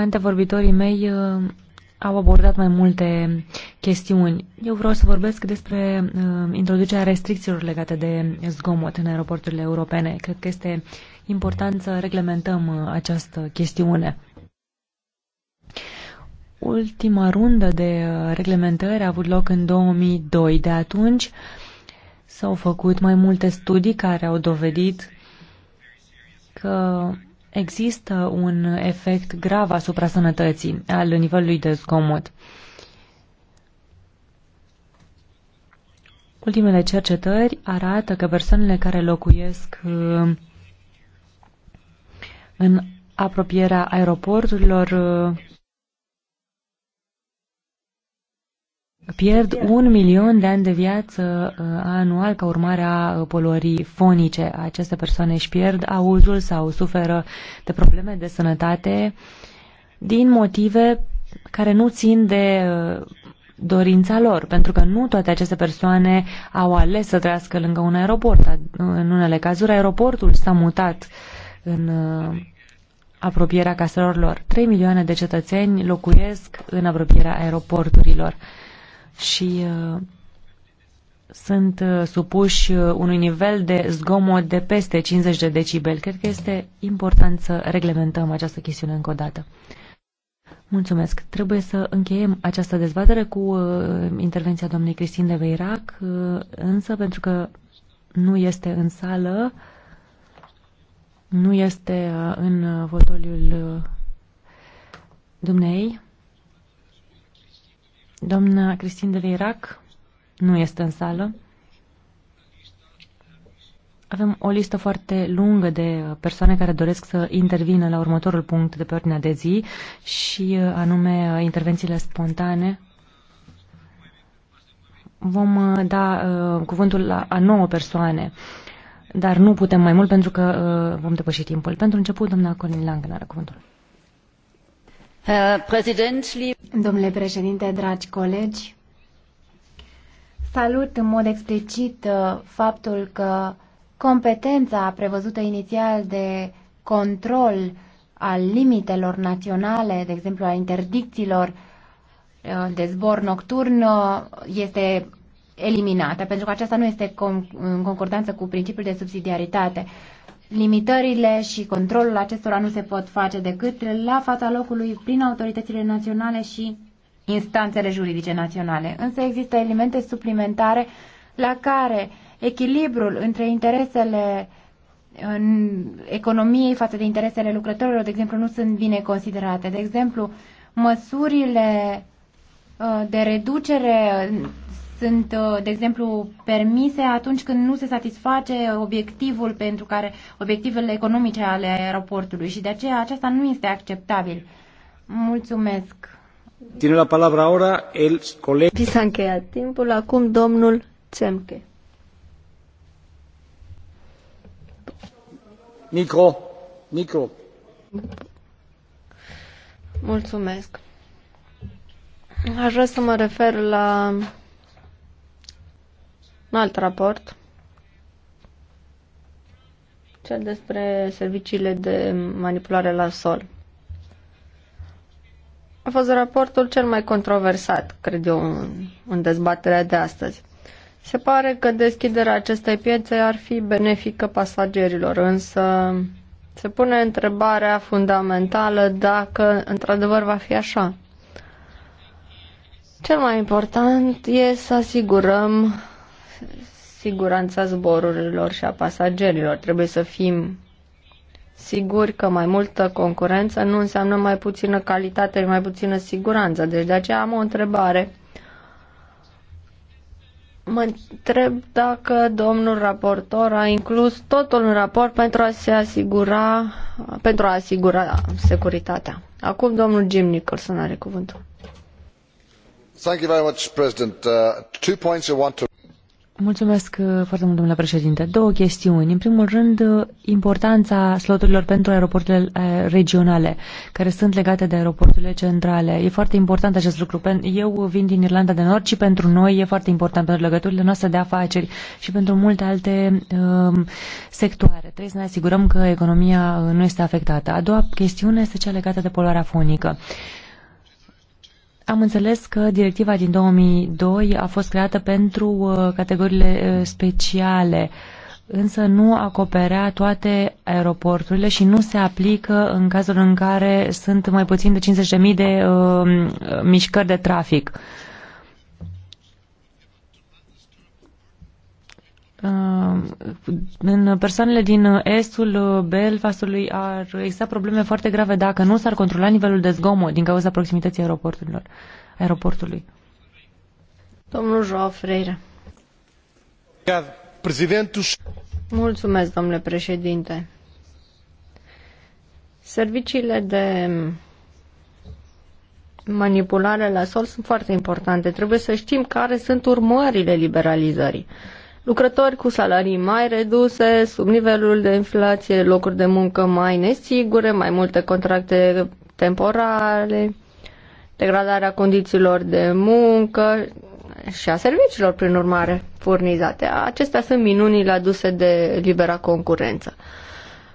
Antevorbitorii mei uh, au abordat mai multe chestiuni. Eu vreau să vorbesc despre uh, introducerea restricțiilor legate de zgomot în aeroporturile europene. Cred că este important să reglementăm uh, această chestiune. Ultima rundă de reglementări a avut loc în 2002. De atunci s-au făcut mai multe studii care au dovedit că Există un efect grav asupra sănătății, al nivelului de zgomot. Ultimele cercetări arată că persoanele care locuiesc uh, în apropierea aeroporturilor uh, pierd un milion de ani de viață uh, anual ca urmare a uh, poluării fonice. Aceste persoane își pierd auzul sau suferă de probleme de sănătate din motive care nu țin de uh, dorința lor, pentru că nu toate aceste persoane au ales să trăiască lângă un aeroport. În unele cazuri, aeroportul s-a mutat în apropierea caselor lor. 3 milioane de cetățeni locuiesc în apropierea aeroporturilor și uh, sunt uh, supuși uh, unui nivel de zgomot de peste 50 de decibel. Cred că este important să reglementăm această chestiune încă o dată. Mulțumesc. Trebuie să încheiem această dezbatere cu intervenția doamnei Cristin de Veirac, însă pentru că nu este în sală, nu este în fotoliul dumnei. Doamna Cristin de Irak nu este în sală. Avem o listă foarte lungă de persoane care doresc să intervină la următorul punct de pe ordinea de zi și uh, anume uh, intervențiile spontane. Vom uh, da uh, cuvântul la a nouă persoane, dar nu putem mai mult pentru că uh, vom depăși timpul. Pentru început, doamna Colin Lang, are cuvântul. Domnule președinte, dragi colegi, salut în mod explicit uh, faptul că competența prevăzută inițial de control al limitelor naționale, de exemplu a interdicțiilor uh, de zbor nocturn, uh, este eliminată, pentru că aceasta nu este în concordanță cu principiul de subsidiaritate. Limitările și controlul acestora nu se pot face decât la fața locului prin autoritățile naționale și instanțele juridice naționale. Însă există elemente suplimentare la care echilibrul între interesele în economiei față de interesele lucrătorilor, de exemplu, nu sunt bine considerate. De exemplu, măsurile uh, de reducere sunt, uh, de exemplu, permise atunci când nu se satisface obiectivul pentru care obiectivele economice ale aeroportului și de aceea aceasta nu este acceptabil. Mulțumesc. Tine la palabra ora el coleg. Vi s-a încheiat timpul. Acum domnul Cemke. Micro. Micro. Mulțumesc. Aș vrea să mă refer la un alt raport, cel despre serviciile de manipulare la sol. A fost raportul cel mai controversat, cred eu, în, în dezbaterea de astăzi. Se pare că deschiderea acestei piețe ar fi benefică pasagerilor, însă se pune întrebarea fundamentală dacă într-adevăr va fi așa. Cel mai important e să asigurăm siguranța zborurilor și a pasagerilor. Trebuie să fim siguri că mai multă concurență nu înseamnă mai puțină calitate și mai puțină siguranță. Deci de aceea am o întrebare. Mă întreb dacă domnul raportor a inclus totul în raport pentru a se asigura, pentru a asigura securitatea. Acum domnul Jim Nicholson are cuvântul. Thank you very much, President. Uh, two points I want to Mulțumesc uh, foarte mult, domnule președinte. Două chestiuni. În primul rând, uh, importanța sloturilor pentru aeroporturile uh, regionale, care sunt legate de aeroporturile centrale. E foarte important acest lucru. Eu vin din Irlanda de Nord și pentru noi e foarte important pentru legăturile noastre de afaceri și pentru multe alte um, sectoare. Trebuie să ne asigurăm că economia nu este afectată. A doua chestiune este cea legată de poluarea fonică. Uh, am înțeles că directiva din 2002 a fost creată pentru uh, categoriile uh, speciale, însă nu acoperea toate aeroporturile și nu se aplică în cazul în care sunt mai puțin de 50.000 de uh, mișcări de trafic. Uh, Uh, în persoanele din estul Belfastului ar exista probleme foarte grave dacă nu s-ar controla nivelul de zgomot din cauza proximității aeroporturilor, aeroportului. Domnul João Freire. Mulțumesc, domnule președinte. Serviciile de manipulare la sol sunt foarte importante. Trebuie să știm care sunt urmările liberalizării. Uh, lucrători cu salarii mai reduse, sub nivelul de inflație, locuri de muncă mai nesigure, mai multe contracte temporale, degradarea condițiilor de muncă și a serviciilor, prin urmare, furnizate. Acestea sunt minunile aduse de libera concurență.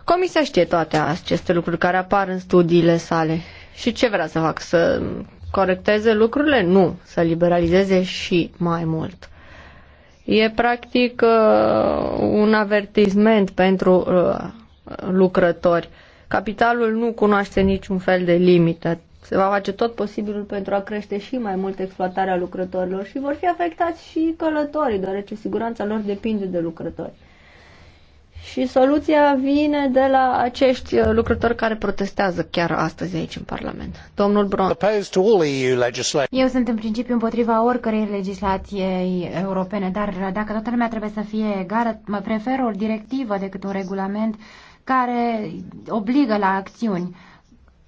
Comisia știe toate aceste lucruri care apar în studiile sale. Și ce vrea să fac? Să corecteze lucrurile? Nu, să liberalizeze și mai mult. E practic uh, un avertisment pentru uh, lucrători. Capitalul nu cunoaște niciun fel de limită. Se va face tot posibilul pentru a crește și mai mult exploatarea lucrătorilor și vor fi afectați și călătorii, deoarece siguranța lor depinde de lucrători. Și soluția vine de la acești uh, lucrători care protestează chiar astăzi aici în Parlament. Domnul Bron. Eu sunt în principiu împotriva oricărei legislației europene, dar dacă toată lumea trebuie să fie egală, mă prefer o directivă decât un regulament care obligă la acțiuni.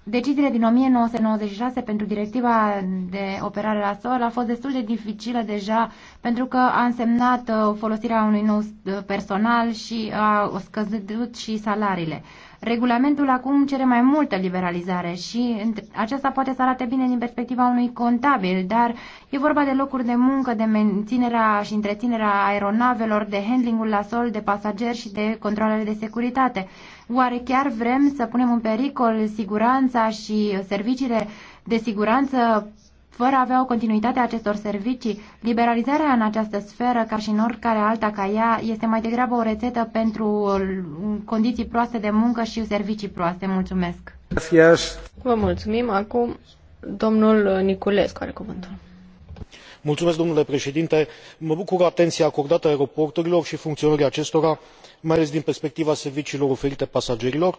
Deciziile din 1996 pentru directiva de operare la sol a fost destul de dificilă deja pentru că a însemnat uh, folosirea unui nou uh, personal și a scăzut și salariile. Regulamentul acum cere mai multă liberalizare și aceasta poate să arate bine din perspectiva unui contabil, dar e vorba de locuri de muncă, de menținerea și întreținerea aeronavelor, de handlingul la sol, de pasageri și de controlele de securitate. Oare chiar vrem să punem în pericol siguranța și serviciile de siguranță fără a avea o continuitate a acestor servicii, liberalizarea în această sferă, ca și în oricare alta ca ea, este mai degrabă o rețetă pentru uh, condiții proaste de muncă și servicii proaste. Mulțumesc! Vă mulțumim. Acum domnul Niculescu are cuvântul. Mulțumesc, domnule președinte. Mă bucur atenția acordată aeroporturilor și funcționării acestora, mai ales din perspectiva serviciilor oferite pasagerilor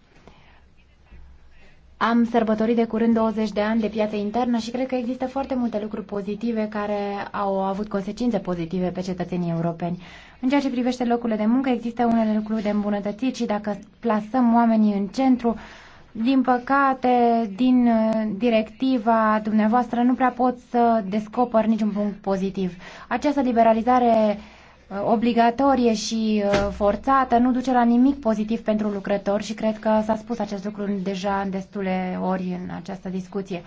am sărbătorit de curând 20 de ani de piață internă și cred că există foarte multe lucruri pozitive care au avut consecințe pozitive pe cetățenii europeni. În ceea ce privește locurile de muncă, există unele lucruri de îmbunătățit și dacă plasăm oamenii în centru, din păcate, din uh, directiva dumneavoastră nu prea pot să descopăr niciun punct pozitiv. Această liberalizare obligatorie și uh, forțată nu duce la nimic pozitiv pentru lucrători și cred că s-a spus acest lucru deja în destule ori în această discuție.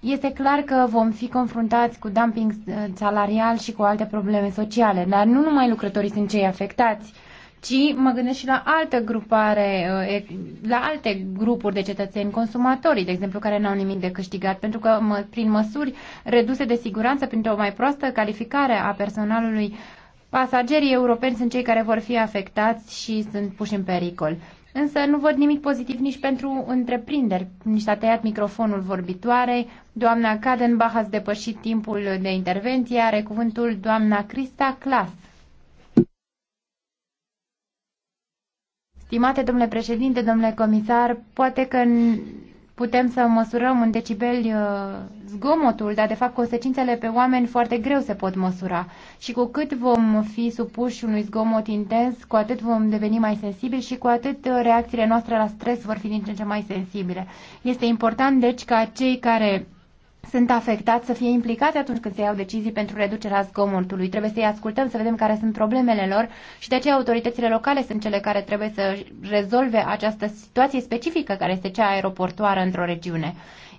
Este clar că vom fi confruntați cu dumping uh, salarial și cu alte probleme sociale, dar nu numai lucrătorii sunt cei afectați, ci mă gândesc și la altă grupare, uh, la alte grupuri de cetățeni consumatori, de exemplu, care n-au nimic de câștigat, pentru că prin măsuri reduse de siguranță, printr-o mai proastă calificare a personalului uh, Pasagerii europeni sunt cei care vor fi afectați și sunt puși în pericol. Însă nu văd nimic pozitiv nici pentru întreprinderi. Nici s-a tăiat microfonul vorbitoarei. Doamna Kadenbach a depășit timpul de intervenție. Are cuvântul doamna Crista Clas. Stimate domnule președinte, domnule comisar, poate că putem să măsurăm în decibeli uh, zgomotul, dar de fapt consecințele pe oameni foarte greu se pot măsura. Și cu cât vom fi supuși unui zgomot intens, cu atât vom deveni mai sensibili și cu atât uh, reacțiile noastre la stres vor fi din ce în ce mai sensibile. Este important deci ca cei care sunt afectați să fie implicați atunci când se iau decizii pentru reducerea zgomotului. Trebuie să-i ascultăm, să vedem care sunt problemele lor și de aceea autoritățile locale sunt cele care trebuie să rezolve această situație specifică care este cea aeroportoară într-o regiune.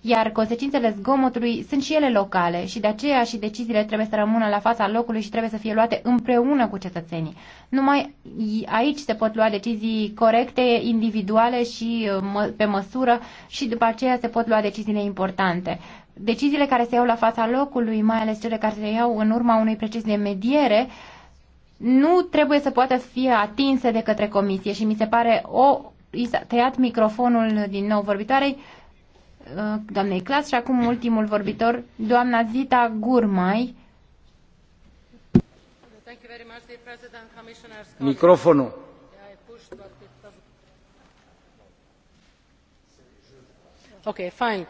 Iar consecințele zgomotului sunt și ele locale și de aceea și deciziile trebuie să rămână la fața locului și trebuie să fie luate împreună cu cetățenii. Numai aici se pot lua decizii corecte, individuale și pe măsură și după aceea se pot lua deciziile importante deciziile care se iau la fața locului, mai ales cele care se iau în urma unui proces de mediere, nu trebuie să poată fi atinse de către comisie și mi se pare o... I s-a tăiat microfonul din nou vorbitoarei uh, doamnei Clas și acum ultimul vorbitor, doamna Zita Gurmai. Microfonul. Ok, fine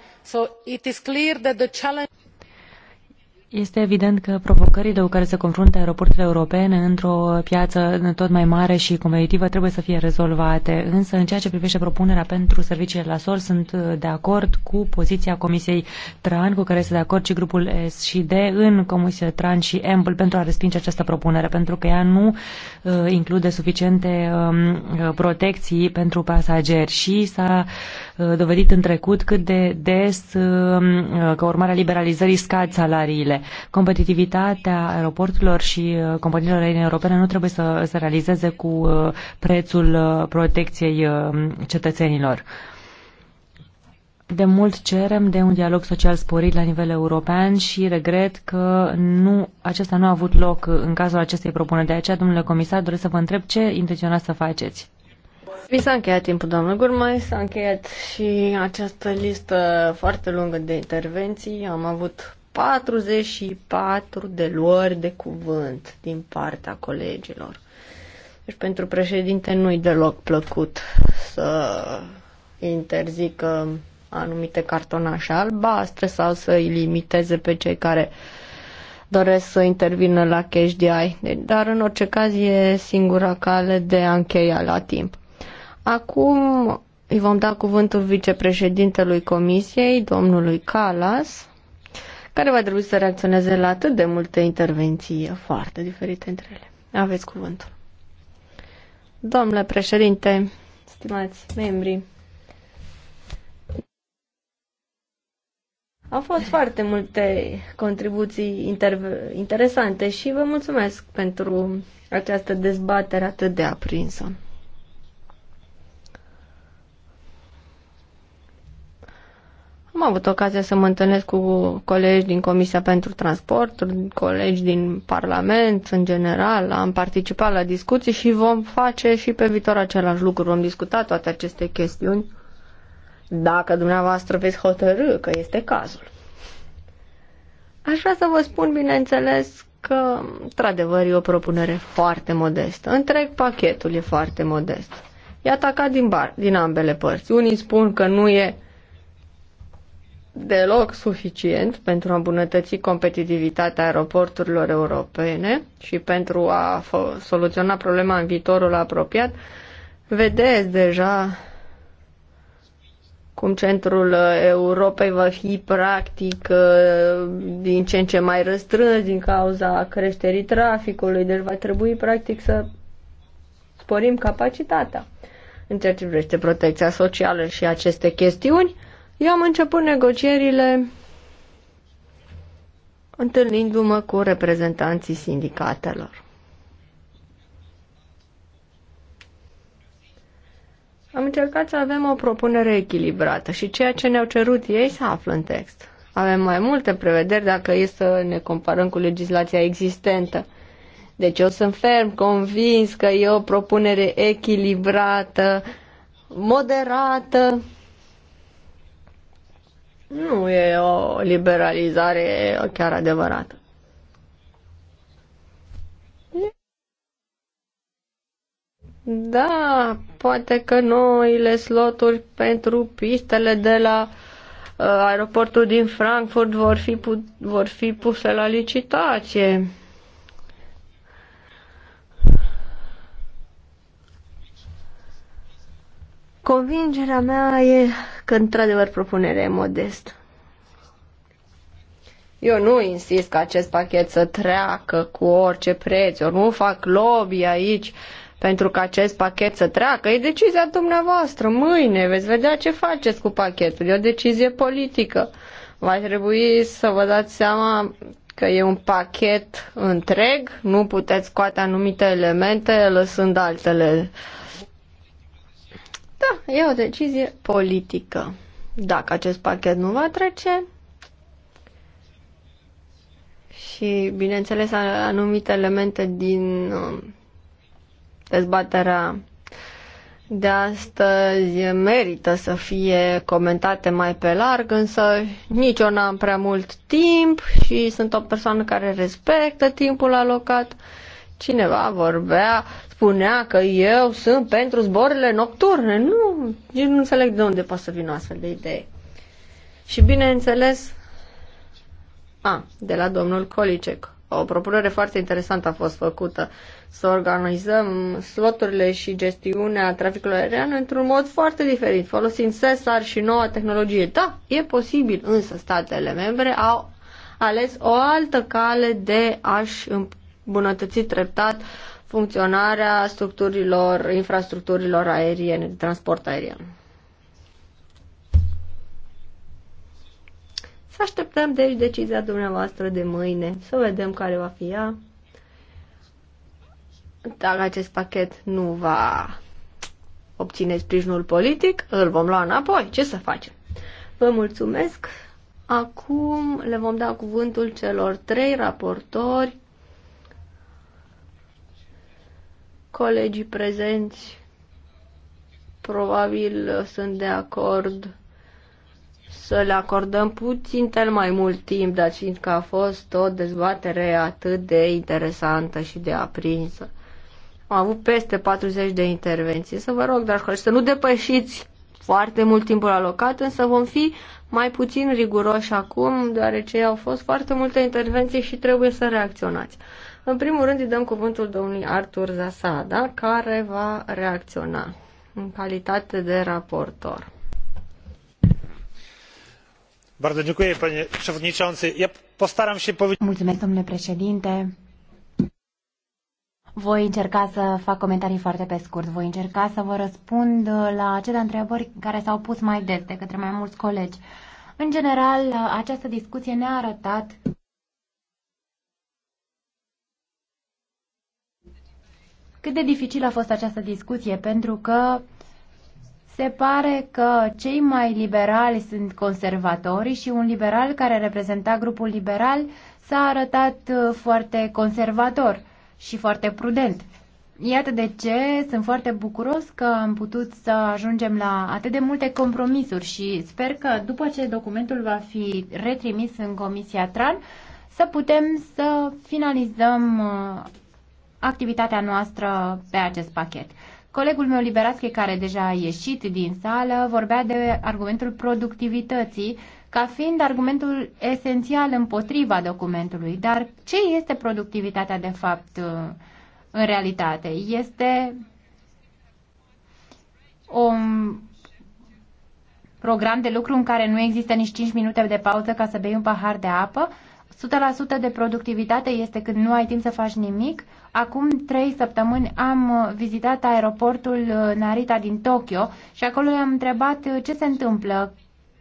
este evident că provocările cu care se confruntă aeroporturile europene într-o piață tot mai mare și competitivă trebuie să fie rezolvate, însă în ceea ce privește propunerea pentru serviciile la sol sunt de acord cu poziția Comisiei TRAN, cu care este de acord și grupul S și D în Comisia TRAN și EMPL pentru a respinge această propunere, pentru că ea nu uh, include suficiente um, uh, protecții pentru pasageri și s-a Uh, dovedit în trecut cât de des uh, uh, urmare a liberalizării scad salariile. Competitivitatea aeroporturilor și companiilor aeriene europene nu trebuie să se realizeze cu prețul protecției cetățenilor. De mult cerem de un dialog social sporit la nivel european și regret că nu, acesta nu a avut loc în cazul acestei propuneri. De aceea, domnule comisar, doresc să vă întreb ce intenționați să faceți. Mi s-a încheiat timpul, doamnă Gurmai, s-a încheiat și această listă foarte lungă de intervenții. Am avut 44 de luări de cuvânt din partea colegilor. Deci pentru președinte nu-i deloc plăcut să interzică anumite cartonașe albastre sau să îi limiteze pe cei care doresc să intervină la cash DI. Dar în orice caz e singura cale de a încheia la timp. Acum îi vom da cuvântul vicepreședintelui Comisiei, domnului Calas, care va trebui să reacționeze la atât de multe intervenții foarte diferite între ele. Aveți cuvântul. Domnule președinte, stimați membri, Au fost foarte multe contribuții interesante și vă mulțumesc pentru această dezbatere atât de aprinsă. am avut ocazia să mă întâlnesc cu colegi din Comisia pentru Transport, colegi din Parlament în general, am participat la discuții și vom face și pe viitor același lucru. Vom discuta toate aceste chestiuni dacă dumneavoastră veți hotărâ că este cazul. Aș vrea să vă spun, bineînțeles, că, într-adevăr, e o propunere foarte modestă. Întreg pachetul e foarte modest. E atacat din, bar, din ambele părți. Unii spun că nu e deloc suficient pentru a îmbunătăți competitivitatea aeroporturilor europene și pentru a soluționa problema în viitorul apropiat, vedeți deja cum centrul uh, Europei va fi practic uh, din ce în ce mai răstrâns din cauza creșterii traficului, deci va trebui practic să sporim capacitatea în ceea ce privește protecția socială și aceste chestiuni. Eu am început negocierile întâlnindu-mă cu reprezentanții sindicatelor. Am încercat să avem o propunere echilibrată și ceea ce ne-au cerut ei se află în text. Avem mai multe prevederi dacă e să ne comparăm cu legislația existentă. Deci eu sunt ferm convins că e o propunere echilibrată, moderată, nu e o liberalizare chiar adevărată. Da, poate că noile sloturi pentru pistele de la uh, aeroportul din Frankfurt vor fi, put- vor fi puse la licitație. Convingerea mea e că, într-adevăr, propunerea e modest. Eu nu insist ca acest pachet să treacă cu orice preț, Eu nu fac lobby aici pentru că acest pachet să treacă. E decizia dumneavoastră. Mâine veți vedea ce faceți cu pachetul. E o decizie politică. Va trebui să vă dați seama că e un pachet întreg, nu puteți scoate anumite elemente lăsând altele uh, da, e o decizie politică. Dacă acest pachet nu va trece, și, bineînțeles, anumite elemente din um, dezbaterea de astăzi merită să fie comentate mai pe larg, însă nici eu n-am prea mult timp și sunt o persoană care respectă timpul alocat. Cineva vorbea spunea că eu sunt pentru zborurile nocturne. Nu, nici nu înțeleg de unde poate să vină astfel de idee. Și bineînțeles, a, de la domnul Kolicek. O propunere foarte interesantă a fost făcută să organizăm sloturile și gestiunea traficului aerian într-un mod foarte diferit, folosind SESAR și noua tehnologie. Da, e posibil, însă statele membre au ales o altă cale de a-și îmbunătăți treptat uh, funcționarea structurilor, infrastructurilor aeriene, de transport aerian. Să așteptăm deci decizia dumneavoastră de mâine, să vedem care va fi ea. Dacă acest pachet nu va obține sprijinul politic, îl vom lua înapoi. Ce să facem? Vă mulțumesc. Acum le vom da cuvântul celor trei raportori Colegii prezenți probabil sunt de acord să le acordăm puțin cel mai mult timp, dar fiindcă a fost o dezbatere atât de interesantă și de aprinsă. Am avut peste 40 de intervenții. Să vă rog, dragi colegi, să nu depășiți foarte mult timpul alocat, însă vom fi mai puțin riguroși acum, deoarece au fost foarte multe intervenții și trebuie să reacționați. În primul rând îi dăm cuvântul domnului Artur Zasada, care va reacționa în calitate de raportor. Mulțumesc, domnule președinte. Voi încerca să fac comentarii foarte pe scurt. Voi încerca să vă răspund la acele întrebări care s-au pus mai des de către mai mulți colegi. În general, această discuție ne-a arătat Cât de dificil a fost această discuție, pentru că se pare că cei mai liberali sunt conservatori și un liberal care reprezenta grupul liberal s-a arătat uh, foarte conservator și foarte prudent. Iată de ce sunt foarte bucuros că am putut să ajungem la atât de multe compromisuri și sper că după ce documentul va fi retrimis în Comisia TRAN să putem să finalizăm uh, activitatea noastră pe acest pachet. Colegul meu Liberaschi, care deja a ieșit din sală, vorbea de argumentul productivității ca fiind argumentul esențial împotriva documentului. Dar ce este productivitatea de fapt în realitate? Este un program de lucru în care nu există nici 5 minute de pauză ca să bei un pahar de apă? 100% de productivitate este când nu ai timp să faci nimic? Acum trei săptămâni am uh, vizitat aeroportul uh, Narita din Tokyo și acolo i-am întrebat uh, ce se întâmplă,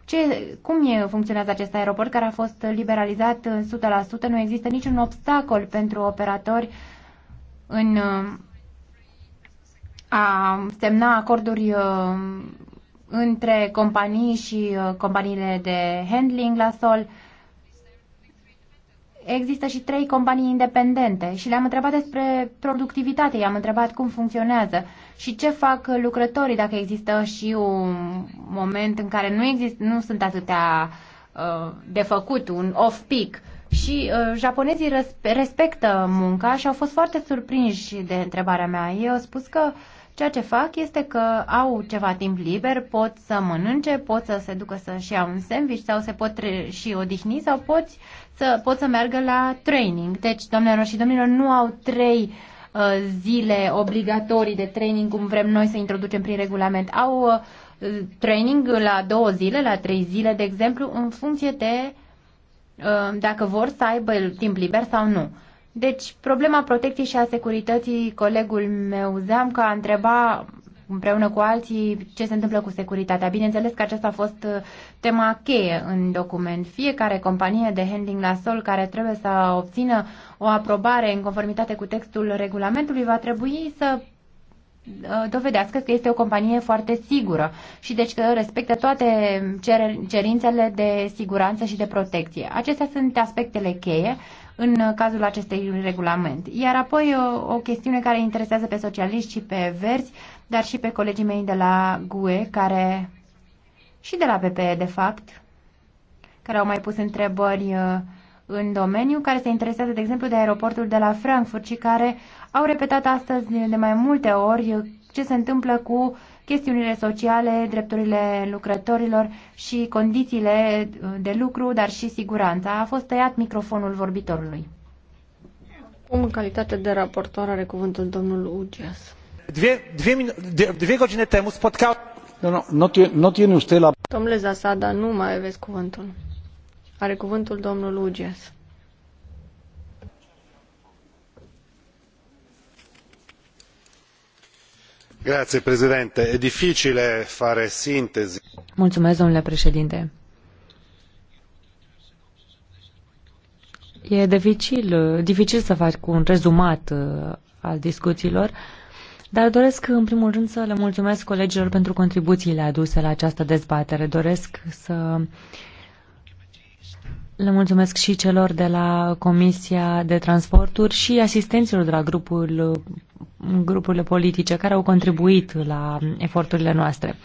ce, cum e, funcționează acest aeroport care a fost liberalizat 100%, nu există niciun obstacol pentru operatori în a semna acorduri între companii și companiile de handling la sol există și trei companii independente și le-am întrebat despre productivitate, i-am întrebat cum funcționează și ce fac lucrătorii dacă există și un moment în care nu, exist, nu sunt atâtea uh, de făcut, un off-peak. Și uh, japonezii respectă munca și au fost foarte surprinși de întrebarea mea. Ei au spus că uh, Ceea ce fac este că au ceva timp liber, pot să mănânce, pot să se ducă să-și ia un sandwich sau se pot și odihni sau pot să, pot să meargă la training. Deci, doamnelor și domnilor, nu au trei uh, zile obligatorii de training cum vrem noi să introducem prin regulament. Au uh, training la două zile, la trei zile, de exemplu, în funcție de uh, dacă vor să aibă timp liber sau nu. Deci, problema protecției și a securității, colegul meu Zeamca a întreba împreună cu alții ce se întâmplă cu securitatea. Bineînțeles că aceasta a fost uh, tema cheie în document. Fiecare companie de handling la sol care trebuie să obțină o aprobare în conformitate cu textul regulamentului va trebui să uh, dovedească că este o companie foarte sigură și deci că respectă toate cerințele de siguranță și de protecție. Acestea sunt aspectele cheie în uh, cazul acestei regulament. Iar apoi o, o chestiune care interesează pe socialiști și pe verzi, dar și pe colegii mei de la GUE, care și de la PPE, de fapt, care au mai pus întrebări uh, în domeniu, care se interesează, de exemplu, de aeroportul de la Frankfurt și care au repetat astăzi de mai multe ori ce se întâmplă cu uh, chestiunile sociale, drepturile lucrătorilor și condițiile de lucru, dar și siguranța. A fost tăiat microfonul vorbitorului. Acum, în calitate de raportor, are cuvântul domnul Ugeas. Dvie dwie, temu spotkałem... Domnule Zasada, nu mai aveți cuvântul. Are cuvântul domnul Ugeas. E dificile fare Mulțumesc, președinte. E dificil, dificil să faci cu un rezumat uh, al discuțiilor, dar doresc în primul rând să le mulțumesc colegilor pentru contribuțiile aduse la această dezbatere. Doresc să le mulțumesc și celor de la Comisia de Transporturi și asistenților de la grupul grupurile politice care au contribuit la eforturile noastre.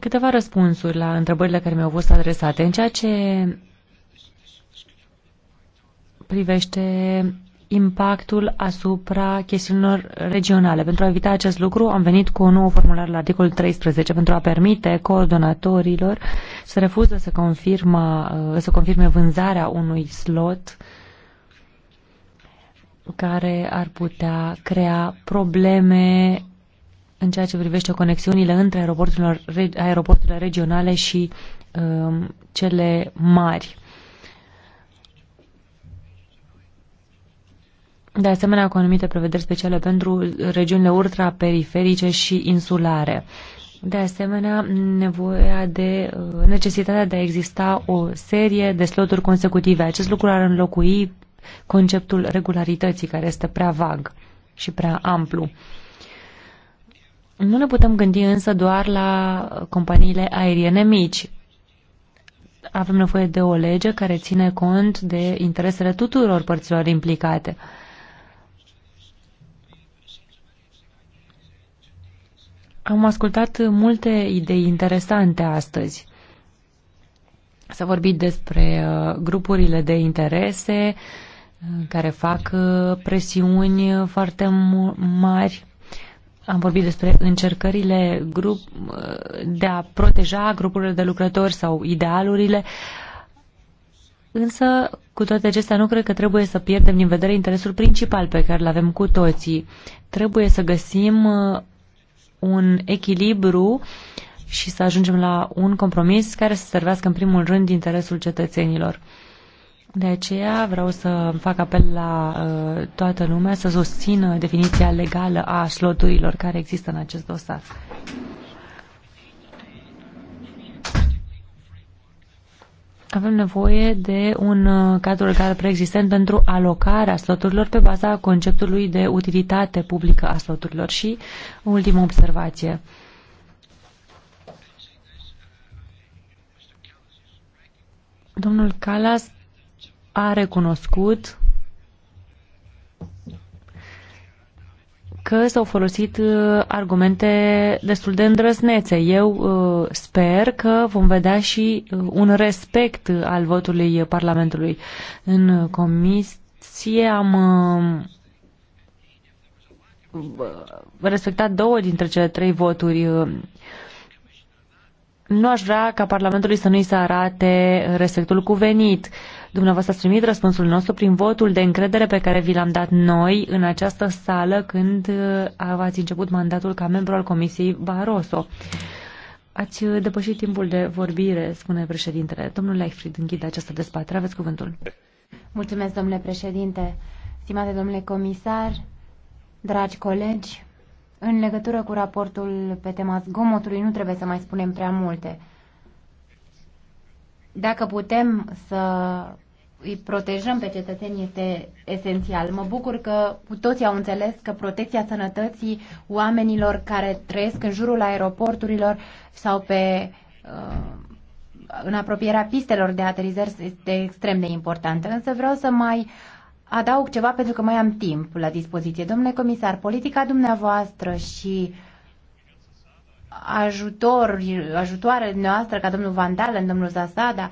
Câteva răspunsuri la întrebările care mi-au fost adresate. În ceea ce privește impactul asupra chestiunilor regionale. Pentru a evita acest lucru, am venit cu o nouă formulare la articolul 13 pentru a permite coordonatorilor să refuză să, confirma, să confirme vânzarea unui slot uh, care ar putea crea probleme în ceea ce privește conexiunile între aeroporturile, aeroporturile regionale și um, cele mari. De asemenea, cu anumite prevederi speciale pentru regiunile ultraperiferice și insulare. De asemenea, nevoia de uh, necesitatea de a exista o serie de sloturi consecutive. Acest lucru ar înlocui conceptul regularității, care este prea vag și prea amplu. Nu ne putem gândi însă doar la companiile aeriene mici. Avem nevoie de o lege care ține cont de interesele tuturor părților implicate. Am ascultat multe idei interesante astăzi. S-a vorbit despre uh, grupurile de interese, uh, care fac uh, presiuni uh, foarte mari. Am vorbit despre încercările grup, uh, de a proteja grupurile de lucrători sau idealurile, însă cu toate acestea nu cred că trebuie să pierdem din vedere interesul principal pe care îl avem cu toții. Trebuie să găsim un echilibru și să ajungem la un compromis care să servească în primul rând interesul cetățenilor. De aceea vreau să fac apel la uh, toată lumea să susțină definiția legală a sloturilor care există în acest dosar. Avem nevoie de un uh, cadru legal preexistent pentru alocarea sloturilor pe baza conceptului de utilitate publică a sloturilor. Și ultima observație. Domnul Calas a recunoscut că s-au folosit uh, argumente destul de îndrăznețe. Eu uh, sper că vom vedea și uh, un respect al votului Parlamentului. În comisie am respectat două dintre cele trei voturi. Nu aș vrea ca Parlamentului să nu-i se arate respectul cuvenit. Uh, Dumneavoastră ați primit răspunsul nostru prin votul de încredere pe care vi l-am dat noi în această sală când uh, ați început mandatul ca membru al Comisiei Barroso. Ați uh, depășit timpul de vorbire, spune președintele. Domnul Leichfried închide această dezbatere. Aveți cuvântul. Mulțumesc, domnule președinte. Stimate domnule comisar, dragi colegi, în legătură cu raportul pe tema zgomotului nu trebuie să mai spunem prea multe dacă putem să îi protejăm pe cetățeni este esențial. Mă bucur că cu toții au înțeles că protecția sănătății oamenilor care trăiesc în jurul aeroporturilor sau pe uh, în apropierea pistelor de aterizări este extrem de importantă. Însă vreau să mai adaug ceva pentru că mai am timp la dispoziție. Domnule comisar, politica dumneavoastră și uh, ajutor, ajutoare noastră ca domnul Vandal, domnul Zasada,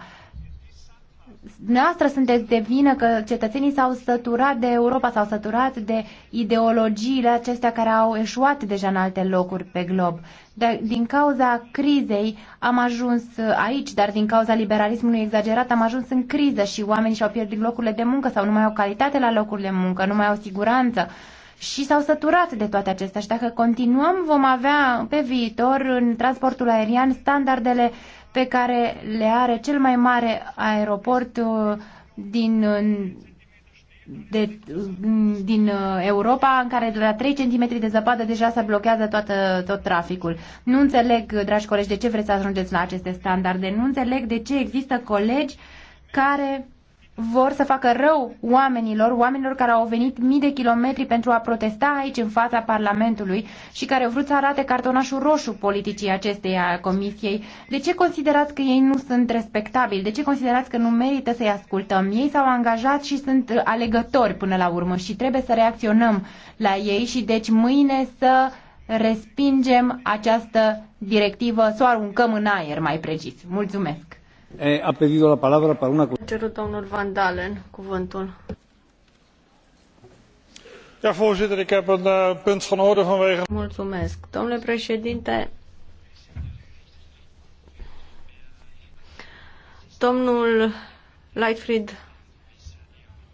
Noastră sunteți de vină că cetățenii s-au săturat de Europa, s-au săturat de ideologiile acestea care au eșuat deja în alte locuri pe glob. Dar din cauza crizei am ajuns aici, dar din cauza liberalismului exagerat am ajuns în criză și oamenii și-au pierdut locurile de muncă sau nu mai au calitate la locurile de muncă, nu mai au siguranță și s-au săturat de toate acestea și dacă continuăm vom avea pe viitor în transportul aerian standardele pe care le are cel mai mare aeroport uh, din de, din uh, Europa, în care de la 3 cm de zăpadă deja se blochează toată, tot traficul. Nu înțeleg, dragi colegi, de ce vreți să ajungeți la aceste standarde. Nu înțeleg de ce există colegi care vor să facă rău oamenilor, oamenilor care au venit mii de kilometri pentru a protesta aici în fața Parlamentului și care au vrut să arate cartonașul roșu politicii acesteia a Comisiei. De ce considerați că ei nu sunt respectabili? De ce considerați că nu merită să-i ascultăm? Ei s-au angajat și sunt alegători până la urmă și trebuie să reacționăm la ei și deci mâine să respingem această directivă, să o aruncăm în aer mai precis. Mulțumesc! Eh, A pedido la palabra para una... A cerut domnul Van Dalen cuvântul. Ja, voorzitter, ik heb een uh, punt van orde vanwege... Mulțumesc. Domnule președinte, domnul Lightfried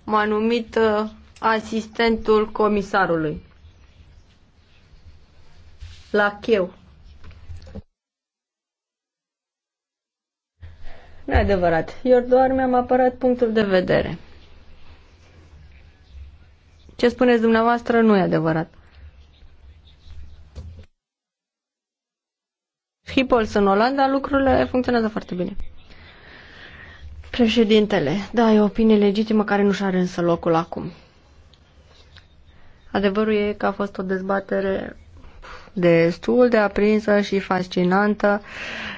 m-a numit uh, asistentul comisarului. La cheu. Nu adevărat. Eu doar mi-am apărat punctul de vedere. Ce spuneți dumneavoastră nu e adevărat. Hipols în Olanda, lucrurile funcționează foarte bine. Președintele, da, e o opinie legitimă care nu și are însă locul acum. Adevărul e că a fost o dezbatere destul de aprinsă și fascinantă.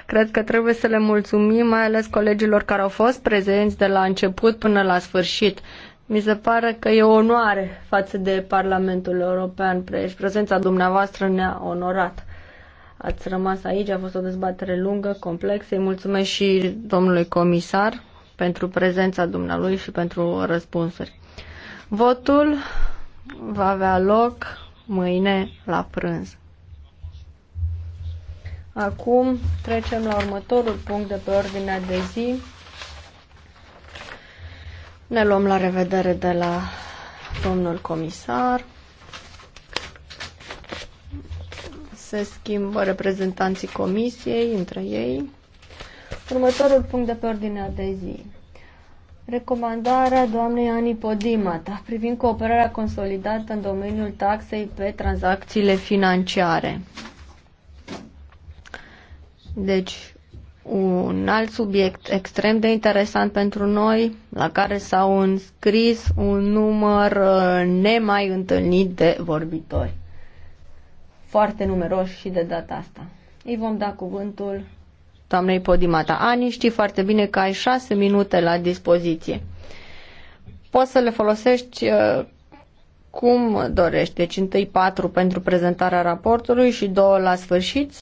Cred că trebuie să le mulțumim, mai ales colegilor care au fost prezenți de la început până la sfârșit. Mi se pare că e o onoare față de Parlamentul European. prezența dumneavoastră ne-a onorat. Ați rămas aici, a fost o dezbatere lungă, complexă. Îi mulțumesc și domnului comisar pentru prezența dumnealui și pentru răspunsuri. Votul va avea loc mâine la prânz. Acum trecem la următorul punct de pe ordinea de zi. Ne luăm la revedere de la domnul comisar. Se schimbă reprezentanții comisiei între ei. Următorul punct de pe ordinea de zi. Recomandarea doamnei Ani Podimata privind cooperarea consolidată în domeniul taxei pe tranzacțiile financiare. Deci, un alt subiect extrem de interesant pentru noi, la care s-au înscris un număr uh, nemai întâlnit de vorbitori. Foarte numeroși și de data asta. Îi vom da cuvântul doamnei Podimata. Ani, știi foarte bine că ai șase minute la dispoziție. Poți să le folosești uh, cum dorești. Deci întâi patru pentru prezentarea raportului și două la sfârșit